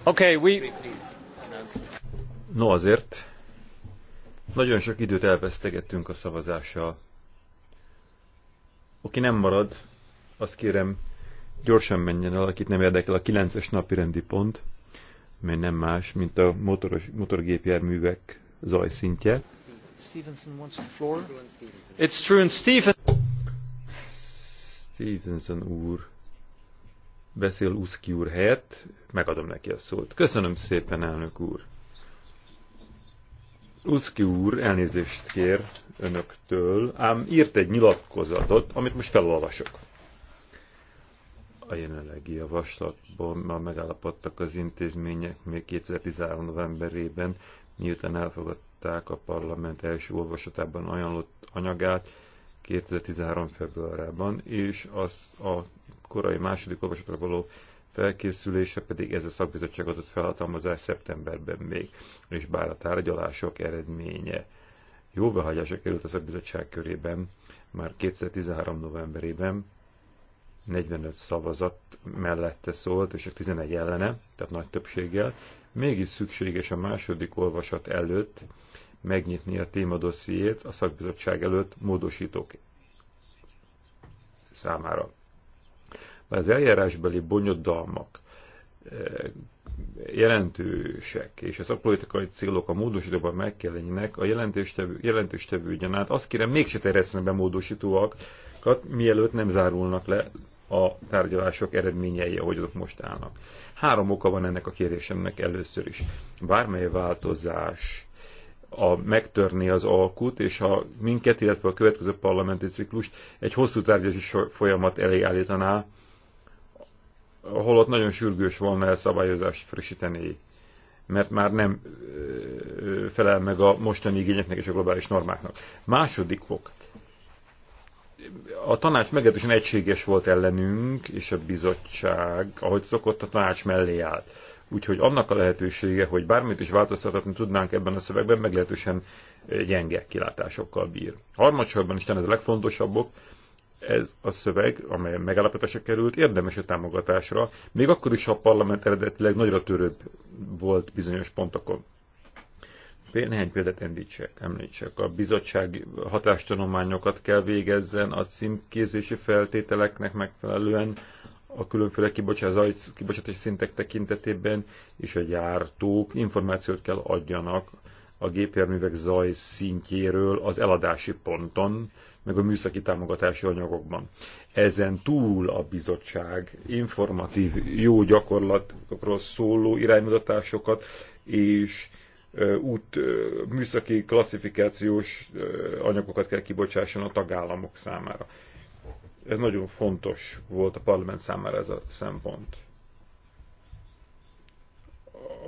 Speaker 3: Okay, we
Speaker 1: No azért, nagyon sok időt elvesztegettünk a szavazással. Aki nem marad, azt kérem, gyorsan menjen el, akit nem érdekel a 9-es napi rendi pont, mely nem más, mint a motoros, motorgépjárművek zajszintje.
Speaker 3: Stevenson wants the floor.
Speaker 1: It's true, and Stevenson úr beszél Uszki úr helyett, megadom neki a szót. Köszönöm szépen, elnök úr. Uszki úr elnézést kér önöktől, ám írt egy nyilatkozatot, amit most felolvasok. A jelenlegi javaslatban már megállapodtak az intézmények még 2013. novemberében, miután elfogadták a parlament első olvasatában ajánlott anyagát 2013. februárában, és az a korai második olvasatra való felkészülése pedig ez a szakbizottság adott felhatalmazás szeptemberben még, és bár a tárgyalások eredménye jóváhagyása került a szakbizottság körében, már 2013. novemberében 45 szavazat mellette szólt, és a 11 ellene, tehát nagy többséggel, mégis szükséges a második olvasat előtt megnyitni a témadossziét a szakbizottság előtt módosítók számára az eljárásbeli bonyodalmak eh, jelentősek, és az a politikai célok a módosítóban megjelenjenek, a jelentéstevő, jelentéstevő ugyanát azt kérem, mégse terjesztenek be módosítóakat, mielőtt nem zárulnak le a tárgyalások eredményei, ahogy azok most állnak. Három oka van ennek a kérésemnek először is. Bármely változás a megtörni az alkut, és a minket, illetve a következő parlamenti ciklust egy hosszú tárgyalási folyamat elé állítaná, holott nagyon sürgős volna a szabályozást frissíteni, mert már nem felel meg a mostani igényeknek és a globális normáknak. Második fok. A tanács meglehetősen egységes volt ellenünk, és a bizottság, ahogy szokott, a tanács mellé állt. Úgyhogy annak a lehetősége, hogy bármit is változtatni tudnánk ebben a szövegben, meglehetősen gyenge kilátásokkal bír. Harmadsorban is ez a legfontosabbok, ok, ez a szöveg, amely megállapításra került, érdemes a támogatásra, még akkor is, ha a parlament eredetileg nagyra törőbb volt bizonyos pontokon. Néhány példát említsek, említsek. A bizottság hatástanulmányokat kell végezzen a címkézési feltételeknek megfelelően, a különféle kibocsátási szintek tekintetében, és a gyártók információt kell adjanak a gépjárművek zaj szintjéről az eladási ponton, meg a műszaki támogatási anyagokban. Ezen túl a bizottság informatív jó gyakorlatokról szóló iránymutatásokat és út műszaki klasszifikációs anyagokat kell kibocsásson a tagállamok számára. Ez nagyon fontos volt a parlament számára ez a szempont.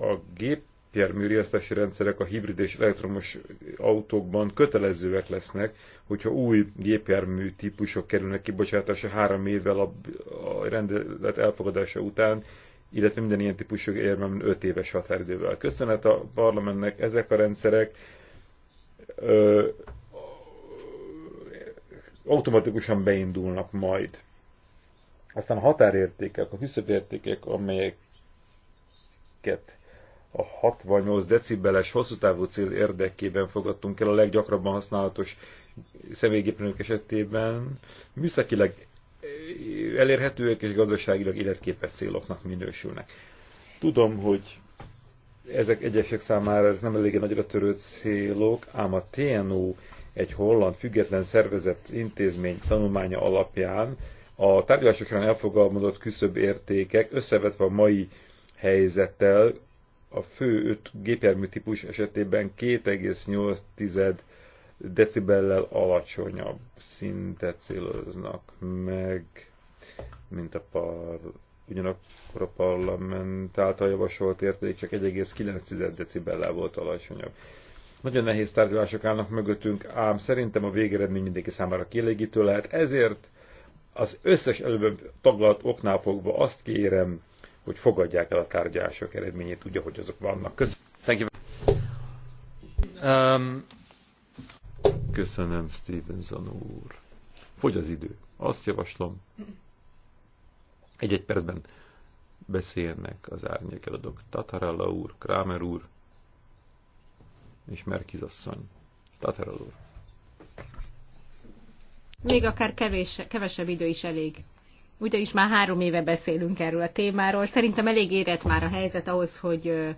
Speaker 1: A gép járműriasztási rendszerek a hibrid és elektromos autókban kötelezőek lesznek, hogyha új gépjármű típusok kerülnek kibocsátása három évvel a, rendelet elfogadása után, illetve minden ilyen típusú érvem 5 éves határidővel. Köszönet a parlamentnek, ezek a rendszerek ö, automatikusan beindulnak majd. Aztán a határértékek, a küszöbértékek, amelyeket a 68 decibeles hosszútávú cél érdekében fogadtunk el a leggyakrabban használatos személygépenők esetében műszakileg eh, elérhetőek és gazdaságilag életképes céloknak minősülnek. Tudom, hogy ezek egyesek számára ez nem eléggé nagyra törő célok, ám a TNO egy holland független szervezet intézmény tanulmánya alapján a tárgyalásokra elfogalmazott küszöbb értékek összevetve a mai helyzettel a fő 5 gépjármű típus esetében 2,8 decibellel alacsonyabb szintet céloznak meg, mint a par, ugyanakkor a parlament által javasolt érték csak 1,9 decibellel volt alacsonyabb. Nagyon nehéz tárgyalások állnak mögöttünk, ám szerintem a végeredmény mindenki számára kielégítő lehet, ezért az összes előbb taglalt oknál fogva azt kérem, hogy fogadják el a tárgyalások eredményét, tudja, hogy azok vannak. Köszönöm. Um, Köszönöm, Stevenson úr. Fogy az idő. Azt javaslom, egy-egy percben beszélnek az eladók. Tatarella úr, Kramer úr és Merkiz asszony. Tatarella úr.
Speaker 4: Még akár kevés, kevesebb idő is elég ugyanis is már három éve beszélünk erről a témáról. Szerintem elég érett már a helyzet ahhoz, hogy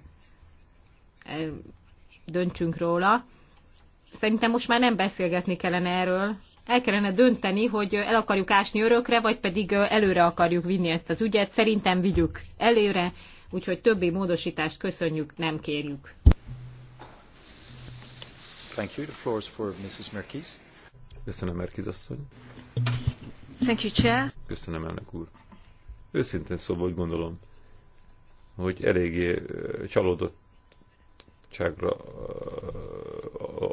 Speaker 4: döntsünk róla. Szerintem most már nem beszélgetni kellene erről. El kellene dönteni, hogy el akarjuk ásni örökre, vagy pedig előre akarjuk vinni ezt az ügyet. Szerintem vigyük előre, úgyhogy többi módosítást köszönjük, nem kérjük.
Speaker 1: Thank you. The floor is for Mrs. Merkiz. Köszönöm, Merkiz asszony.
Speaker 4: Thank you, Chair.
Speaker 1: Köszönöm, elnök úr. Őszintén szóval úgy gondolom, hogy eléggé csalódottságra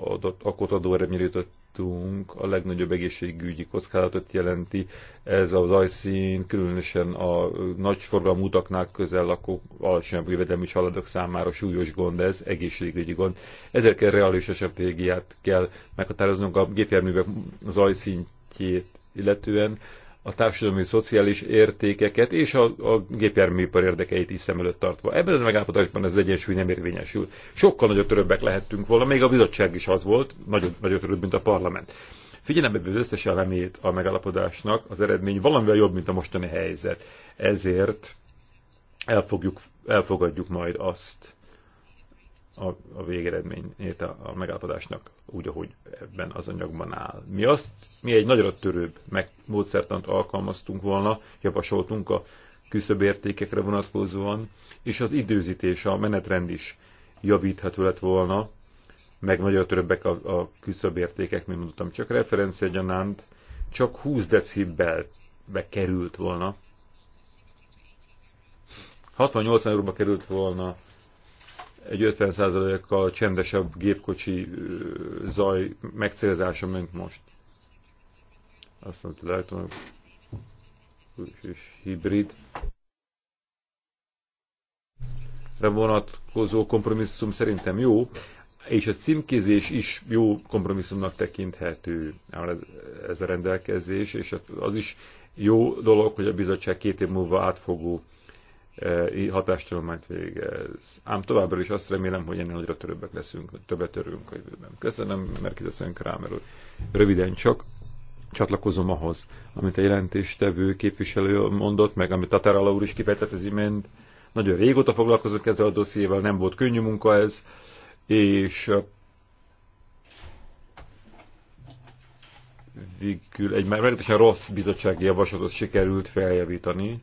Speaker 1: adott, akkor adó jutottunk, a legnagyobb egészségügyi kockázatot jelenti. Ez az ajszín, különösen a nagy forgalmú utaknál közel lakó alacsonyabb jövedelmi családok számára súlyos gond ez, egészségügyi gond. Ezért kell reális stratégiát kell meghatároznunk a gépjárművek az ajszintjét illetően a társadalmi szociális értékeket és a, a gépjárműipar érdekeit is szem előtt tartva. Ebben a megállapodásban ez egyensúly nem érvényesül. Sokkal nagyobb törőbbek lehettünk volna, még a bizottság is az volt, nagyon, nagyobb törőbb, mint a parlament. Figyelembe az összes elemét a megállapodásnak, az eredmény valamivel jobb, mint a mostani helyzet. Ezért elfogjuk, elfogadjuk majd azt, a, a végeredményét a, a megállapodásnak úgy, ahogy ebben az anyagban áll. Mi azt, mi egy nagyra törőbb meg, módszertant alkalmaztunk volna, javasoltunk a küszöbértékekre vonatkozóan, és az időzítés, a menetrend is javítható lett volna, meg nagyra törőbbek a, a küszöbértékek, mint mondtam, csak referencia gyanánt, csak 20 decibel bekerült volna. 60-80 euróba került volna egy 50%-kal csendesebb gépkocsi zaj megcélzása, mint most. Azt mondta, lehet, és hibrid. Re vonatkozó kompromisszum szerintem jó, és a címkézés is jó kompromisszumnak tekinthető ez a rendelkezés, és az is jó dolog, hogy a bizottság két év múlva átfogó E, hatástudományt végez. Ám továbbra is azt remélem, hogy ennél nagyra törőbbek leszünk, többet örülünk a jövőben. Köszönöm, mert kiteszünk rá, mert Röviden csak csatlakozom ahhoz, amit a jelentéstevő képviselő mondott, meg amit Tatarala úr is kifejtett az imént. Nagyon régóta foglalkozok ezzel a dossziéval, nem volt könnyű munka ez, és végül egy már meglehetősen rossz bizottsági javaslatot sikerült feljavítani,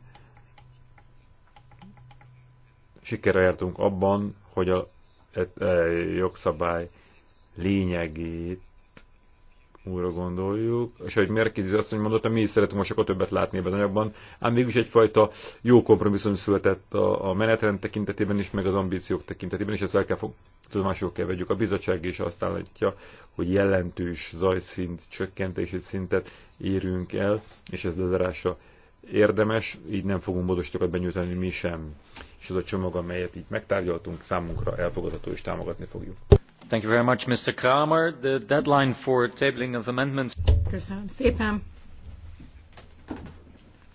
Speaker 1: sikerre jártunk abban, hogy a, e, e, jogszabály lényegét újra gondoljuk, és ahogy Merkiz azt mondotta, mi is szeretünk most sokkal többet látni ebben az anyagban, ám mégis egyfajta jó kompromisszum született a, a menetrend tekintetében is, meg az ambíciók tekintetében is, ezt el kell fog, tudomásul kell vegyük. A bizottság is azt állítja, hogy jelentős zajszint csökkentési szintet érünk el, és ez lezárása érdemes, így nem fogunk módosítókat benyújtani mi sem és az a csomag, amelyet így megtárgyaltunk, számunkra elfogadható és támogatni fogjuk.
Speaker 3: Thank you very much, Mr. Kramer. The deadline for tabling of amendments...
Speaker 4: Köszönöm szépen.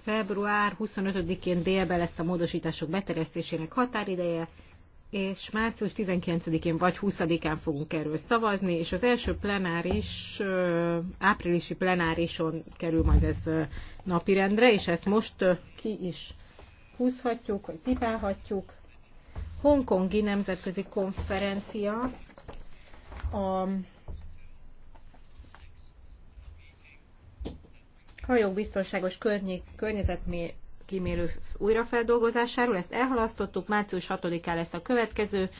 Speaker 4: Február 25-én délbe lesz a módosítások beterjesztésének határideje, és március 19-én vagy 20-án fogunk erről szavazni, és az első plenáris, áprilisi plenárison kerül majd ez napirendre, és ezt most ki is húzhatjuk, vagy pipálhatjuk. Hongkongi Nemzetközi Konferencia a hajók biztonságos környék, környezetmé kímélő újrafeldolgozásáról. Ezt elhalasztottuk, március 6-án lesz a következő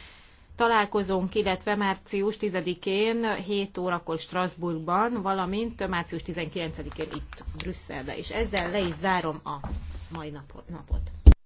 Speaker 4: találkozónk, illetve március 10-én 7 órakor Strasbourgban, valamint március 19-én itt Brüsszelbe. És ezzel le is zárom a mai napot.